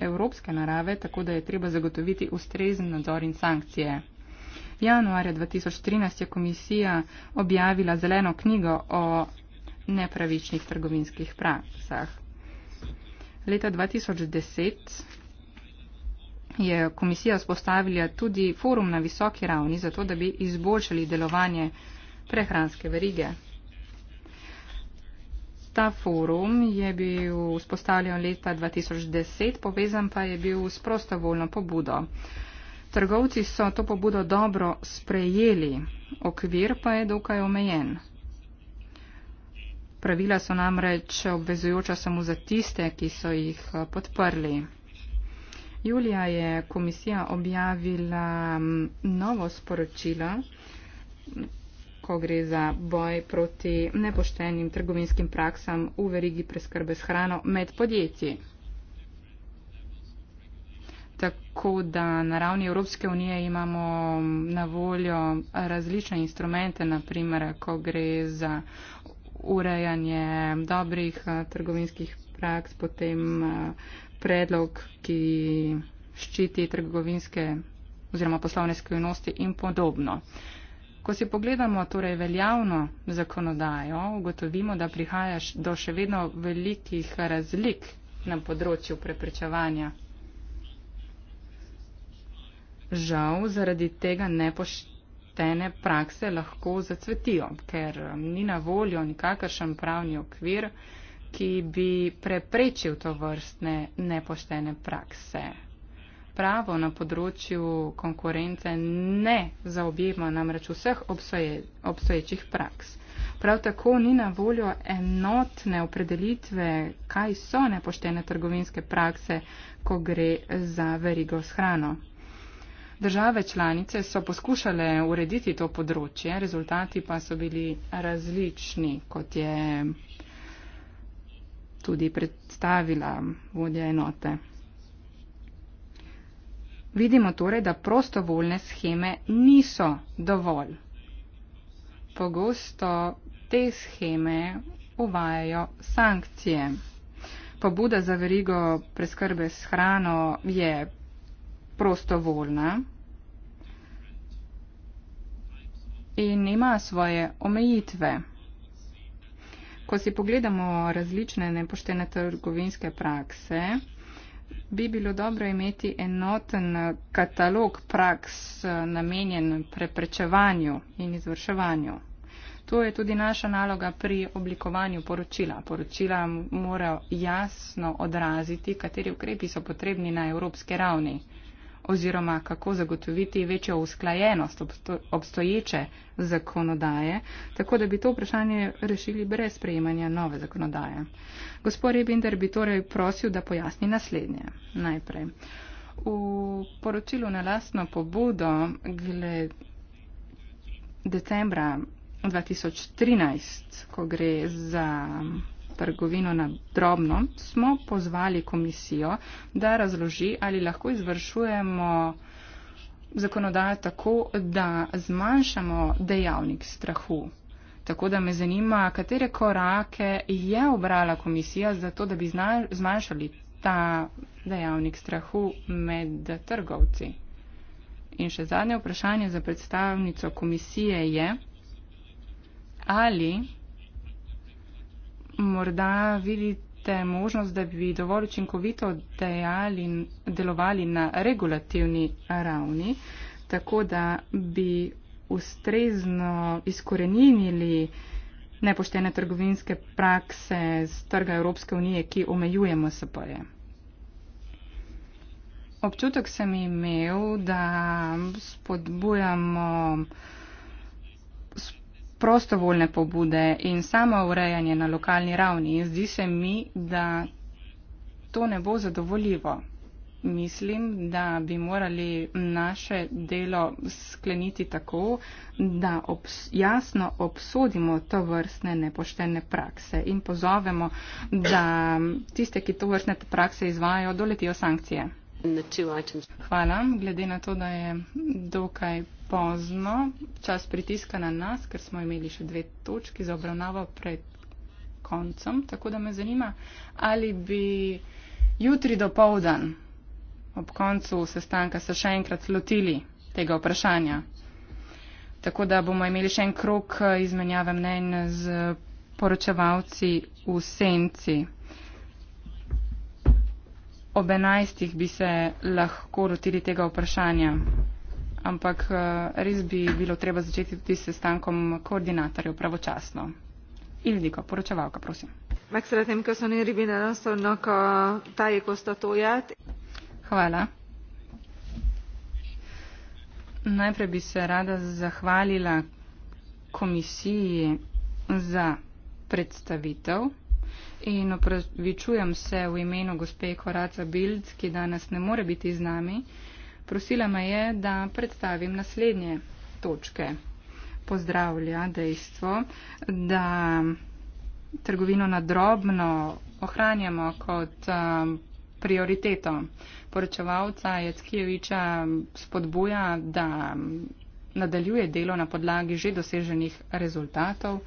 evropske narave, tako da je treba zagotoviti ustrezen nadzor in sankcije. Januarja 2013 je komisija objavila zeleno knjigo o nepravičnih trgovinskih praksah. Leta 2010 je komisija spostavila tudi forum na visoki ravni, zato da bi izboljšali delovanje prehranske verige. Ta forum je bil spostavljen leta 2010, povezan pa je bil s prostovoljno pobudo. Trgovci so to pobudo dobro sprejeli, okvir pa je dokaj omejen. Pravila so namreč obvezujoča samo za tiste, ki so jih eh, podprli. Julija je komisija objavila mm, novo sporočilo, ko gre za boj proti nepoštenim trgovinskim praksam v verigi preskrbe s hrano med podjetji. Tako da na ravni Evropske unije imamo mm, na voljo različne instrumente, naprimer, ko gre za urejanje dobrih eh, trgovinskih praks, potem eh, predlog, ki ščiti trgovinske oziroma poslovne skrivnosti in podobno. Ko si pogledamo torej veljavno zakonodajo, ugotovimo, da prihajaš do še vedno velikih razlik na področju preprečevanja. Žal zaradi tega nepoštevanja napotene prakse lahko zacvetijo, ker um, ni na voljo nikakršen pravni okvir, ki bi preprečil to vrstne nepoštene prakse. Pravo na področju konkurence ne zaobjema namreč vseh obsoje, obsoječih praks. Prav tako ni na voljo enotne opredelitve, kaj so nepoštene trgovinske prakse, ko gre za verigo s hrano. Države članice so poskušale urediti to področje, rezultati pa so bili različni, kot je tudi predstavila vodja enote. Vidimo torej, da prostovoljne scheme niso dovolj. Pogosto te scheme uvajajo sankcije. Pobuda za verigo preskrbe s hrano je prostovoljna in ima svoje omejitve. Ko si pogledamo različne nepoštene trgovinske prakse, bi bilo dobro imeti enoten katalog praks eh, namenjen preprečevanju in izvrševanju. To je tudi naša naloga pri oblikovanju poročila. Poročila morajo jasno odraziti, kateri ukrepi so potrebni na evropski ravni oziroma kako zagotoviti večjo usklajenost obsto, obstoječe zakonodaje, tako da bi to vprašanje rešili brez sprejemanja nove zakonodaje. Gospod Rebinder bi torej prosil, da pojasni naslednje. Najprej. V poročilu na lastno pobudo gled decembra 2013, ko gre za trgovino na drobno, smo pozvali komisijo, da razloži, ali lahko izvršujemo zakonodajo tako, da zmanjšamo dejavnik strahu. Tako da me zanima, katere korake je obrala komisija za to, da bi zmanjšali ta dejavnik strahu med trgovci. In še zadnje vprašanje za predstavnico komisije je, ali morda vidite možnost, da bi dovolj učinkovito dejali, delovali na regulativni ravni, tako da bi ustrezno izkorenili nepoštene trgovinske prakse z trga Evropske unije, ki omejujemo SPOJE. Občutek sem imel, da spodbujamo prostovoljne pobude in samo urejanje na lokalni ravni. Zdi se mi, da to ne bo zadovoljivo. Mislim, da bi morali naše delo skleniti tako, da obs jasno obsodimo to vrstne nepoštene prakse in pozovemo, da tiste, ki to vrstne prakse izvajo, doletijo sankcije. Hvala. Glede na to, da je dokaj pozno, čas pritiska na nas, ker smo imeli še dve točki za obravnavo pred koncem, tako da me zanima, ali bi jutri do povdan ob koncu sestanka se še enkrat lotili tega vprašanja. Tako da bomo imeli še en krok eh, izmenjave mnen z poročevalci v senci ob enajstih bi se lahko rotili tega vprašanja, ampak eh, res bi bilo treba začeti tudi s sestankom koordinatorjev pravočasno. Ildiko, poročevalka, prosim. Hvala. Najprej bi se rada zahvalila komisiji za predstavitev in opravičujem se v imenu gospe Koraca Bild, ki danes ne more biti z nami. Prosila me je, da predstavim naslednje točke. Pozdravlja dejstvo, da trgovino na drobno ohranjamo kot um, prioriteto. Poročevalca Jackijeviča spodbuja, da nadaljuje delo na podlagi že doseženih rezultatov.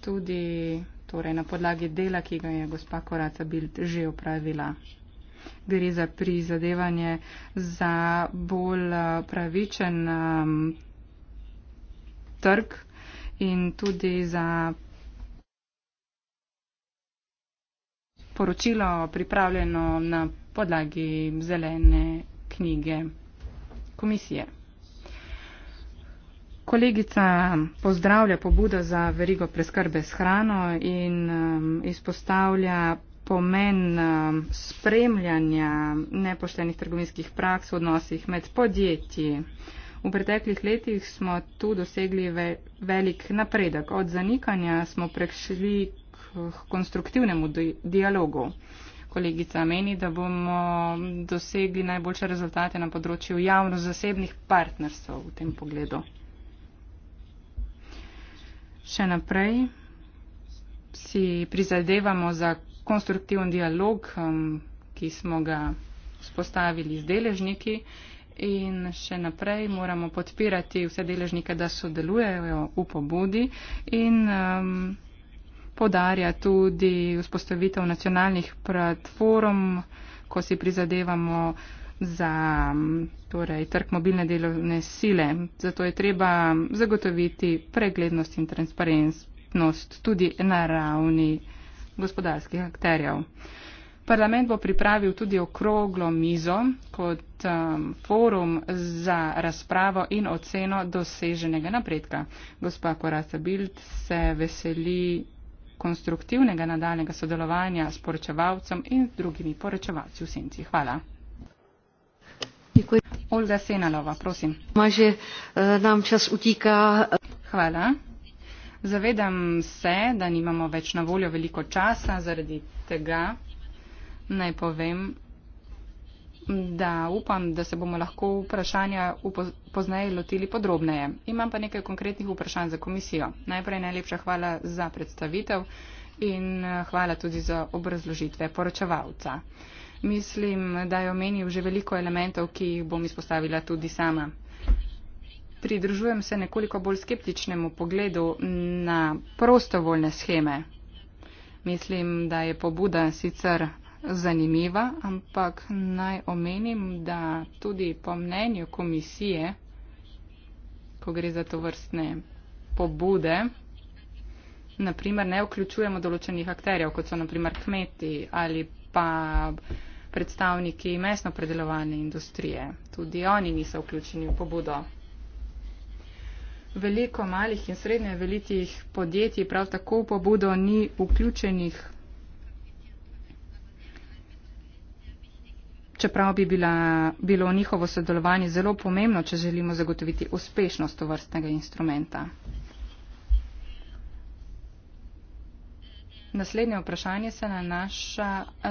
Tudi torej na podlagi dela, ki ga je gospa Koraca Bild že opravila. Gre za prizadevanje za bolj eh, pravičen um, trg in tudi za poročilo pripravljeno na podlagi zelene knjige komisije. Kolegica pozdravlja pobudo za verigo preskrbe s hrano in um, izpostavlja pomen um, spremljanja nepoštenih trgovinskih praks v odnosih med podjetji. V preteklih letih smo tu dosegli ve velik napredek. Od zanikanja smo prešli k, k konstruktivnemu di dialogu. Kolegica meni, da bomo dosegli najboljše rezultate na področju javno-zasebnih partnerstv v tem pogledu še naprej si prizadevamo za konstruktiven dialog, um, ki smo ga spostavili z deležniki in še naprej moramo podpirati vse deležnike, da sodelujejo v pobudi in um, podarja tudi vzpostavitev nacionalnih platform, ko si prizadevamo uh, za mm, torej, trg mobilne delovne sile. Zato je treba zagotoviti preglednost in transparentnost tudi na ravni gospodarskih akterjev. Parlament bo pripravil tudi okroglo mizo kot um, forum za razpravo in oceno doseženega napredka. Gospa Korasa Bild se veseli konstruktivnega nadaljnega sodelovanja s poročevalcem in drugimi poročevalci v senci. Hvala. Olga Senalova, prosim. Ma že eh, nam čas utika. Hvala. Zavedam se, da nimamo več na voljo veliko časa, zaradi tega naj povem, da upam, da se bomo lahko vprašanja upoznaje lotili podrobneje. Imam pa nekaj konkretnih vprašanj za komisijo. Najprej najlepša hvala za predstavitev in eh, hvala tudi za obrazložitve poročevalca. Mislim, da je omenil že veliko elementov, ki jih bom izpostavila tudi sama. Pridružujem se nekoliko bolj skeptičnemu pogledu na prostovoljne scheme. Mislim, da je pobuda sicer zanimiva, ampak naj omenim, da tudi po mnenju komisije, ko gre za to vrstne pobude, naprimer ne vključujemo določenih akterjev, kot so naprimer kmeti ali pa predstavniki mesnopredelovane industrije. Tudi oni niso vključeni v pobudo. Veliko malih in srednje velikih podjetij prav tako v pobudo ni vključenih, čeprav bi bila, bilo njihovo sodelovanje zelo pomembno, če želimo zagotoviti uspešnost tovrstnega instrumenta. Naslednje vprašanje se nanaša eh,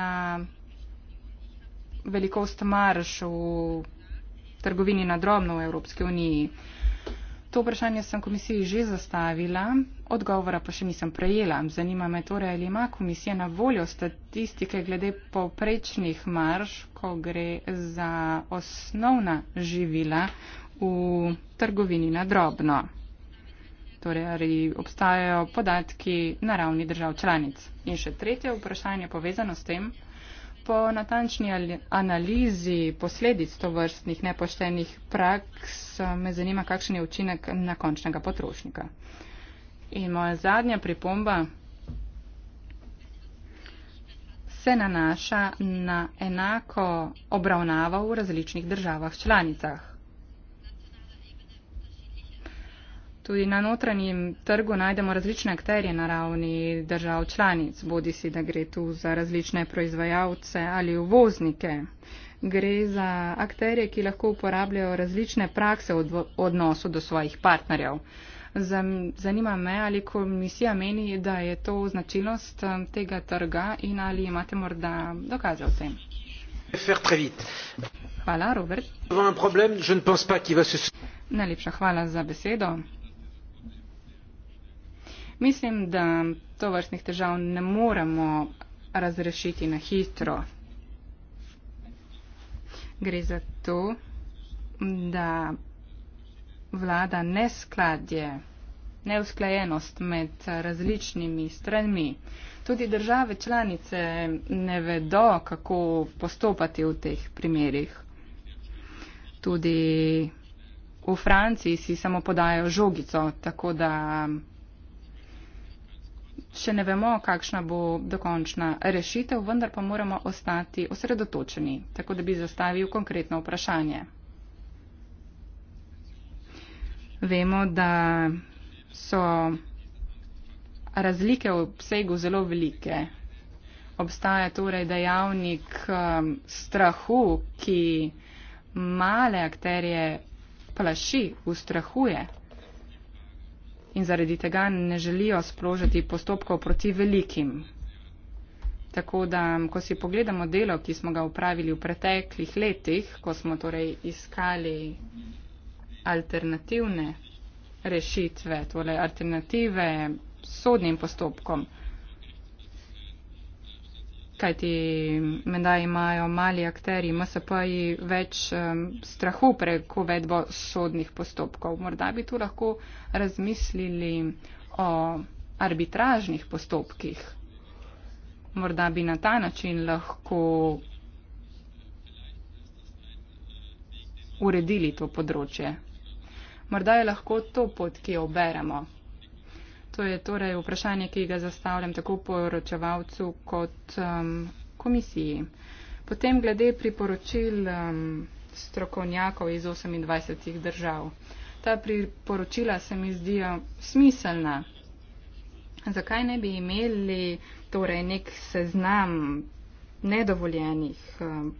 na velikost marž v trgovini na drobno v Evropski uniji. To vprašanje sem komisiji že zastavila, odgovora pa še nisem prejela. Zanima me torej, ali ima komisija na voljo statistike glede poprečnih marž, ko gre za osnovna živila v trgovini na drobno torej ali obstajajo podatki na ravni držav članic. In še tretje vprašanje povezano s tem, po natančni analizi posledic tovrstnih nepoštenih praks me zanima, kakšen je učinek na končnega potrošnika. In moja zadnja pripomba se nanaša na enako obravnavo v različnih državah članicah. Tudi na notranjem trgu najdemo različne akterje na ravni držav članic, bodi si, da gre tu za različne proizvajalce ali uvoznike. Gre za akterje, ki lahko uporabljajo različne prakse v odnosu do svojih partnerjev. Zanima me, ali komisija meni, da je to značilnost um, tega trga in ali imate morda dokaze o tem. Hvala, Robert. Najlepša hvala za besedo. Mislim, da to vrstnih težav ne moremo razrešiti na hitro. Gre za to, da vlada neskladje, neusklajenost med različnimi stranmi. Tudi države članice ne vedo, kako postopati v teh primerih. Tudi v Franciji si samo podajo žogico, tako da še ne vemo, kakšna bo dokončna rešitev, vendar pa moramo ostati osredotočeni, tako da bi zastavil konkretno vprašanje. Vemo, da so razlike v obsegu zelo velike. Obstaja torej dejavnik um, strahu, ki male akterje plaši, ustrahuje in zaradi tega ne želijo sprožiti postopkov proti velikim. Tako da, ko si pogledamo delo, ki smo ga upravili v preteklih letih, ko smo torej iskali alternativne rešitve, torej alternative sodnim postopkom, kajti menda imajo mali akteri MSP-ji več um, strahu preko vedbo sodnih postopkov. Morda bi tu lahko razmislili o arbitražnih postopkih. Morda bi na ta način lahko uredili to področje. Morda je lahko to pot, ki jo beremo. To je torej vprašanje, ki ga zastavljam tako poročevalcu kot um, komisiji. Potem glede priporočil um, strokovnjakov iz 28 držav. Ta priporočila se mi zdijo smiselna. Zakaj ne bi imeli torej nek seznam nedovoljenih um,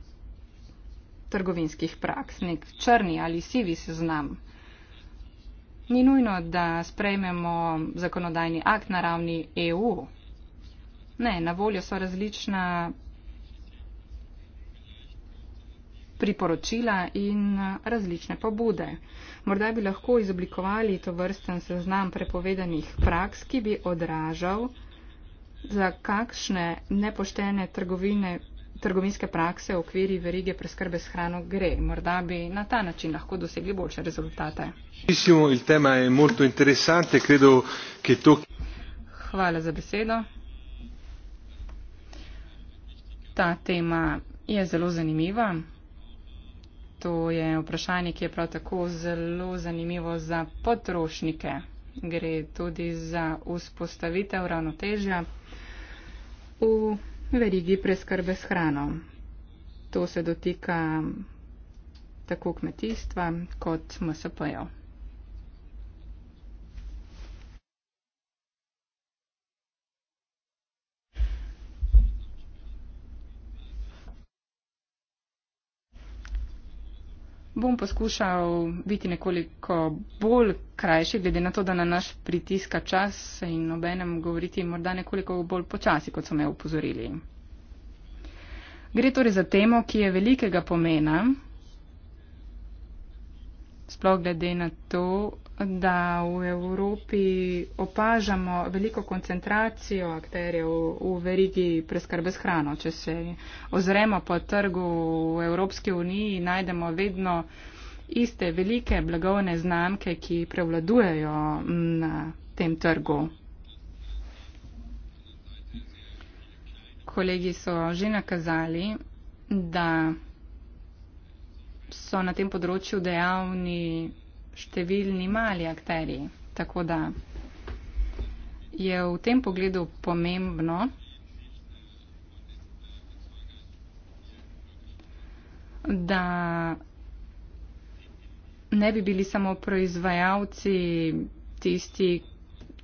trgovinskih praks, nek črni ali sivi seznam? ni nujno, da sprejmemo zakonodajni akt na ravni EU. Ne, na voljo so različna priporočila in različne pobude. Morda bi lahko izoblikovali to vrsten seznam prepovedanih praks, ki bi odražal, za kakšne nepoštene trgovine trgovinske prakse v okviri verige preskrbe s hrano gre. Morda bi na ta način lahko dosegli boljše rezultate. Hvala za besedo. Ta tema je zelo zanimiva. To je vprašanje, ki je prav tako zelo zanimivo za potrošnike. Gre tudi za vzpostavitev ravnotežja. V verigi preskrbe s hrano. To se dotika tako kmetijstva kot MSP-jev. bom poskušal biti nekoliko bolj krajši, glede na to, da na naš pritiska čas in obenem govoriti morda nekoliko bolj počasi, kot so me upozorili. Gre torej za temo, ki je velikega pomena, sploh glede na to, da v Evropi opažamo veliko koncentracijo akterjev v verigi preskrbe s hrano. Če se ozremo po trgu v Evropski uniji, najdemo vedno iste velike blagovne znamke, ki prevladujejo mm, na tem trgu. Kolegi so že nakazali, da so na tem področju dejavni številni mali akteri. Tako da je v tem pogledu pomembno, da ne bi bili samo proizvajalci tisti,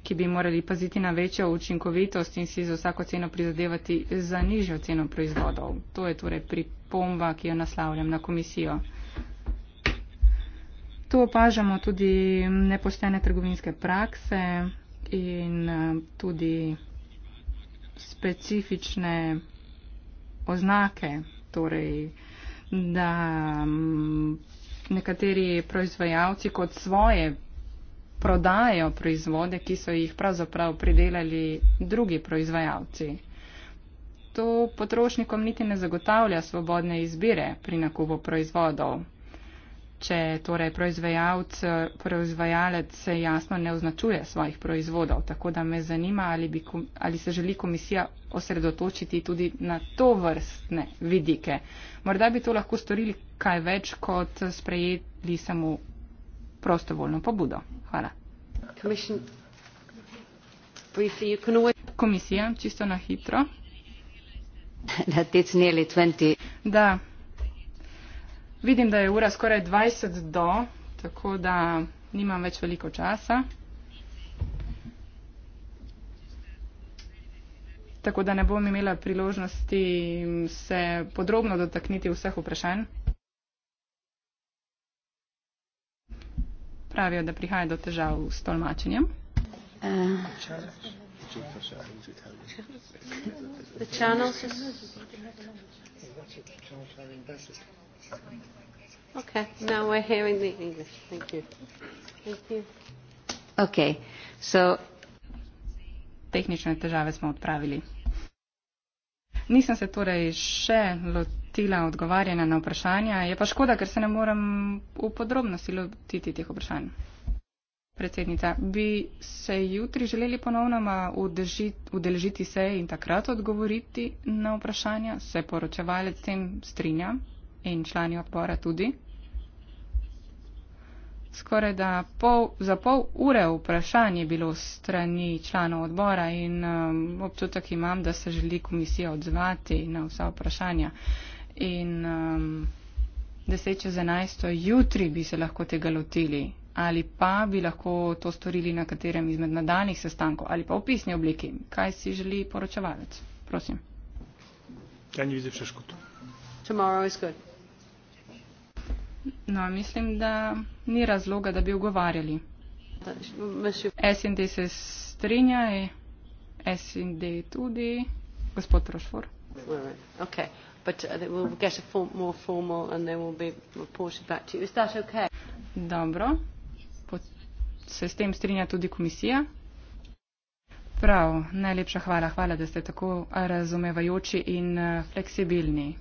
ki bi morali paziti na večjo učinkovitost in si za vsako ceno prizadevati za nižjo ceno proizvodov. To je torej pripomba, ki jo naslavljam na komisijo. To opažamo tudi nepoštene trgovinske prakse in eh, tudi specifične oznake, torej, da mm, nekateri proizvajalci kot svoje prodajo proizvode, ki so jih pravzaprav pridelali drugi proizvajalci. To potrošnikom niti ne zagotavlja svobodne izbire pri nakupu proizvodov če torej proizvajalec, proizvajalec jasno ne označuje svojih proizvodov. Tako da me zanima, ali, bi, ali se želi komisija osredotočiti tudi na to vrstne vidike. Morda bi to lahko storili kaj več, kot sprejeli samo prostovoljno pobudo. Hvala. Komisija, čisto na hitro. Da, Vidim, da je ura skoraj 20 do, tako da nimam več veliko časa. Tako da ne bom imela priložnosti se podrobno dotakniti vseh vprašanj. Pravijo, da prihaja do težav s tolmačenjem. Uh. The channels is... Okay, now we're hearing the English. Thank you. Thank you. Okay, so. Tehnične težave smo odpravili. Nisem se torej še lotila odgovarjanja na vprašanja, je pa škoda, ker se ne moram v podrobnosti lotiti teh vprašanj. Predsednica, bi se jutri želeli ponovnoma udeležiti se in takrat odgovoriti na vprašanja? Se poročevalec s tem strinja? in člani odbora tudi. Skoraj da pol, za pol ure vprašanje bilo strani članov odbora in um, občutek imam, da se želi komisija odzvati na vsa vprašanja. In um, 10 čez 11. jutri bi se lahko tega lotili ali pa bi lahko to storili na katerem izmed nadaljnih sestankov ali pa v pisni obliki. Kaj si želi poročevalec? Prosim. Ja, Tomorrow is good. No, mislim, da ni razloga, da bi ogovarjali. SND se strinja, e, SND tudi, gospod Rošfor. Uh, Dobro, se s tem strinja tudi komisija. Prav, najlepša hvala, hvala, da ste tako razumevajoči in uh, fleksibilni.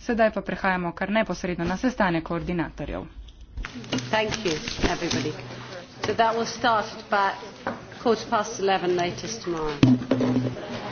Sedaj pa prehajamo kar neposredno na sestanje koordinatorjev. So that will start at about quarter past 11 latest tomorrow.